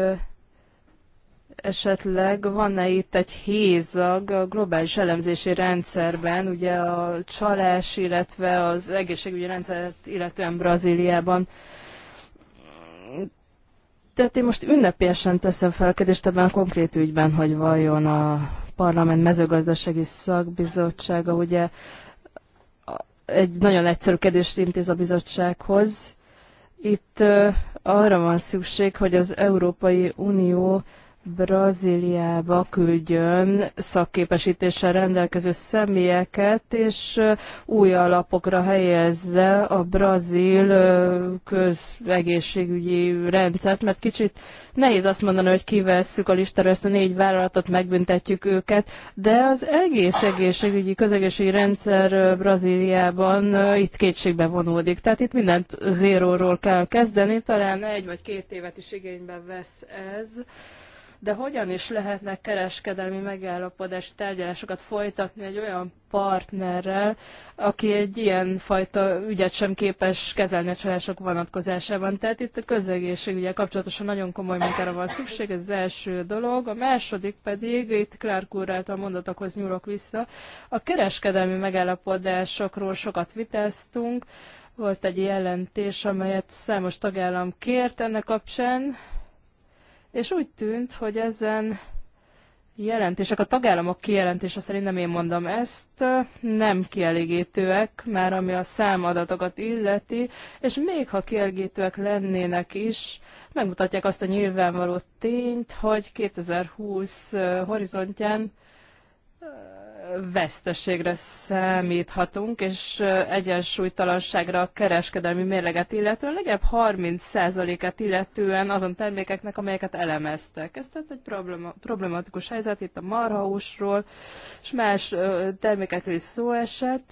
esetleg van-e itt egy hézag a globális elemzési rendszerben, ugye a csalás, illetve az egészségügyi rendszert, illetően Brazíliában. Tehát én most ünnepélyesen teszem fel a kérdést ebben a konkrét ügyben, hogy vajon a parlament mezőgazdasági szakbizottsága ugye egy nagyon egyszerű kérdést intéz a bizottsághoz. Itt arra van szükség, hogy az Európai Unió Brazíliába küldjön szakképesítéssel rendelkező személyeket, és új alapokra helyezze a brazil közegészségügyi rendszert, mert kicsit nehéz azt mondani, hogy kivesszük a listára ezt a négy vállalatot, megbüntetjük őket, de az egész egészségügyi, közegészségügyi rendszer Brazíliában itt kétségbe vonódik. Tehát itt mindent zéróról kell kezdeni, talán egy vagy két évet is igénybe vesz ez de hogyan is lehetne kereskedelmi megállapodási tárgyalásokat folytatni egy olyan partnerrel, aki egy ilyen fajta ügyet sem képes kezelni a csalások vonatkozásában. Tehát itt a közegészségügyel kapcsolatosan nagyon komoly munkára van szükség, ez az első dolog. A második pedig, itt Clark úr által mondatokhoz nyúlok vissza, a kereskedelmi megállapodásokról sokat vitáztunk, volt egy jelentés, amelyet számos tagállam kért ennek kapcsán, és úgy tűnt, hogy ezen jelentések, a tagállamok kijelentése szerint nem én mondom ezt, nem kielégítőek, már ami a számadatokat illeti, és még ha kielégítőek lennének is, megmutatják azt a nyilvánvaló tényt, hogy 2020 eh, horizontján eh, veszteségre számíthatunk, és egyensúlytalanságra a kereskedelmi mérleget illetően, legalább 30%-et illetően azon termékeknek, amelyeket elemeztek. Ez tehát egy problema, problematikus helyzet, itt a marhaúsról és más termékekről is szó esett.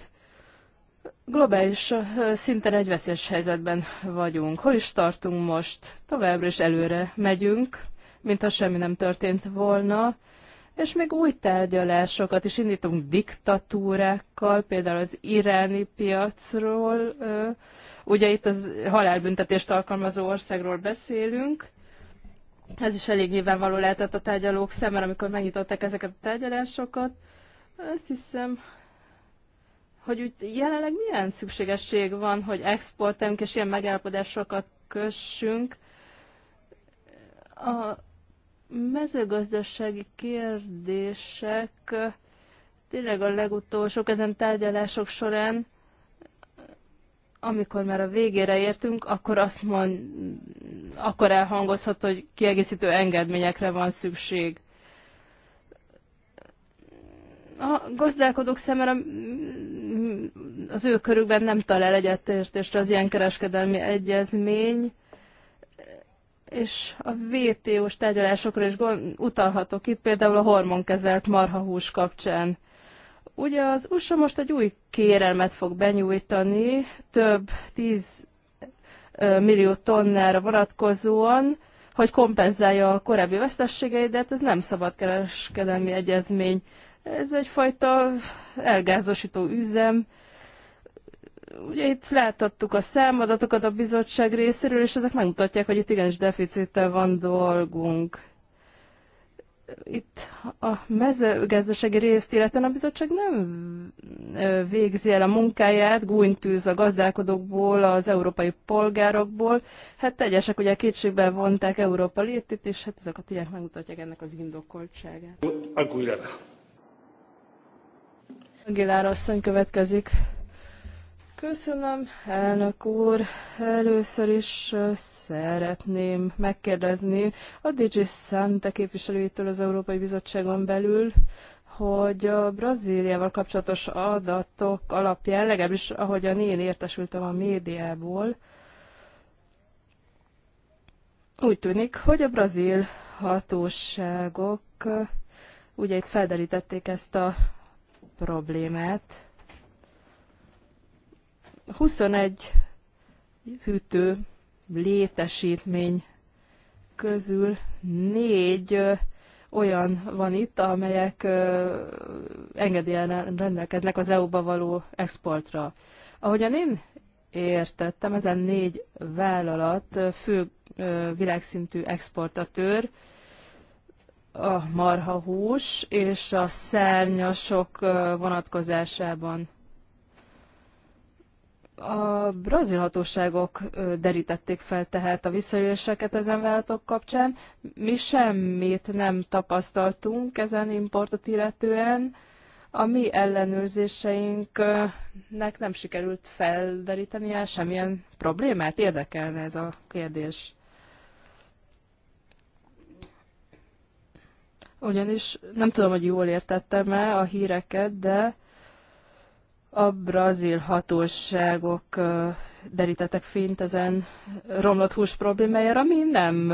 Globális szinten egy veszélyes helyzetben vagyunk. Hol is tartunk most? Továbbra is előre megyünk, mintha semmi nem történt volna és még új tárgyalásokat is indítunk diktatúrákkal, például az iráni piacról, ugye itt az halálbüntetést alkalmazó országról beszélünk, ez is elég nyilvánvaló lehetett a tárgyalók szemmel, amikor megnyitották ezeket a tárgyalásokat. Azt hiszem, hogy úgy jelenleg milyen szükségesség van, hogy exportáljunk és ilyen megállapodásokat kössünk. A mezőgazdasági kérdések tényleg a legutolsók ezen tárgyalások során, amikor már a végére értünk, akkor azt mond, akkor elhangozhat, hogy kiegészítő engedményekre van szükség. A gazdálkodók szemben az ő körükben nem talál egyetértést az ilyen kereskedelmi egyezmény, és a VTO-s tárgyalásokra is utalhatok itt, például a hormonkezelt marhahús kapcsán. Ugye az USA most egy új kérelmet fog benyújtani, több 10 millió tonnára vonatkozóan, hogy kompenzálja a korábbi vesztességeit, de hát ez nem szabadkereskedelmi egyezmény. Ez egyfajta elgázosító üzem, Ugye itt láthattuk a számadatokat a bizottság részéről, és ezek megmutatják, hogy itt igenis deficittel van dolgunk. Itt a mezőgazdasági részt illetve a bizottság nem végzi el a munkáját, gúnytűz a gazdálkodókból, az európai polgárokból. Hát egyesek ugye kétségbe vonták Európa létét, és hát ezek a tények megmutatják ennek az indokoltságát. Aguilera. Aguilera asszony következik. Köszönöm, elnök úr. Először is szeretném megkérdezni a DG Sante képviselőjétől az Európai Bizottságon belül, hogy a Brazíliával kapcsolatos adatok alapján, legalábbis ahogyan én értesültem a médiából, úgy tűnik, hogy a brazil hatóságok ugye itt felderítették ezt a problémát, 21 hűtő létesítmény közül négy olyan van itt, amelyek engedélyen rendelkeznek az EU-ba való exportra. Ahogyan én értettem, ezen négy vállalat fő világszintű exportatőr, a marhahús és a szárnyasok vonatkozásában. A brazil hatóságok derítették fel tehát a visszaéléseket ezen vállalatok kapcsán. Mi semmit nem tapasztaltunk ezen importot illetően. A mi ellenőrzéseinknek nem sikerült felderíteni el semmilyen problémát. Érdekelne ez a kérdés. Ugyanis nem tudom, hogy jól értettem-e a híreket, de a brazil hatóságok derítettek fényt ezen romlott hús problémájára. Mi nem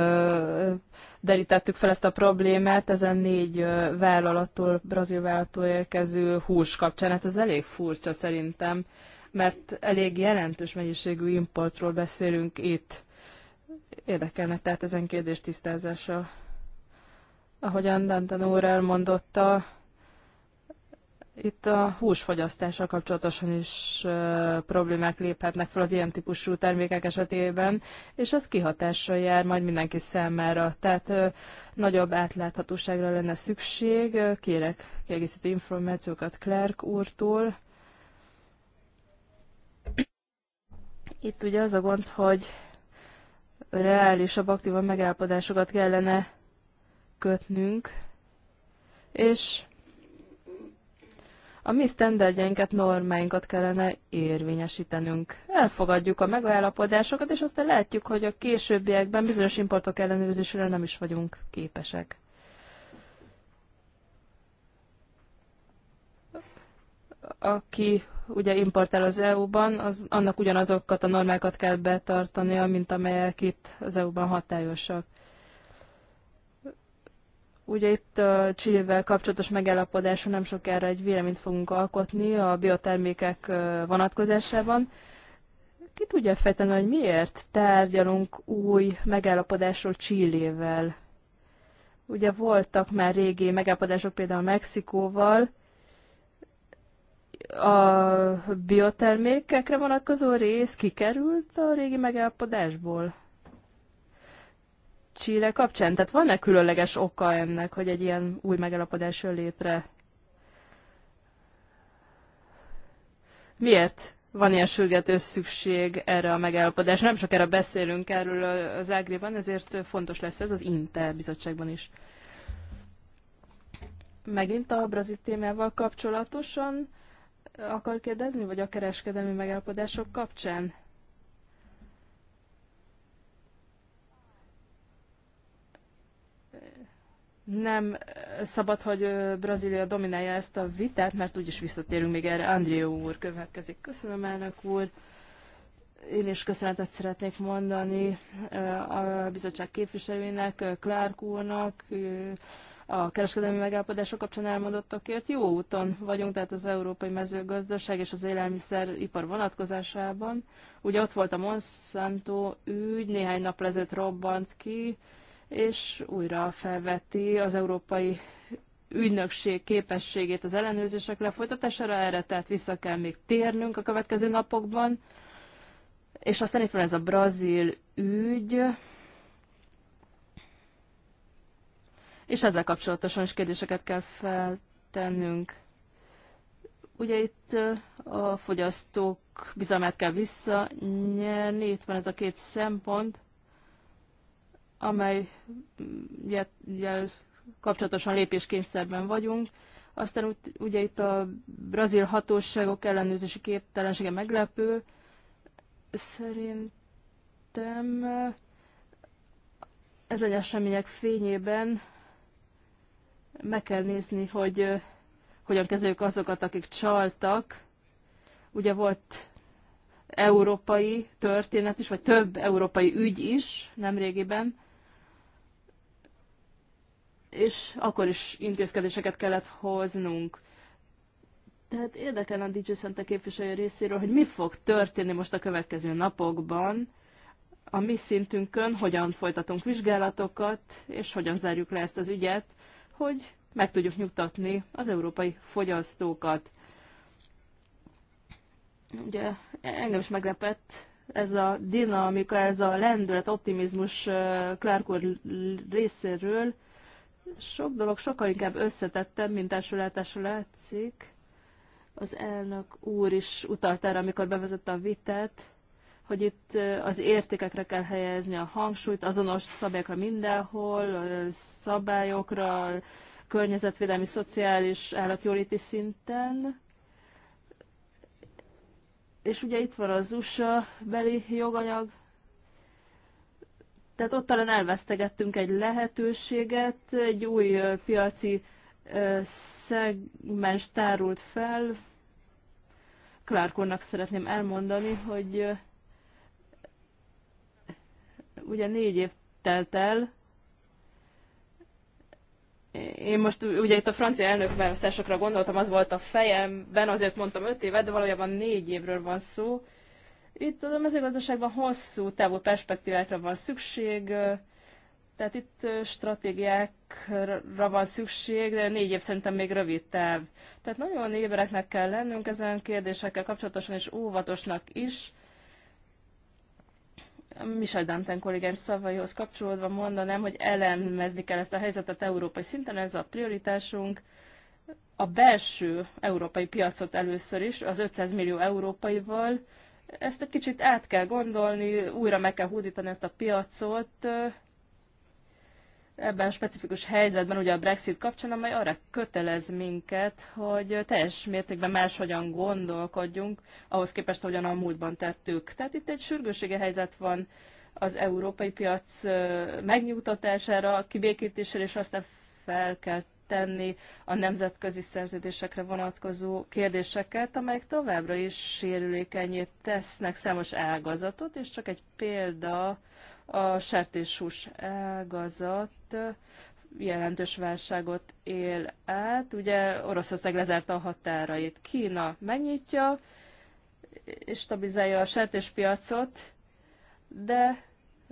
derítettük fel ezt a problémát ezen négy vállalattól, brazil vállalattól érkező hús kapcsán. Hát ez elég furcsa szerintem, mert elég jelentős mennyiségű importról beszélünk itt. Érdekelne tehát ezen kérdés tisztázása. Ahogy Andantan úr elmondotta, itt a húsfogyasztással kapcsolatosan is ö, problémák léphetnek fel az ilyen típusú termékek esetében, és az kihatással jár majd mindenki számára. Tehát ö, nagyobb átláthatóságra lenne szükség. Kérek kiegészítő információkat Clark úrtól. Itt ugye az a gond, hogy reálisabb, aktívan megállapodásokat kellene kötnünk, és a mi sztenderdjeinket, normáinkat kellene érvényesítenünk. Elfogadjuk a megállapodásokat, és aztán látjuk, hogy a későbbiekben bizonyos importok ellenőrzésére nem is vagyunk képesek. Aki ugye importál az EU-ban, az, annak ugyanazokat a normákat kell betartania, mint amelyek itt az EU-ban hatályosak. Ugye itt a Csillivel kapcsolatos megállapodásra nem sokára egy véleményt fogunk alkotni a biotermékek vonatkozásában. Ki tudja fejteni, hogy miért tárgyalunk új megállapodásról Csillével? Ugye voltak már régi megállapodások például Mexikóval, a biotermékekre vonatkozó rész kikerült a régi megállapodásból? Csíre kapcsán? Tehát van-e különleges oka ennek, hogy egy ilyen új megállapodás jön létre? Miért van ilyen sürgető szükség erre a megállapodásra? Nem sokára beszélünk erről az Ágriban, ezért fontos lesz ez az Intel bizottságban is. Megint a brazil témával kapcsolatosan akar kérdezni, vagy a kereskedelmi megállapodások kapcsán? nem szabad, hogy Brazília dominálja ezt a vitát, mert úgyis visszatérünk még erre. Andrió úr következik. Köszönöm, elnök úr. Én is köszönetet szeretnék mondani a bizottság képviselőinek, Clark úrnak, a kereskedelmi megállapodások kapcsán elmondottakért. Jó úton vagyunk, tehát az európai mezőgazdaság és az élelmiszeripar vonatkozásában. Ugye ott volt a Monsanto ügy, néhány nap ezelőtt robbant ki, és újra felveti az európai ügynökség képességét az ellenőrzések lefolytatására, erre tehát vissza kell még térnünk a következő napokban. És aztán itt van ez a brazil ügy, és ezzel kapcsolatosan is kérdéseket kell feltennünk. Ugye itt a fogyasztók bizalmát kell visszanyerni, itt van ez a két szempont, amelyel mm, kapcsolatosan lépéskényszerben vagyunk. Aztán ugye itt a brazil hatóságok ellenőrzési képtelensége meglepő. Szerintem eh, ezen események fényében meg kell nézni, hogy eh, hogyan kezeljük azokat, akik csaltak. Ugye volt európai történet is, vagy több európai ügy is nemrégiben, és akkor is intézkedéseket kellett hoznunk. Tehát érdekelne a DJ Szente képviselő részéről, hogy mi fog történni most a következő napokban, a mi szintünkön, hogyan folytatunk vizsgálatokat, és hogyan zárjuk le ezt az ügyet, hogy meg tudjuk nyugtatni az európai fogyasztókat. Ugye engem is meglepett ez a dinamika, ez a lendület, optimizmus eh, Clark úr részéről, sok dolog sokkal inkább összetettem, mint elsőlátásra látszik. Az elnök úr is utalt erre, amikor bevezette a vitát, hogy itt az értékekre kell helyezni a hangsúlyt, azonos szabályokra mindenhol, szabályokra, környezetvédelmi, szociális, állatjóléti szinten. És ugye itt van az USA beli joganyag, tehát ott talán elvesztegettünk egy lehetőséget, egy új piaci szegmens tárult fel. Clarkonnak szeretném elmondani, hogy ugye négy év telt el, én most ugye itt a francia elnökválasztásokra gondoltam, az volt a fejemben, azért mondtam öt évet, de valójában négy évről van szó. Itt a mezőgazdaságban hosszú távú perspektívákra van szükség, tehát itt stratégiákra van szükség, de négy év szerintem még rövid táv. Tehát nagyon ébereknek kell lennünk ezen kérdésekkel kapcsolatosan, és óvatosnak is. Michel Danten kollégám szavaihoz kapcsolódva mondanám, hogy elemezni kell ezt a helyzetet európai szinten, ez a prioritásunk. A belső európai piacot először is, az 500 millió európaival, ezt egy kicsit át kell gondolni, újra meg kell hódítani ezt a piacot ebben a specifikus helyzetben, ugye a Brexit kapcsán, amely arra kötelez minket, hogy teljes mértékben máshogyan gondolkodjunk, ahhoz képest, ahogyan a múltban tettük. Tehát itt egy sürgősége helyzet van az európai piac megnyugtatására, kibékítésére, és aztán fel kell tenni a nemzetközi szerződésekre vonatkozó kérdéseket, amelyek továbbra is sérülékenyét tesznek számos ágazatot, és csak egy példa a sertéshús ágazat jelentős válságot él át. Ugye Oroszország lezárta a határait, Kína megnyitja és stabilizálja a sertéspiacot, de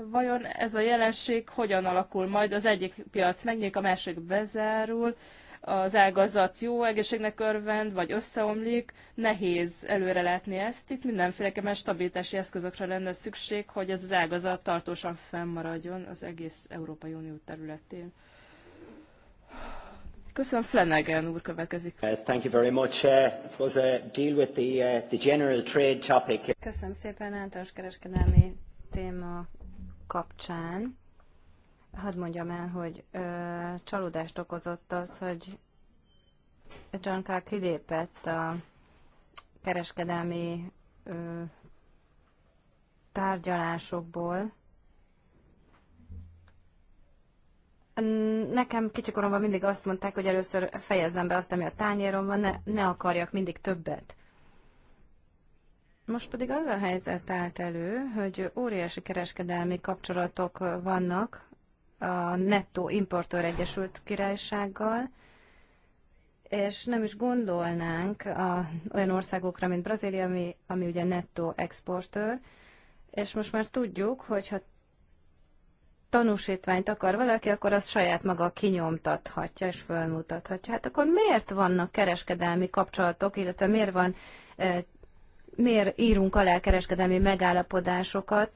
vajon ez a jelenség hogyan alakul majd, az egyik piac megnyílik, a másik bezárul, az ágazat jó egészségnek örvend, vagy összeomlik, nehéz előre látni ezt. Itt mindenféleképpen stabilitási eszközökre lenne szükség, hogy ez az ágazat tartósan fennmaradjon az egész Európai Unió területén. Köszönöm, Flanagan úr következik. Uh, thank you very much. Uh, it was a deal with the, uh, the general trade topic. Köszönöm szépen, általános kereskedelmi téma kapcsán hadd mondjam el, hogy ö, csalódást okozott az, hogy John K. kilépett a kereskedelmi ö, tárgyalásokból. Nekem kicsikoromban mindig azt mondták, hogy először fejezzem be azt, ami a van, ne, ne akarjak mindig többet. Most pedig az a helyzet állt elő, hogy óriási kereskedelmi kapcsolatok vannak a netto importőr Egyesült Királysággal, és nem is gondolnánk a, olyan országokra, mint Brazília, ami, ami ugye Netto exportőr, és most már tudjuk, hogy ha tanúsítványt akar valaki, akkor az saját maga kinyomtathatja és fölmutathatja. Hát akkor miért vannak kereskedelmi kapcsolatok, illetve miért van eh, miért írunk alá kereskedelmi megállapodásokat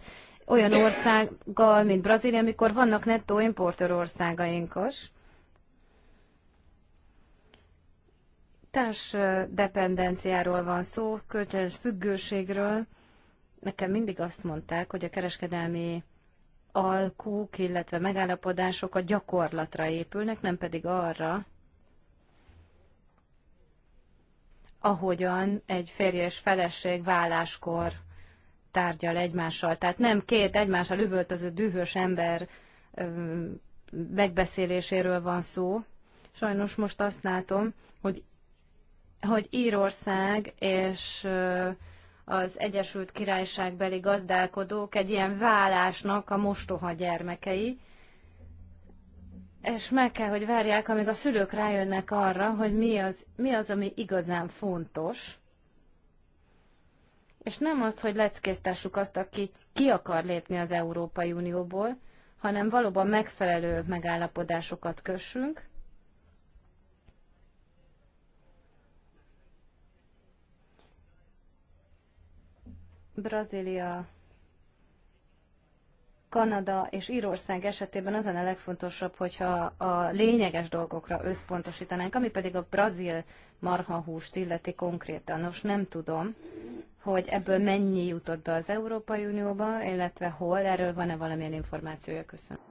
olyan országgal, mint Brazília, amikor vannak nettó importőr országaink is. Társ dependenciáról van szó, kölcsönös függőségről. Nekem mindig azt mondták, hogy a kereskedelmi alkúk, illetve megállapodások a gyakorlatra épülnek, nem pedig arra, ahogyan egy férj és feleség válláskor tárgyal egymással. Tehát nem két egymással üvöltöző dühös ember megbeszéléséről van szó. Sajnos most azt látom, hogy, hogy Írország és az Egyesült Királyság beli gazdálkodók egy ilyen vállásnak a mostoha gyermekei, és meg kell, hogy várják, amíg a szülők rájönnek arra, hogy mi az, mi az ami igazán fontos, és nem az, hogy leckéztessük azt, aki ki akar lépni az Európai Unióból, hanem valóban megfelelő megállapodásokat kössünk, Brazília Kanada és Írország esetében az a legfontosabb, hogyha a lényeges dolgokra összpontosítanánk, ami pedig a brazil marhahúst illeti konkrétan. Nos, nem tudom, hogy ebből mennyi jutott be az Európai Unióba, illetve hol, erről van-e valamilyen információja? Köszönöm.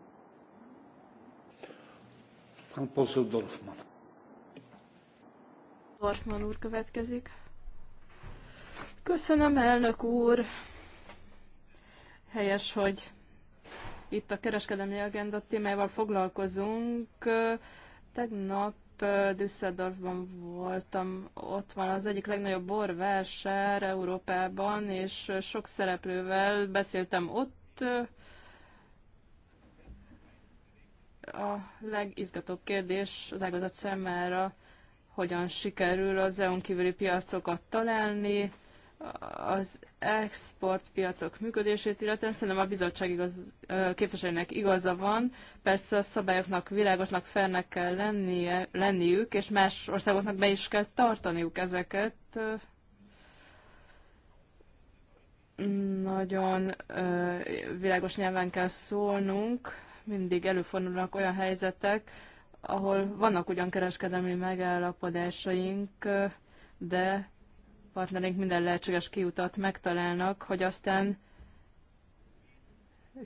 Pan poseł Dorfman. Dorfman úr következik. Köszönöm, elnök úr. Helyes, hogy itt a kereskedelmi agenda témával foglalkozunk. Tegnap Düsseldorfban voltam, ott van az egyik legnagyobb borverser Európában, és sok szereplővel beszéltem ott. A legizgatóbb kérdés az ágazat számára, hogyan sikerül az EU-n kívüli piacokat találni, az exportpiacok működését, illetve szerintem a bizottság igaz, képviselőnek igaza van. Persze a szabályoknak világosnak, fennek kell lennie, lenniük, és más országoknak be is kell tartaniuk ezeket. Nagyon világos nyelven kell szólnunk, mindig előfordulnak olyan helyzetek, ahol vannak ugyan kereskedelmi megállapodásaink, de partnereink minden lehetséges kiutat megtalálnak, hogy aztán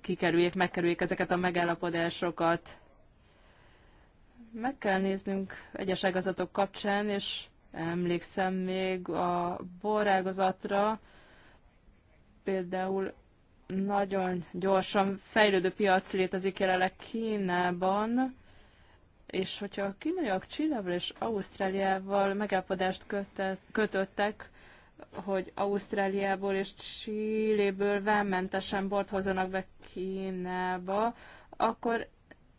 kikerüljék, megkerüljék ezeket a megállapodásokat. Meg kell néznünk egyes ágazatok kapcsán, és emlékszem még a borágazatra, például nagyon gyorsan fejlődő piac létezik jelenleg Kínában, és hogyha a kínaiak Csillával és Ausztráliával megállapodást kötöttek, hogy Ausztráliából és Csilléből vámmentesen bort hozzanak be Kínába, akkor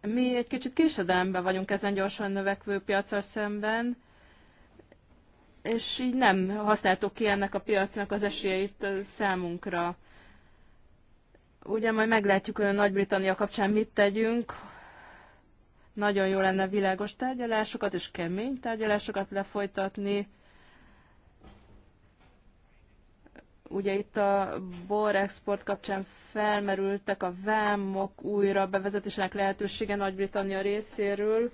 mi egy kicsit késedelemben vagyunk ezen gyorsan növekvő piacsal szemben, és így nem használtuk ki ennek a piacnak az esélyeit számunkra. Ugye majd meglátjuk, hogy a Nagy-Britannia kapcsán mit tegyünk. Nagyon jó lenne világos tárgyalásokat és kemény tárgyalásokat lefolytatni Ugye itt a bor export kapcsán felmerültek a vámok újra bevezetésének lehetősége Nagy-Britannia részéről.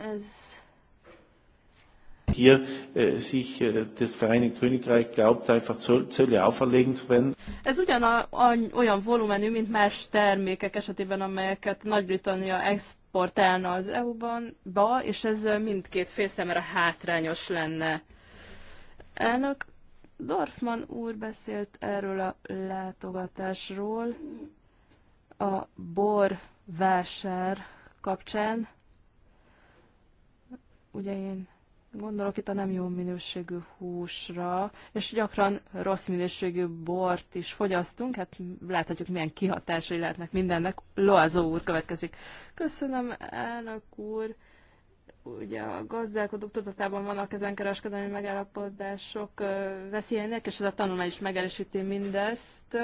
Ez hier äh, sich äh, das Vereinigte Königreich glaubt, einfach Zölle auferlegen zu werden. Ez ugyan a, a, olyan volumenű, mint más termékek esetében, amelyeket Nagy-Britannia exportál exportálna az EU-ban, ba, és ez mindkét fél számára hátrányos lenne. Elnök Dorfman úr beszélt erről a látogatásról a bor vásár kapcsán. Ugye én Gondolok itt a nem jó minőségű húsra, és gyakran rossz minőségű bort is fogyasztunk, hát láthatjuk milyen kihatásai lehetnek mindennek. Loazó úr következik. Köszönöm, elnök úr. Ugye a gazdálkodók tudatában vannak ezen kereskedelmi megállapodások veszélyeinek, és ez a tanulmány is megerősíti mindezt.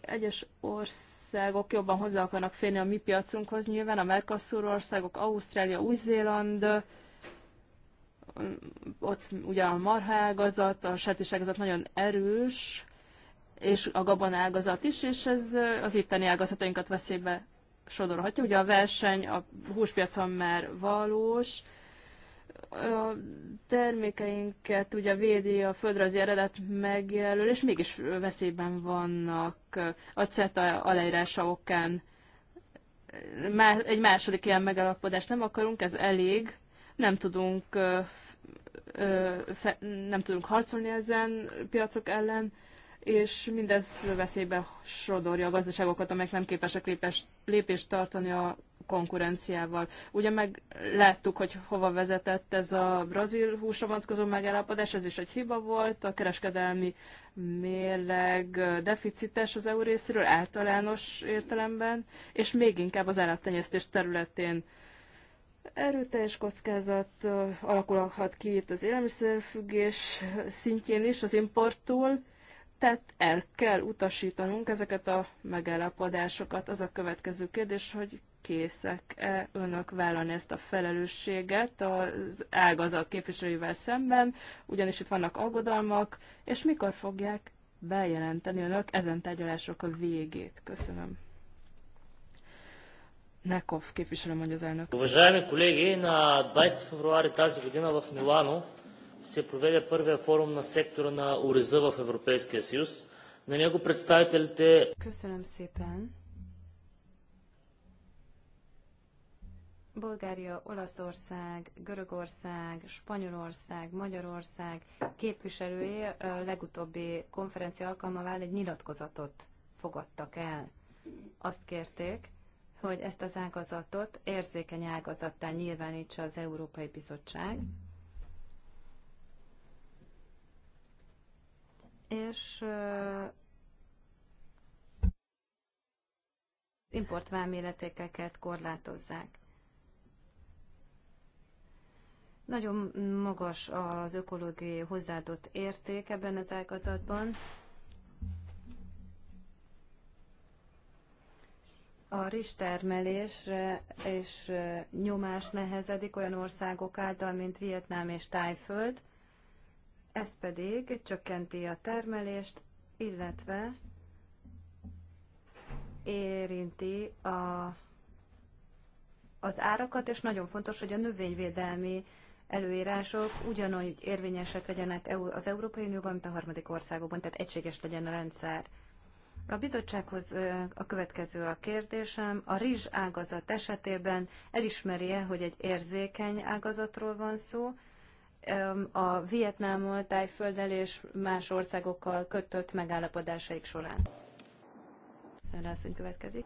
Egyes országok jobban hozzá akarnak férni a mi piacunkhoz, nyilván a Mercosur országok, Ausztrália, Új-Zéland, ott ugye a ágazat, a ágazat nagyon erős, és a ágazat is, és ez az itteni ágazatainkat veszélybe sodorhatja. Ugye a verseny a húspiacon már valós, a termékeinket ugye védi a földrajzi eredet megjelöl, és mégis veszélyben vannak a CETA aláírása okán. Már egy második ilyen megalapodást nem akarunk, ez elég. Nem tudunk nem tudunk harcolni ezen piacok ellen, és mindez veszélybe sodorja a gazdaságokat, amelyek nem képesek lépes, lépést tartani a konkurenciával. Ugye meg láttuk, hogy hova vezetett ez a brazil húsra vonatkozó megállapodás, ez is egy hiba volt, a kereskedelmi mérleg deficites az EU részéről általános értelemben, és még inkább az állattenyésztés területén Erőteljes kockázat alakulhat ki itt az élelmiszerfüggés szintjén is az importtól, tehát el kell utasítanunk ezeket a megállapodásokat. Az a következő kérdés, hogy készek-e önök vállalni ezt a felelősséget az ágazat képviselőjével szemben, ugyanis itt vannak aggodalmak, és mikor fogják bejelenteni önök ezen tárgyalások a végét? Köszönöm képviselő elnök. Уважаеми колеги, на 20 февруари тази година в Милано се проведе първия форум на сектора на ореза в Европейския съюз. На него представителите... Köszönöm szépen. Bulgária, Olaszország, Görögország, Spanyolország, Magyarország képviselői legutóbbi konferencia alkalmával egy nyilatkozatot fogadtak el. Azt kérték, hogy ezt az ágazatot érzékeny ágazattá nyilvánítsa az Európai Bizottság, és importvámérletékeket korlátozzák. Nagyon magas az ökológiai hozzáadott érték ebben az ágazatban, a rizstermelésre és nyomás nehezedik olyan országok által, mint Vietnám és Tájföld, ez pedig csökkenti a termelést, illetve érinti a, az árakat, és nagyon fontos, hogy a növényvédelmi előírások ugyanúgy érvényesek legyenek az Európai Unióban, mint a harmadik országokban, tehát egységes legyen a rendszer. A bizottsághoz a következő a kérdésem. A rizs ágazat esetében elismeri-e, hogy egy érzékeny ágazatról van szó, a Vietnámmal, Tájfölddel és más országokkal kötött megállapodásaik során? Szerlászony következik.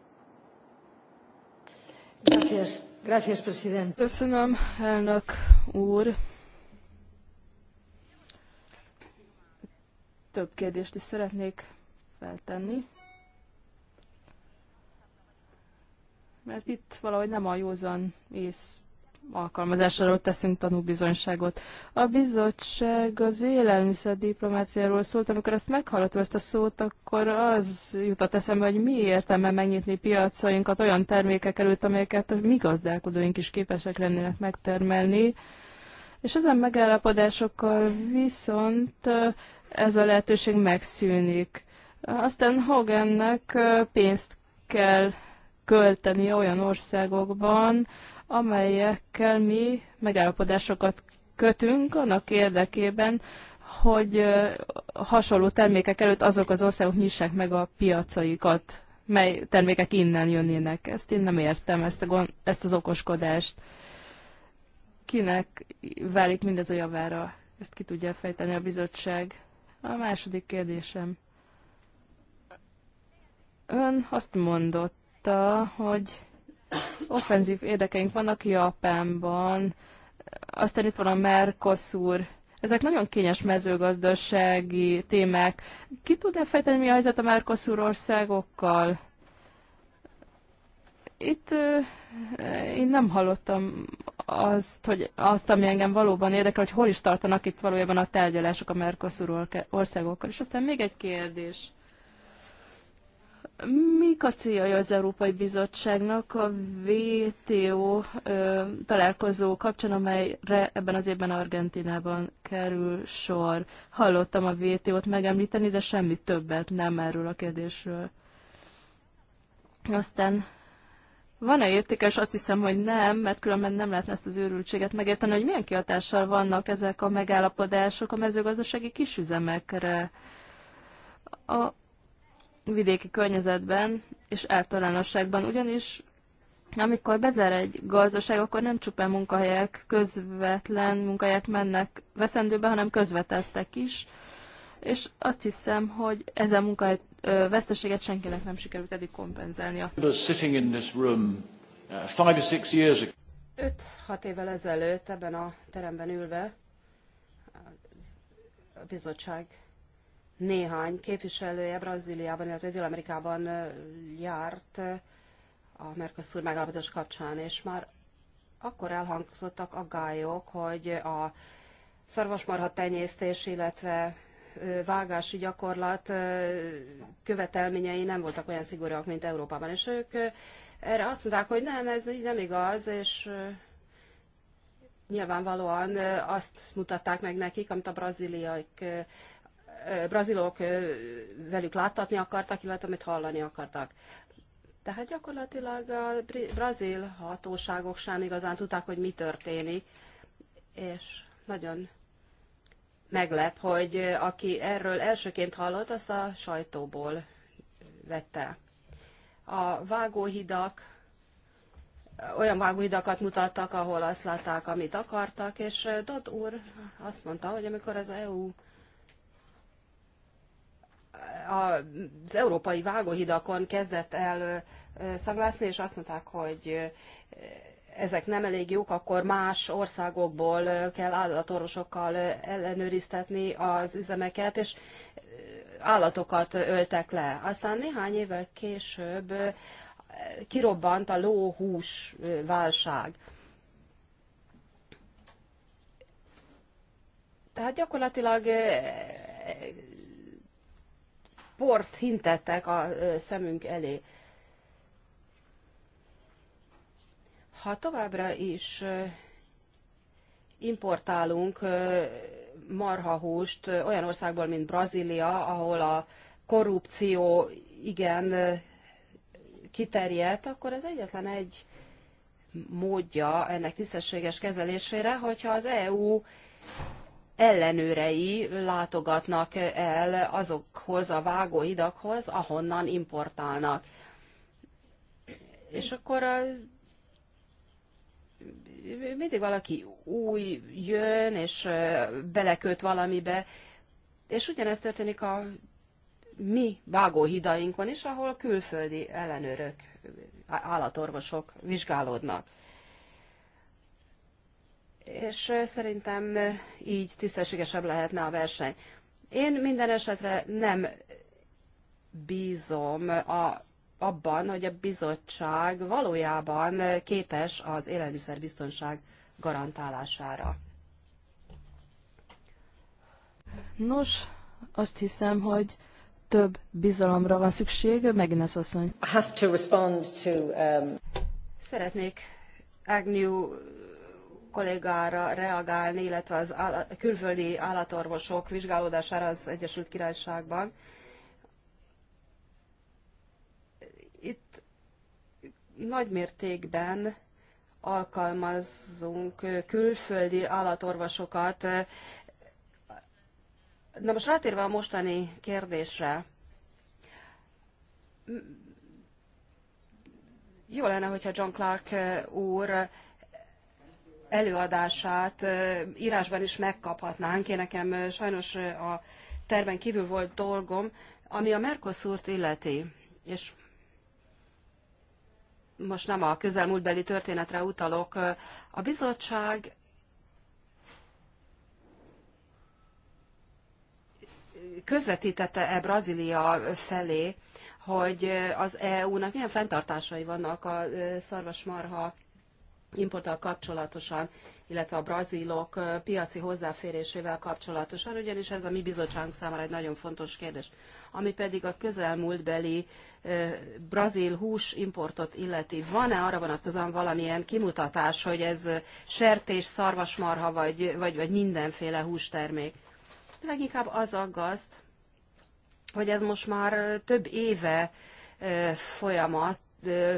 Gracias, gracias, president. Köszönöm, elnök úr. Több kérdést is szeretnék feltenni. Mert itt valahogy nem a józan ész alkalmazásáról teszünk tanúbizonyságot. A bizottság az élelmiszer diplomáciáról szólt, amikor ezt meghallottam ezt a szót, akkor az jutott eszembe, hogy mi értelme megnyitni piacainkat olyan termékek előtt, amelyeket a mi gazdálkodóink is képesek lennének megtermelni. És ezen megállapodásokkal viszont ez a lehetőség megszűnik. Aztán Hogannek pénzt kell költeni olyan országokban, amelyekkel mi megállapodásokat kötünk annak érdekében, hogy hasonló termékek előtt azok az országok nyissák meg a piacaikat, mely termékek innen jönnének. Ezt én nem értem, ezt, a gond, ezt az okoskodást. Kinek válik mindez a javára? Ezt ki tudja fejteni a bizottság? A második kérdésem. Ön azt mondotta, hogy offenzív érdekeink vannak Japánban, aztán itt van a Mercosur ezek nagyon kényes mezőgazdasági témák. Ki tudná fejteni, mi a helyzet a Mercosur országokkal? Itt én nem hallottam azt, hogy azt, ami engem valóban érdekel, hogy hol is tartanak itt valójában a tárgyalások a Mercosur országokkal. És aztán még egy kérdés. Mik a céljai az Európai Bizottságnak a VTO ö, találkozó kapcsán, amelyre ebben az évben Argentinában kerül sor? Hallottam a vto t megemlíteni, de semmi többet nem erről a kérdésről. Aztán van-e értékes? Azt hiszem, hogy nem, mert különben nem lehetne ezt az őrültséget megérteni, hogy milyen kihatással vannak ezek a megállapodások a mezőgazdasági kisüzemekre. A vidéki környezetben és általánosságban. Ugyanis amikor bezár egy gazdaság, akkor nem csupán munkahelyek, közvetlen munkahelyek mennek veszendőbe, hanem közvetettek is. És azt hiszem, hogy ezen munkahely veszteséget senkinek nem sikerült eddig kompenzálnia. 5-6 uh, évvel ezelőtt ebben a teremben ülve a bizottság néhány képviselője Brazíliában, illetve Dél-Amerikában járt a Mercosur megállapodás kapcsán, és már akkor elhangzottak aggályok, hogy a szarvasmarha tenyésztés, illetve vágási gyakorlat követelményei nem voltak olyan szigorúak, mint Európában. És ők erre azt mondták, hogy nem, ez így nem igaz, és nyilvánvalóan azt mutatták meg nekik, amit a braziliak brazilok velük láttatni akartak, illetve amit hallani akartak. Tehát gyakorlatilag a brazil hatóságok sem igazán tudták, hogy mi történik, és nagyon meglep, hogy aki erről elsőként hallott, azt a sajtóból vette. A vágóhidak, olyan vágóhidakat mutattak, ahol azt látták, amit akartak, és Dodd úr azt mondta, hogy amikor az EU az európai vágóhidakon kezdett el szaglászni, és azt mondták, hogy ezek nem elég jók, akkor más országokból kell állatorvosokkal ellenőriztetni az üzemeket, és állatokat öltek le. Aztán néhány évvel később kirobbant a lóhús válság. Tehát gyakorlatilag port hintettek a szemünk elé. Ha továbbra is importálunk marhahúst olyan országból, mint Brazília, ahol a korrupció igen kiterjedt, akkor ez egyetlen egy módja ennek tisztességes kezelésére, hogyha az EU ellenőrei látogatnak el azokhoz a vágóhidakhoz, ahonnan importálnak. És akkor a, mindig valaki új jön, és beleköt valamibe, és ugyanezt történik a mi vágóhidainkon is, ahol külföldi ellenőrök, állatorvosok vizsgálódnak és szerintem így tisztességesebb lehetne a verseny. Én minden esetre nem bízom a, abban, hogy a bizottság valójában képes az élelmiszerbiztonság garantálására. Nos, azt hiszem, hogy több bizalomra van szükség. Megint ez asszony. Have to respond to, um, Szeretnék Agnew kollégára reagálni, illetve az külföldi állatorvosok vizsgálódására az Egyesült Királyságban. Itt nagy mértékben alkalmazzunk külföldi állatorvosokat. Na most rátérve a mostani kérdésre, jó lenne, hogyha John Clark eh, úr előadását írásban is megkaphatnánk. Én nekem sajnos a terven kívül volt dolgom, ami a Mercosurt illeti, és most nem a közelmúltbeli történetre utalok, a bizottság közvetítette-e Brazília felé, hogy az EU-nak milyen fenntartásai vannak a szarvasmarha importtal kapcsolatosan, illetve a brazilok piaci hozzáférésével kapcsolatosan, ugyanis ez a mi bizottságunk számára egy nagyon fontos kérdés. Ami pedig a közelmúltbeli brazil hús importot illeti, van-e arra vonatkozóan valamilyen kimutatás, hogy ez sertés, szarvasmarha vagy, vagy, vagy mindenféle hústermék? Leginkább az aggaszt, hogy ez most már több éve folyamat,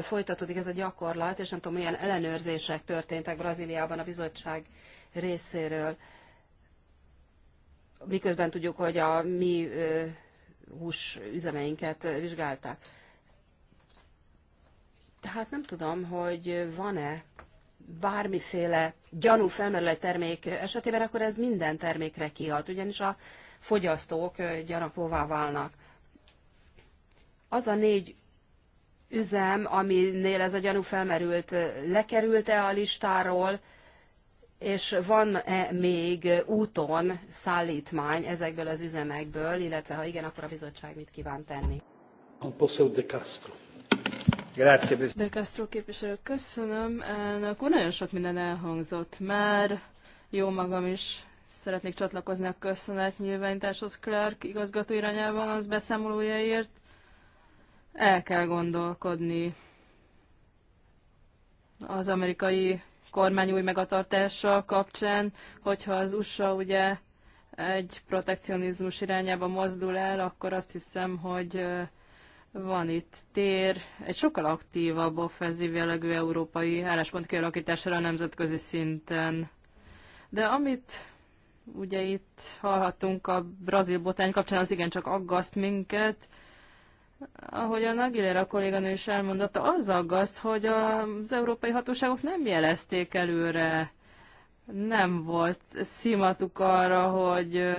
folytatódik ez a gyakorlat, és nem tudom, milyen ellenőrzések történtek Brazíliában a bizottság részéről. Miközben tudjuk, hogy a mi hús üzemeinket vizsgálták. Tehát nem tudom, hogy van-e bármiféle gyanú felmerül egy termék esetében, akkor ez minden termékre kihat, ugyanis a fogyasztók gyanakóvá válnak. Az a négy üzem, aminél ez a gyanú felmerült, lekerült-e a listáról, és van-e még úton szállítmány ezekből az üzemekből, illetve ha igen, akkor a bizottság mit kíván tenni? De Castro. Grazie, De Castro képviselő, köszönöm. Akkor nagyon sok minden elhangzott már. Jó magam is szeretnék csatlakozni a köszönet nyilvánításhoz Clark igazgató irányában az beszámolójaért el kell gondolkodni az amerikai kormány új megatartása kapcsán, hogyha az USA ugye egy protekcionizmus irányába mozdul el, akkor azt hiszem, hogy van itt tér egy sokkal aktívabb, offenzív jellegű európai álláspont kialakítására a nemzetközi szinten. De amit ugye itt hallhatunk a brazil botány kapcsán, az igencsak aggaszt minket, ahogy a Nagilera kolléganő is elmondotta, az aggaszt, hogy az európai hatóságok nem jelezték előre, nem volt szimatuk arra, hogy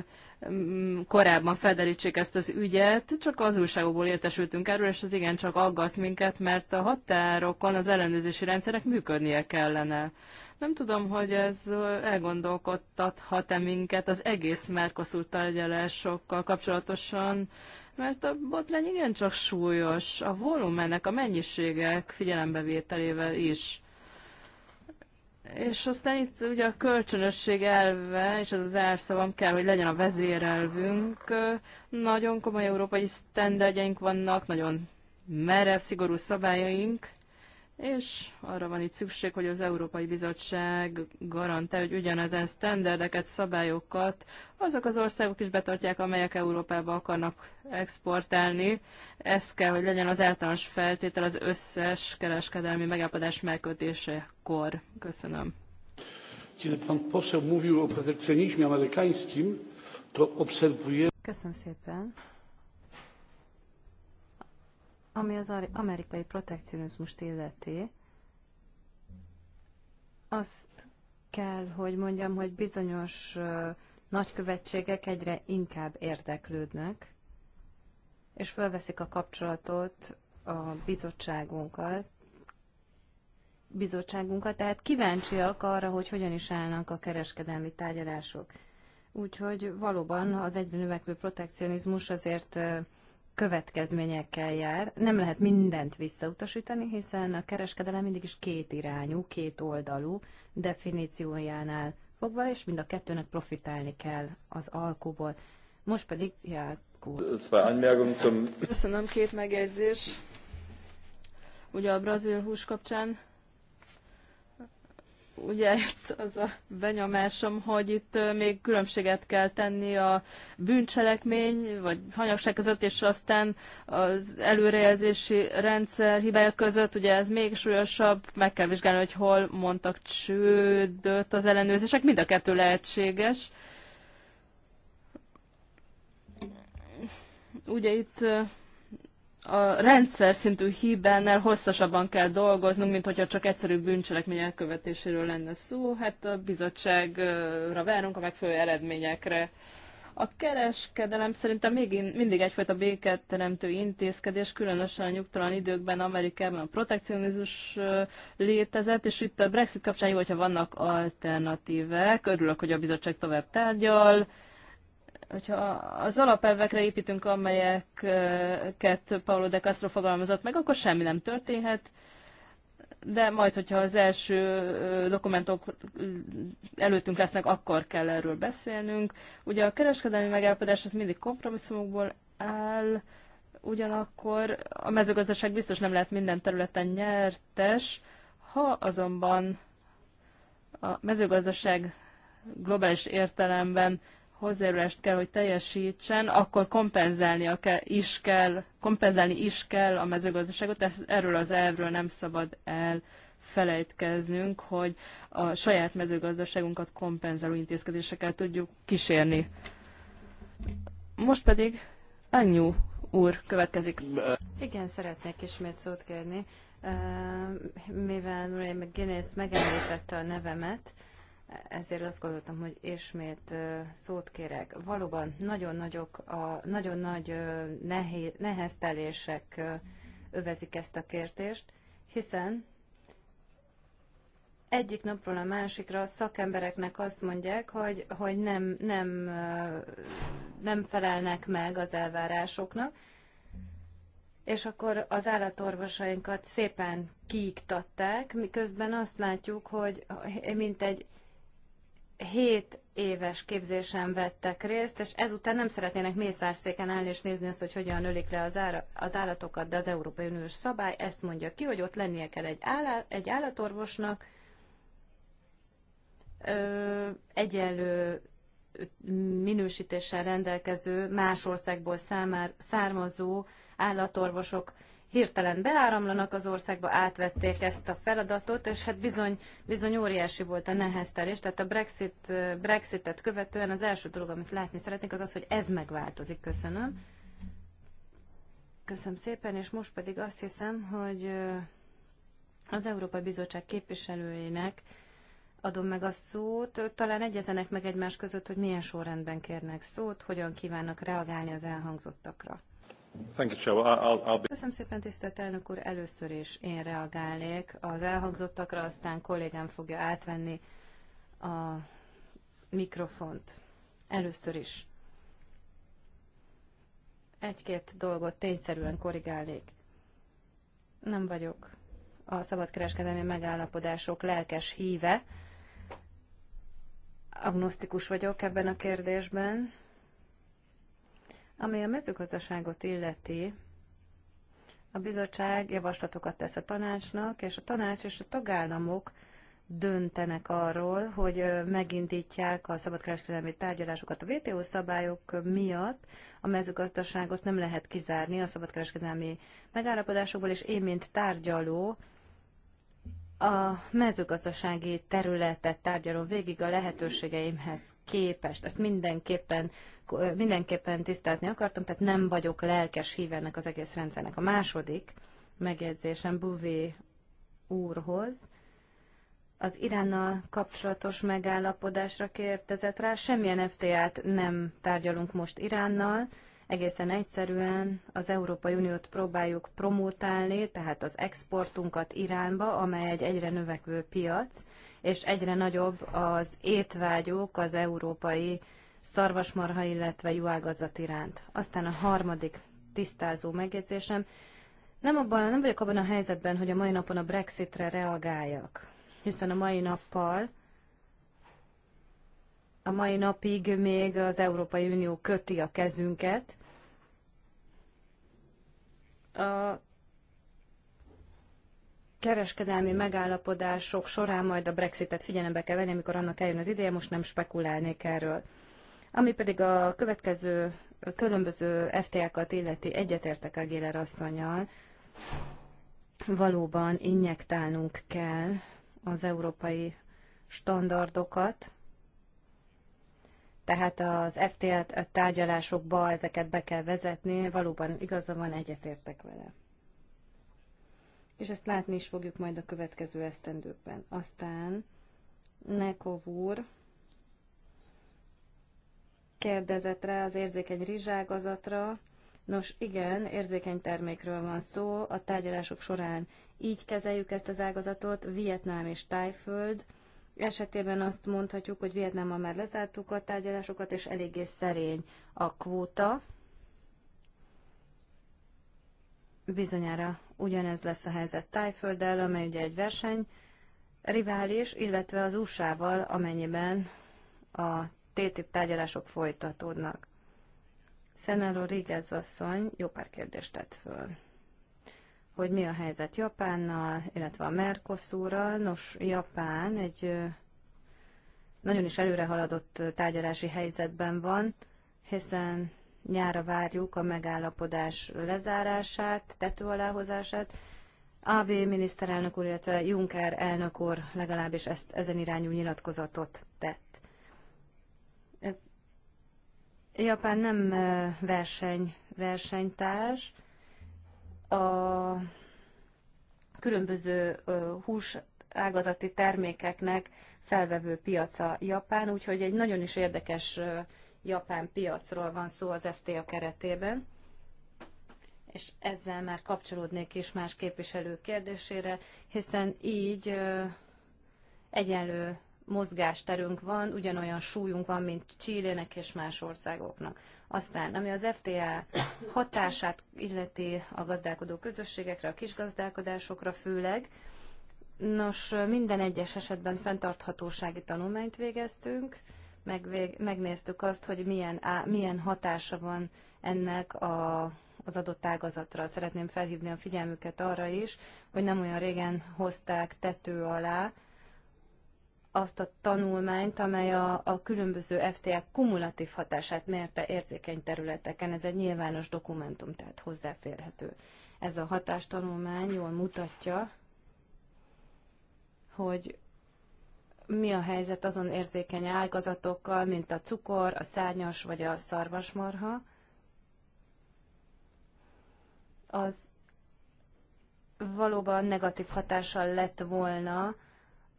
mm, korábban federítsék ezt az ügyet, csak az újságokból értesültünk erről, és ez igencsak aggaszt minket, mert a határokon az ellenőrzési rendszerek működnie kellene. Nem tudom, hogy ez elgondolkodtathat-e minket az egész Mercosur tárgyalásokkal kapcsolatosan, mert a botrány igencsak súlyos, a volumenek, a mennyiségek figyelembevételével is. És aztán itt ugye a kölcsönösség elve, és az az elszavam kell, hogy legyen a vezérelvünk. Nagyon komoly európai sztenderdjeink vannak, nagyon merev, szigorú szabályaink, és arra van itt szükség, hogy az Európai Bizottság garantál, hogy ugyanezen sztenderdeket, szabályokat azok az országok is betartják, amelyek Európába akarnak exportálni. Ez kell, hogy legyen az általános feltétel az összes kereskedelmi megállapodás megkötésekor. Köszönöm. to Köszönöm szépen. Ami az amerikai protekcionizmust illeti, azt kell, hogy mondjam, hogy bizonyos nagykövetségek egyre inkább érdeklődnek, és felveszik a kapcsolatot a bizottságunkkal, bizottságunkat, tehát kíváncsiak arra, hogy hogyan is állnak a kereskedelmi tárgyalások. Úgyhogy valóban az egyre növekvő protekcionizmus azért következményekkel jár. Nem lehet mindent visszautasítani, hiszen a kereskedelem mindig is két irányú, két oldalú definíciójánál fogva, és mind a kettőnek profitálni kell az alkóból. Most pedig Jákó. Köszönöm, két megjegyzés. Ugye a brazil hús kapcsán ugye itt az a benyomásom, hogy itt még különbséget kell tenni a bűncselekmény, vagy hanyagság között, és aztán az előrejelzési rendszer hibája között, ugye ez még súlyosabb, meg kell vizsgálni, hogy hol mondtak csődöt az ellenőrzések, mind a kettő lehetséges. Ugye itt a rendszer szintű hibánál hosszasabban kell dolgoznunk, mint hogyha csak egyszerű bűncselekmény elkövetéséről lenne szó. Hát a bizottságra várunk a megfelelő eredményekre. A kereskedelem szerintem még mindig egyfajta béket teremtő intézkedés, különösen a nyugtalan időkben Amerikában a protekcionizmus létezett, és itt a Brexit kapcsán jó, hogyha vannak alternatívek. Örülök, hogy a bizottság tovább tárgyal hogyha az alapelvekre építünk, amelyeket Paulo de Castro fogalmazott meg, akkor semmi nem történhet, de majd, hogyha az első dokumentok előttünk lesznek, akkor kell erről beszélnünk. Ugye a kereskedelmi megállapodás az mindig kompromisszumokból áll, ugyanakkor a mezőgazdaság biztos nem lehet minden területen nyertes, ha azonban a mezőgazdaság globális értelemben hozzájárulást kell, hogy teljesítsen, akkor kompenzálni kell, is kell, kompenzálni is kell a mezőgazdaságot, ezt, erről az elvről nem szabad el felejtkeznünk, hogy a saját mezőgazdaságunkat kompenzáló intézkedésekkel tudjuk kísérni. Most pedig Anyu úr következik. Igen, szeretnék ismét szót kérni. Uh, mivel Murray McGuinness megemlítette a nevemet, uh, ezért azt gondoltam, hogy ismét szót kérek. Valóban nagyon nagyok, a, nagyon nagy nehé, neheztelések övezik ezt a kértést, hiszen egyik napról a másikra a szakembereknek azt mondják, hogy, hogy nem, nem, nem felelnek meg az elvárásoknak, és akkor az állatorvosainkat szépen kiiktatták, miközben azt látjuk, hogy egy 7 éves képzésen vettek részt, és ezután nem szeretnének mészárszéken állni és nézni azt, hogy hogyan ölik le az, ára, az állatokat, de az Európai Uniós szabály ezt mondja ki, hogy ott lennie kell egy, állá, egy állatorvosnak, ö, egyenlő minősítéssel rendelkező, más országból számár, származó állatorvosok hirtelen beáramlanak az országba, átvették ezt a feladatot, és hát bizony, bizony óriási volt a neheztelés. Tehát a Brexit, Brexitet követően az első dolog, amit látni szeretnék, az az, hogy ez megváltozik. Köszönöm. Köszönöm szépen, és most pedig azt hiszem, hogy az Európai Bizottság képviselőinek adom meg a szót. Talán egyezenek meg egymás között, hogy milyen sorrendben kérnek szót, hogyan kívánnak reagálni az elhangzottakra. Köszönöm szépen, tisztelt elnök úr. Először is én reagálnék az elhangzottakra, aztán kollégám fogja átvenni a mikrofont. Először is egy-két dolgot tényszerűen korrigálnék. Nem vagyok a szabadkereskedelmi megállapodások lelkes híve. Agnosztikus vagyok ebben a kérdésben ami a mezőgazdaságot illeti, a bizottság javaslatokat tesz a tanácsnak, és a tanács és a tagállamok döntenek arról, hogy megindítják a szabadkereskedelmi tárgyalásokat. A WTO szabályok miatt a mezőgazdaságot nem lehet kizárni a szabadkereskedelmi megállapodásokból, és én, mint tárgyaló, a mezőgazdasági területet tárgyalom végig a lehetőségeimhez képest. Ezt mindenképpen mindenképpen tisztázni akartam, tehát nem vagyok lelkes hívennek az egész rendszernek. A második megjegyzésem Buvé úrhoz, az Iránnal kapcsolatos megállapodásra kérdezett rá, semmilyen FTA-t nem tárgyalunk most Iránnal, egészen egyszerűen az Európai Uniót próbáljuk promotálni, tehát az exportunkat Iránba, amely egy egyre növekvő piac, és egyre nagyobb az étvágyók az európai szarvasmarha, illetve juhágazat iránt. Aztán a harmadik tisztázó megjegyzésem, nem, abban, nem vagyok abban a helyzetben, hogy a mai napon a Brexitre reagáljak, hiszen a mai nappal, a mai napig még az Európai Unió köti a kezünket. A kereskedelmi megállapodások során majd a Brexitet figyelembe kell venni, amikor annak eljön az ideje, most nem spekulálnék erről. Ami pedig a következő különböző FTA-kat illeti egyetértek Agéler asszonyal, valóban injektálnunk kell az európai standardokat, tehát az FTA tárgyalásokba ezeket be kell vezetni, valóban igaza van, egyetértek vele. És ezt látni is fogjuk majd a következő esztendőkben. Aztán Nekov úr kérdezett rá az érzékeny rizságazatra. Nos, igen, érzékeny termékről van szó a tárgyalások során. Így kezeljük ezt az ágazatot, Vietnám és Tájföld. Esetében azt mondhatjuk, hogy Vietnámmal már lezártuk a tárgyalásokat, és eléggé szerény a kvóta. Bizonyára ugyanez lesz a helyzet Tájfölddel, amely ugye egy verseny rivális, illetve az USA-val, amennyiben a TTIP tárgyalások folytatódnak. Szenáló Rigez asszony jó pár kérdést tett föl hogy mi a helyzet Japánnal, illetve a Mercosurral. Nos, Japán egy nagyon is előre haladott tárgyalási helyzetben van, hiszen nyára várjuk a megállapodás lezárását, tető aláhozását. AB miniszterelnök úr, illetve Juncker elnök úr legalábbis ezt, ezen irányú nyilatkozatot tett. Ez Japán nem verseny, versenytárs. A különböző hús ágazati termékeknek felvevő piaca Japán, úgyhogy egy nagyon is érdekes japán piacról van szó az FTA keretében. És ezzel már kapcsolódnék is más képviselő kérdésére, hiszen így egyenlő mozgásterünk van, ugyanolyan súlyunk van, mint Csillének és más országoknak. Aztán, ami az FTA hatását illeti a gazdálkodó közösségekre, a kisgazdálkodásokra főleg, nos, minden egyes esetben fenntarthatósági tanulmányt végeztünk, megvég, megnéztük azt, hogy milyen, á, milyen hatása van ennek a az adott ágazatra. Szeretném felhívni a figyelmüket arra is, hogy nem olyan régen hozták tető alá azt a tanulmányt, amely a, a különböző FTA kumulatív hatását mérte érzékeny területeken. Ez egy nyilvános dokumentum, tehát hozzáférhető. Ez a hatástanulmány jól mutatja, hogy mi a helyzet azon érzékeny ágazatokkal, mint a cukor, a szárnyas vagy a szarvasmarha. Az valóban negatív hatással lett volna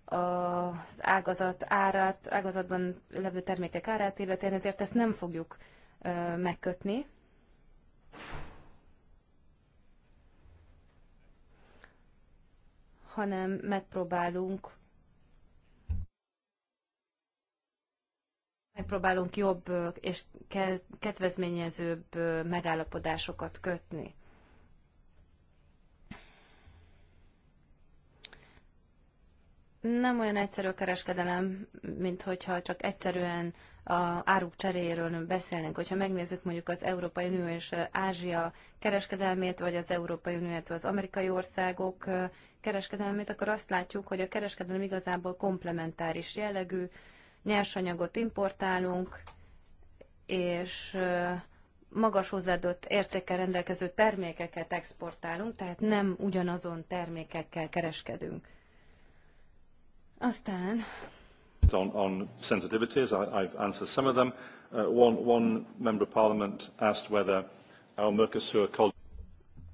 az ágazat árát, ágazatban levő termékek árát illetően, ezért ezt nem fogjuk megkötni. hanem megpróbálunk megpróbálunk jobb és kedvezményezőbb megállapodásokat kötni. nem olyan egyszerű a kereskedelem, mint hogyha csak egyszerűen a áruk cseréjéről beszélnénk. Hogyha megnézzük mondjuk az Európai Unió és Ázsia kereskedelmét, vagy az Európai Unió, illetve az amerikai országok kereskedelmét, akkor azt látjuk, hogy a kereskedelem igazából komplementáris jellegű, nyersanyagot importálunk, és magas hozzáadott értékkel rendelkező termékeket exportálunk, tehát nem ugyanazon termékekkel kereskedünk. Aztán... On, on sensitivities, I, I've answered some of them. Uh, one, one member of parliament asked whether our Mercosur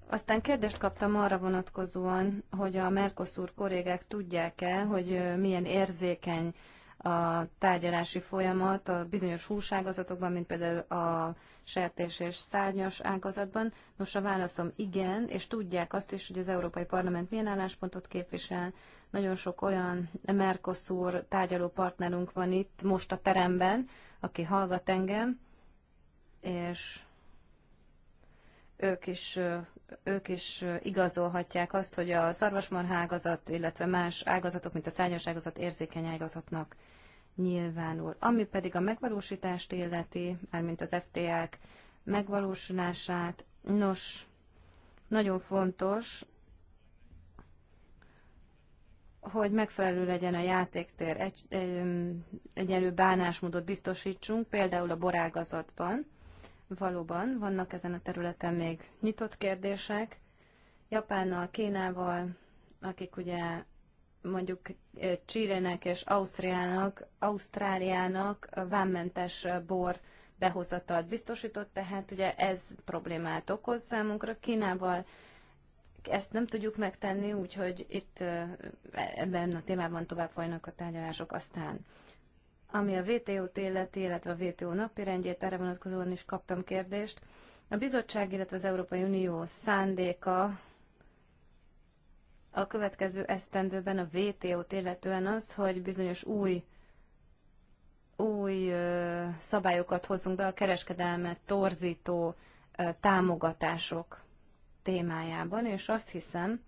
aztán kérdést kaptam arra vonatkozóan, hogy a Mercosur kollégák tudják-e, hogy milyen érzékeny a tárgyalási folyamat a bizonyos húságazatokban, mint például a sertés és szárnyas ágazatban. Nos, a válaszom igen, és tudják azt is, hogy az Európai Parlament milyen álláspontot képvisel. Nagyon sok olyan Mercosur tárgyaló partnerünk van itt most a teremben, aki hallgat engem, és ők is, ők is igazolhatják azt, hogy a szarvasmarhágazat, illetve más ágazatok, mint a szányos ágazat érzékeny ágazatnak nyilvánul. Ami pedig a megvalósítást illeti, mármint az FTA-k megvalósulását, nos, nagyon fontos, hogy megfelelő legyen a játéktér, egy, egy, egyenlő bánásmódot biztosítsunk, például a borágazatban, Valóban vannak ezen a területen még nyitott kérdések. Japánnal, Kínával, akik ugye mondjuk Csírenek és Ausztriának, Ausztráliának vámmentes bor behozatalt biztosított, tehát ugye ez problémát okoz számunkra. Kínával ezt nem tudjuk megtenni, úgyhogy itt ebben a témában tovább folynak a tárgyalások. Aztán ami a VTO-t illeti, illetve a VTO napirendjét, erre vonatkozóan is kaptam kérdést. A bizottság, illetve az Európai Unió szándéka a következő esztendőben a VTO-t illetően az, hogy bizonyos új új szabályokat hozunk be a kereskedelmet torzító támogatások témájában, és azt hiszem,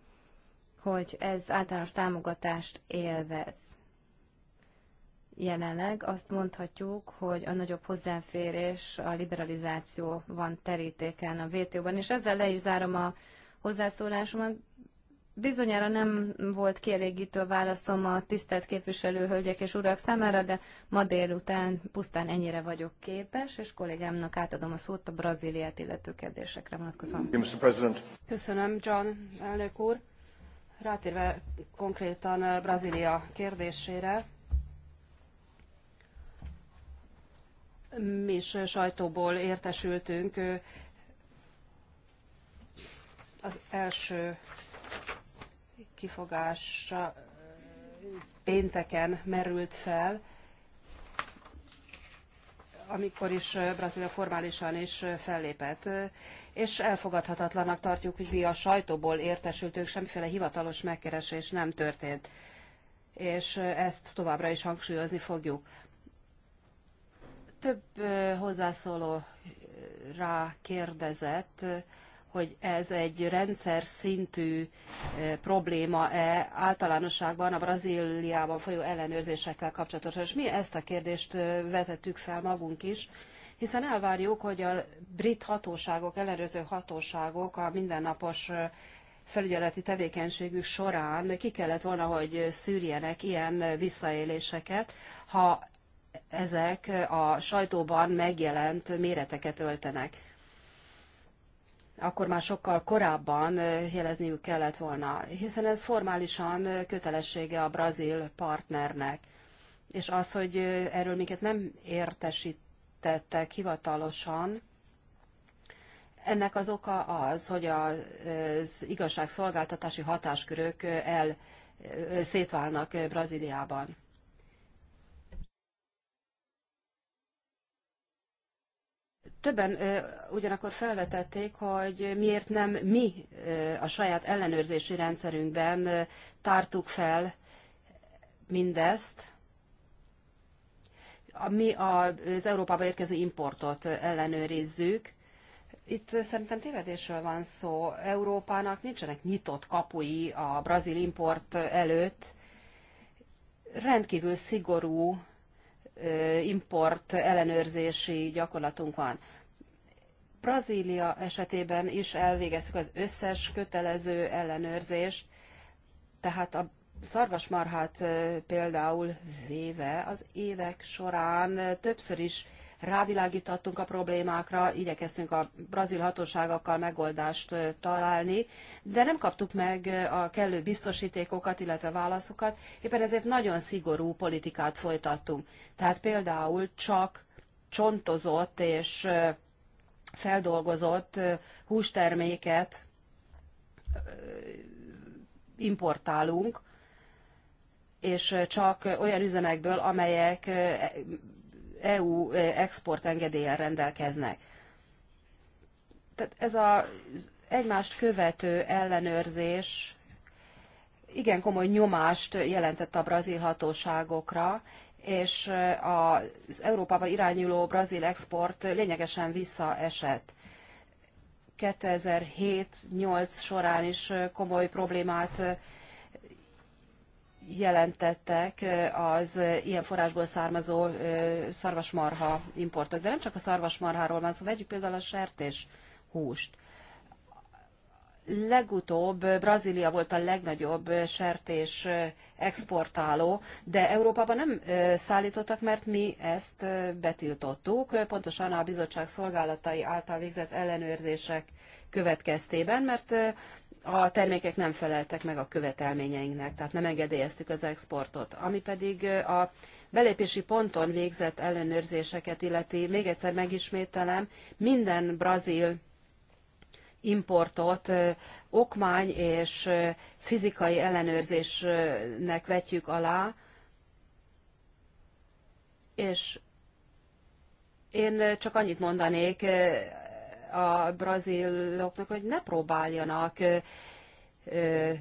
hogy ez általános támogatást élvez jelenleg azt mondhatjuk, hogy a nagyobb hozzáférés, a liberalizáció van terítéken a WTO-ban, és ezzel le is zárom a hozzászólásomat. Bizonyára nem volt kielégítő válaszom a tisztelt képviselő hölgyek és urak számára, de ma délután pusztán ennyire vagyok képes, és kollégámnak átadom a szót a Brazíliát illető kérdésekre vonatkozóan. Köszönöm, John elnök úr. Rátérve konkrétan uh, Brazília kérdésére, mi is sajtóból értesültünk az első kifogása pénteken merült fel, amikor is Brazília formálisan is fellépett. És elfogadhatatlanak tartjuk, hogy mi a sajtóból értesültünk, semmiféle hivatalos megkeresés nem történt. És ezt továbbra is hangsúlyozni fogjuk. Több hozzászóló rá kérdezett, hogy ez egy rendszer szintű probléma-e általánosságban a Brazíliában folyó ellenőrzésekkel kapcsolatosan. És mi ezt a kérdést vetettük fel magunk is, hiszen elvárjuk, hogy a brit hatóságok, ellenőrző hatóságok a mindennapos felügyeleti tevékenységük során ki kellett volna, hogy szűrjenek ilyen visszaéléseket. Ha ezek a sajtóban megjelent méreteket öltenek. Akkor már sokkal korábban eh, jelezniük kellett volna, hiszen ez formálisan eh, kötelessége a brazil partnernek. És az, hogy eh, erről minket nem értesítettek hivatalosan, ennek az oka az, hogy az igazságszolgáltatási hatáskörök el szétválnak Brazíliában. Többen ugyanakkor felvetették, hogy miért nem mi a saját ellenőrzési rendszerünkben tártuk fel mindezt, mi az Európába érkező importot ellenőrizzük. Itt szerintem tévedésről van szó. Európának nincsenek nyitott kapui a brazil import előtt. Rendkívül szigorú import ellenőrzési gyakorlatunk van. Brazília esetében is elvégeztük az összes kötelező ellenőrzést, tehát a szarvasmarhát például véve az évek során többször is rávilágítottunk a problémákra, igyekeztünk a brazil hatóságokkal megoldást találni, de nem kaptuk meg a kellő biztosítékokat, illetve válaszokat, éppen ezért nagyon szigorú politikát folytattunk. Tehát például csak csontozott és feldolgozott hústerméket importálunk, és csak olyan üzemekből, amelyek e, EU exportengedéllyel rendelkeznek. Tehát ez az egymást követő ellenőrzés igen komoly nyomást jelentett a brazil hatóságokra, és az Európába irányuló brazil export lényegesen visszaesett. 2007-8 során is komoly problémát jelentettek az ilyen forrásból származó szarvasmarha importok. De nem csak a szarvasmarháról van szó, szóval vegyük például a sertés húst legutóbb Brazília volt a legnagyobb sertés exportáló, de Európában nem szállítottak, mert mi ezt betiltottuk, pontosan a bizottság szolgálatai által végzett ellenőrzések következtében, mert a termékek nem feleltek meg a követelményeinknek, tehát nem engedélyeztük az exportot. Ami pedig a belépési ponton végzett ellenőrzéseket illeti, még egyszer megismételem, minden brazil importot okmány és fizikai ellenőrzésnek vetjük alá, és én csak annyit mondanék a braziloknak, hogy ne próbáljanak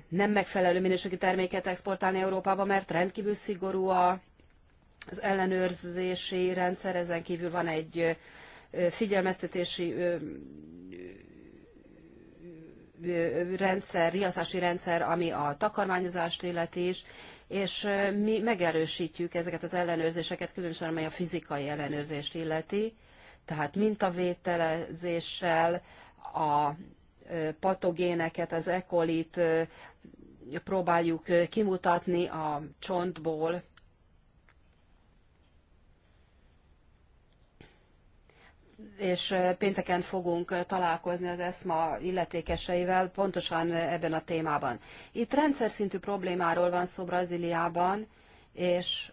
nem megfelelő minőségű terméket exportálni Európába, mert rendkívül szigorú az ellenőrzési rendszer, ezen kívül van egy figyelmeztetési rendszer, riasztási rendszer, ami a takarmányozást illeti is, és mi megerősítjük ezeket az ellenőrzéseket, különösen amely a fizikai ellenőrzést illeti, tehát mintavételezéssel, a patogéneket, az ekolit próbáljuk kimutatni a csontból, és pénteken fogunk találkozni az ESMA illetékeseivel pontosan ebben a témában. Itt rendszer szintű problémáról van szó Brazíliában, és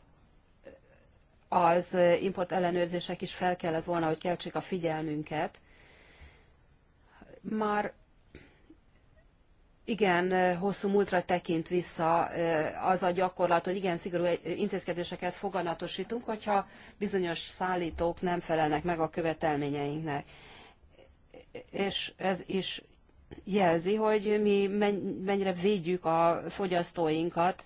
az import ellenőrzések is fel kellett volna, hogy keltsék a figyelmünket. Már igen hosszú múltra tekint vissza az a gyakorlat, hogy igen szigorú intézkedéseket foganatosítunk, hogyha bizonyos szállítók nem felelnek meg a követelményeinknek. És ez is jelzi, hogy mi mennyire védjük a fogyasztóinkat,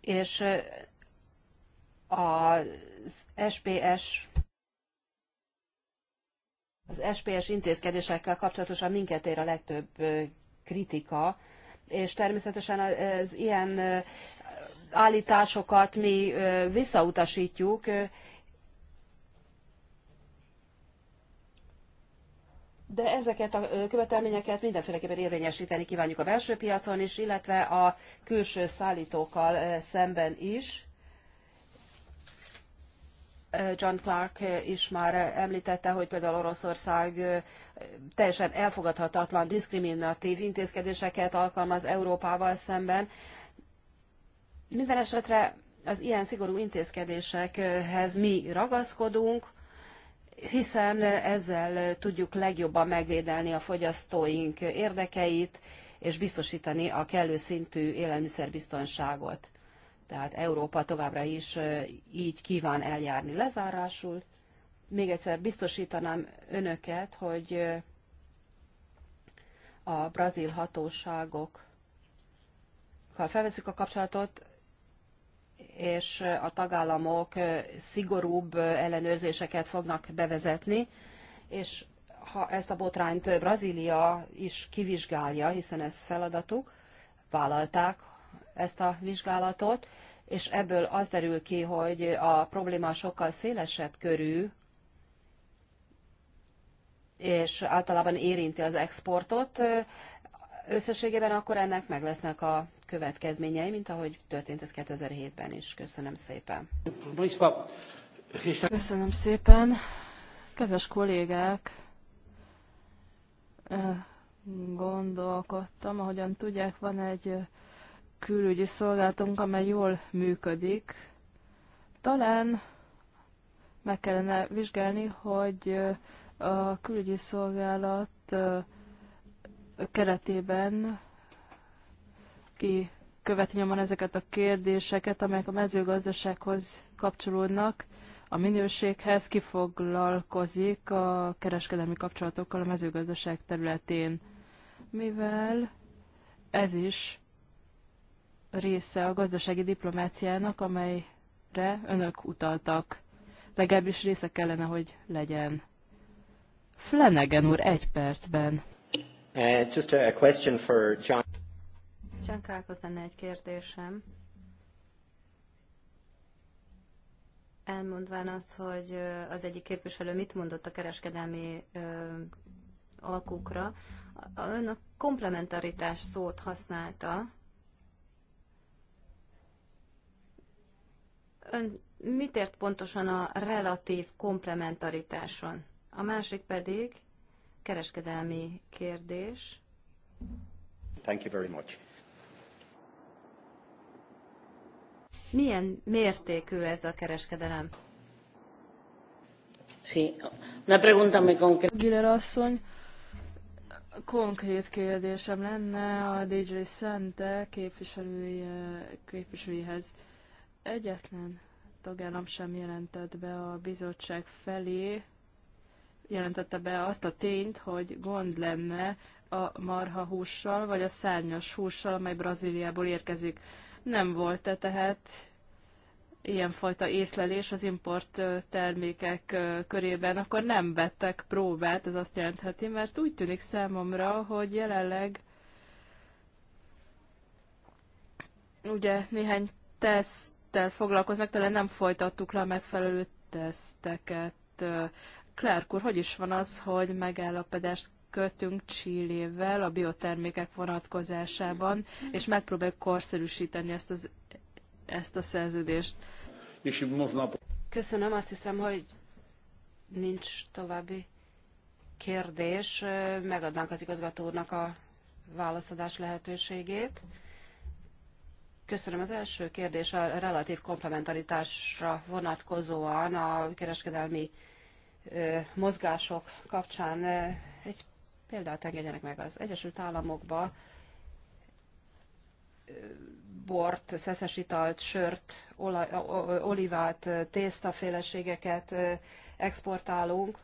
és az SPS az SPS intézkedésekkel kapcsolatosan minket ér a legtöbb kritika, és természetesen az ilyen állításokat mi visszautasítjuk, de ezeket a követelményeket mindenféleképpen érvényesíteni kívánjuk a belső piacon is, illetve a külső szállítókkal szemben is. John Clark is már említette, hogy például Oroszország teljesen elfogadhatatlan, diszkriminatív intézkedéseket alkalmaz Európával szemben. Minden esetre az ilyen szigorú intézkedésekhez mi ragaszkodunk, hiszen ezzel tudjuk legjobban megvédelni a fogyasztóink érdekeit, és biztosítani a kellő szintű élelmiszerbiztonságot. Tehát Európa továbbra is így kíván eljárni. Lezárásul még egyszer biztosítanám önöket, hogy a brazil hatóságokkal felveszük a kapcsolatot, és a tagállamok szigorúbb ellenőrzéseket fognak bevezetni, és ha ezt a botrányt Brazília is kivizsgálja, hiszen ez feladatuk, vállalták, ezt a vizsgálatot, és ebből az derül ki, hogy a probléma sokkal szélesebb körű, és általában érinti az exportot, összességében akkor ennek meg lesznek a következményei, mint ahogy történt ez 2007-ben is. Köszönöm szépen. Köszönöm szépen. Kedves kollégák, eh, gondolkodtam, ahogyan tudják, van egy eh, külügyi szolgálatunk, amely jól működik. Talán meg kellene vizsgálni, hogy a külügyi szolgálat keretében ki követi nyomon ezeket a kérdéseket, amelyek a mezőgazdasághoz kapcsolódnak, a minőséghez kifoglalkozik a kereskedelmi kapcsolatokkal a mezőgazdaság területén, mivel ez is része a gazdasági diplomáciának, amelyre önök utaltak. Legalábbis része kellene, hogy legyen. Flanagan úr, egy percben. Uh, just a question for John. John Kárkhoz lenne egy kérdésem. Elmondván azt, hogy uh, az egyik képviselő mit mondott a kereskedelmi ö, uh, alkukra, ön a komplementaritás szót használta, Ön mit ért pontosan a relatív komplementaritáson? A másik pedig kereskedelmi kérdés. Thank you very much. Milyen mértékű ez a kereskedelem? Sí. Una pregunta muy Giller asszony, konkrét kérdésem lenne a DJ Szente képviselője, képviselőjéhez egyetlen tagállam sem jelentett be a bizottság felé, jelentette be azt a tényt, hogy gond lenne a marha hússal, vagy a szárnyas hússal, amely Brazíliából érkezik. Nem volt-e tehát ilyenfajta észlelés az import termékek körében, akkor nem vettek próbát, ez azt jelentheti, mert úgy tűnik számomra, hogy jelenleg ugye néhány teszt esettel foglalkoznak, talán nem folytattuk le a megfelelő teszteket. Clark úr, hogy is van az, hogy megállapodást kötünk Csillével a biotermékek vonatkozásában, és megpróbáljuk korszerűsíteni ezt, az, ezt a szerződést? Köszönöm, azt hiszem, hogy nincs további kérdés. Megadnánk az igazgatónak a válaszadás lehetőségét. Köszönöm. Az első kérdés a relatív komplementaritásra vonatkozóan a kereskedelmi mozgások kapcsán egy példát engedjenek meg az Egyesült Államokba bort, szeszes italt, sört, olaj, olivát, tésztaféleségeket exportálunk,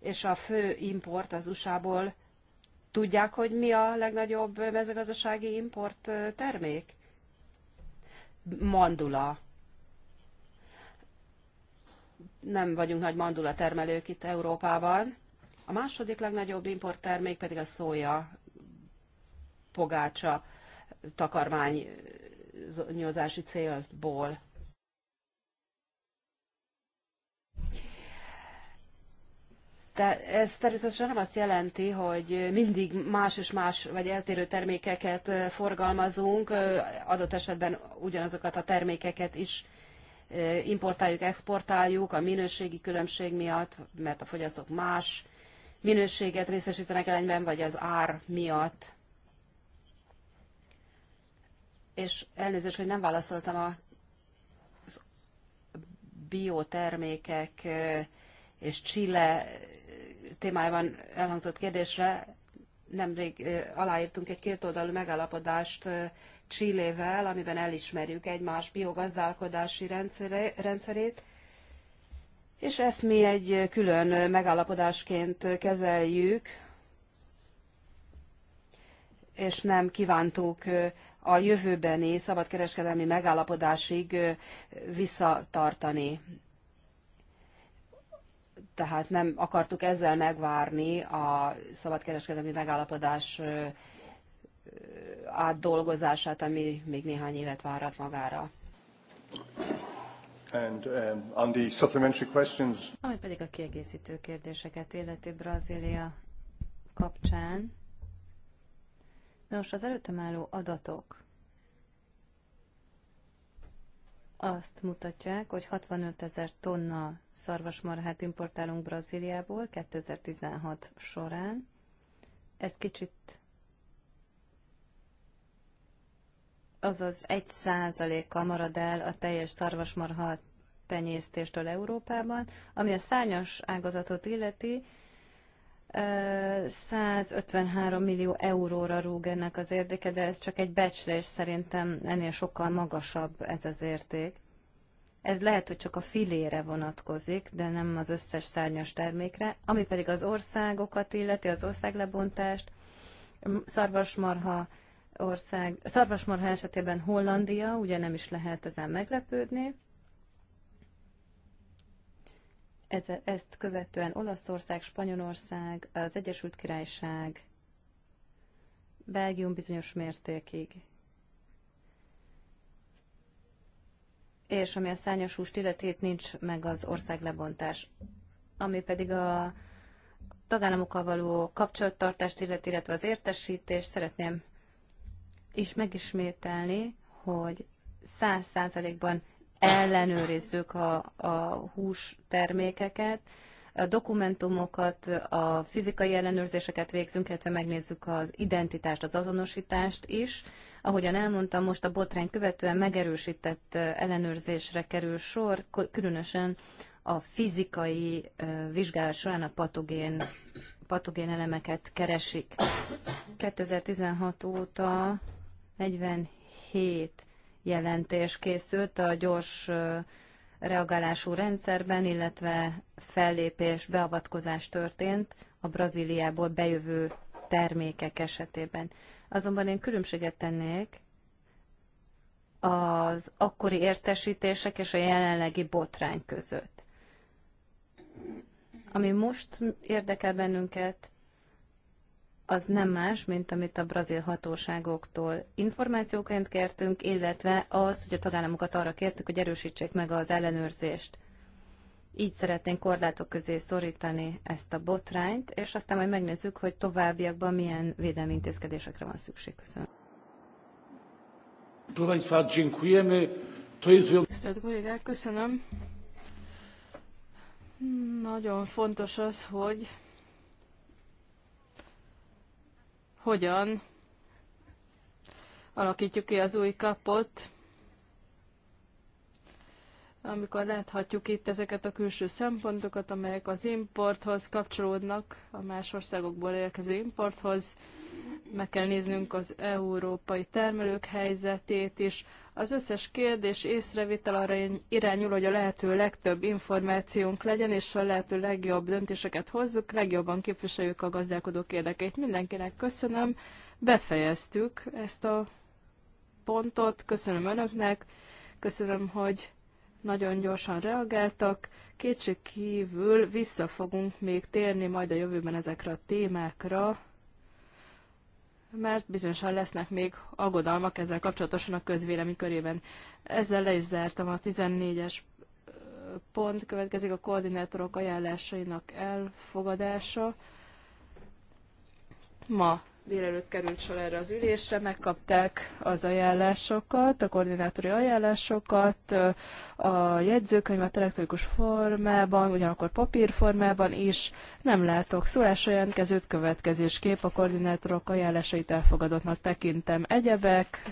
és a fő import az USA-ból tudják, hogy mi a legnagyobb mezőgazdasági import termék? mandula. Nem vagyunk nagy mandula termelők itt Európában. A második legnagyobb importtermék pedig a szója, pogácsa, takarmány nyúzási célból Te, ez természetesen nem azt jelenti, hogy mindig más és más vagy eltérő termékeket forgalmazunk, adott esetben ugyanazokat a termékeket is importáljuk, exportáljuk a minőségi különbség miatt, mert a fogyasztók más minőséget részesítenek elányben, vagy az ár miatt. És elnézést, hogy nem válaszoltam a biotermékek és Chile témájában elhangzott kérdésre nemrég aláírtunk egy kétoldalú megállapodást Csillével, amiben elismerjük egymás biogazdálkodási rendszerét, és ezt mi egy külön megállapodásként kezeljük, és nem kívántuk a jövőbeni szabadkereskedelmi megállapodásig visszatartani tehát nem akartuk ezzel megvárni a szabadkereskedelmi megállapodás átdolgozását, ami még néhány évet várat magára. And, um, on the supplementary questions. Ami pedig a kiegészítő kérdéseket illeti Brazília kapcsán. Nos, az előttem álló adatok azt mutatják, hogy 65 ezer tonna szarvasmarhát importálunk Brazíliából 2016 során. Ez kicsit azaz 1 százaléka marad el a teljes szarvasmarha tenyésztéstől Európában. Ami a szányos ágazatot illeti, 153 millió euróra rúg ennek az értéke, de ez csak egy becslés, szerintem ennél sokkal magasabb ez az érték. Ez lehet, hogy csak a filére vonatkozik, de nem az összes szárnyas termékre. Ami pedig az országokat illeti, az országlebontást, szarvasmarha ország, szarvasmarha esetében Hollandia, ugye nem is lehet ezen meglepődni, ez, ezt követően Olaszország, Spanyolország, az Egyesült Királyság, Belgium bizonyos mértékig. És ami a szányos húst illetét, nincs meg az ország lebontás. Ami pedig a tagállamokkal való kapcsolattartást illet, illetve az értesítést szeretném is megismételni, hogy száz százalékban ellenőrizzük a, a hús termékeket, a dokumentumokat, a fizikai ellenőrzéseket végzünk, illetve megnézzük az identitást, az azonosítást is. Ahogyan elmondtam, most a botrány követően megerősített ellenőrzésre kerül sor, különösen a fizikai vizsgálat során a patogén, patogén elemeket keresik. 2016 óta 47 jelentés készült a gyors reagálású rendszerben, illetve fellépés, beavatkozás történt a Brazíliából bejövő termékek esetében. Azonban én különbséget tennék az akkori értesítések és a jelenlegi botrány között. Ami most érdekel bennünket, az nem más, mint amit a brazil hatóságoktól információként kértünk, illetve az, hogy a tagállamokat arra kértük, hogy erősítsék meg az ellenőrzést. Így szeretnénk korlátok közé szorítani ezt a botrányt, és aztán majd megnézzük, hogy továbbiakban milyen védelmi intézkedésekre van szükség. Köszönöm. köszönöm. Nagyon fontos az, hogy hogyan alakítjuk ki az új kapot, amikor láthatjuk itt ezeket a külső szempontokat, amelyek az importhoz kapcsolódnak, a más országokból érkező importhoz. Meg kell néznünk az európai termelők helyzetét is, az összes kérdés észrevétel arra irányul, hogy a lehető legtöbb információnk legyen, és a lehető legjobb döntéseket hozzuk, legjobban képviseljük a gazdálkodók érdekeit. Mindenkinek köszönöm, befejeztük ezt a pontot, köszönöm önöknek, köszönöm, hogy nagyon gyorsan reagáltak. Kétség kívül vissza fogunk még térni majd a jövőben ezekre a témákra mert bizonyosan lesznek még aggodalmak ezzel kapcsolatosan a közvélemény körében. Ezzel le is zártam a 14-es pont, következik a koordinátorok ajánlásainak elfogadása. Ma délelőtt került sor erre az ülésre, megkapták az ajánlásokat, a koordinátori ajánlásokat, a jegyzőkönyvet elektronikus formában, ugyanakkor papírformában is. Nem látok szólásajánkezőt, következésképp a koordinátorok ajánlásait elfogadottnak tekintem. Egyebek,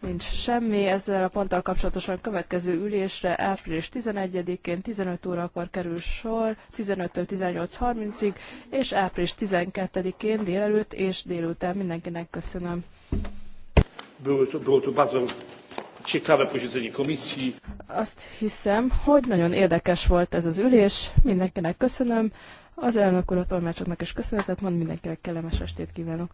nincs semmi. Ezzel a ponttal kapcsolatosan következő ülésre április 11-én 15 órakor kerül sor, 15-től 18.30-ig, és április 12-én délelőtt és délután mindenkinek köszönöm. Azt hiszem, hogy nagyon érdekes volt ez az ülés. Mindenkinek köszönöm. Az elnök úr a tolmácsoknak is köszönetet mond, mindenkinek kellemes estét kívánok.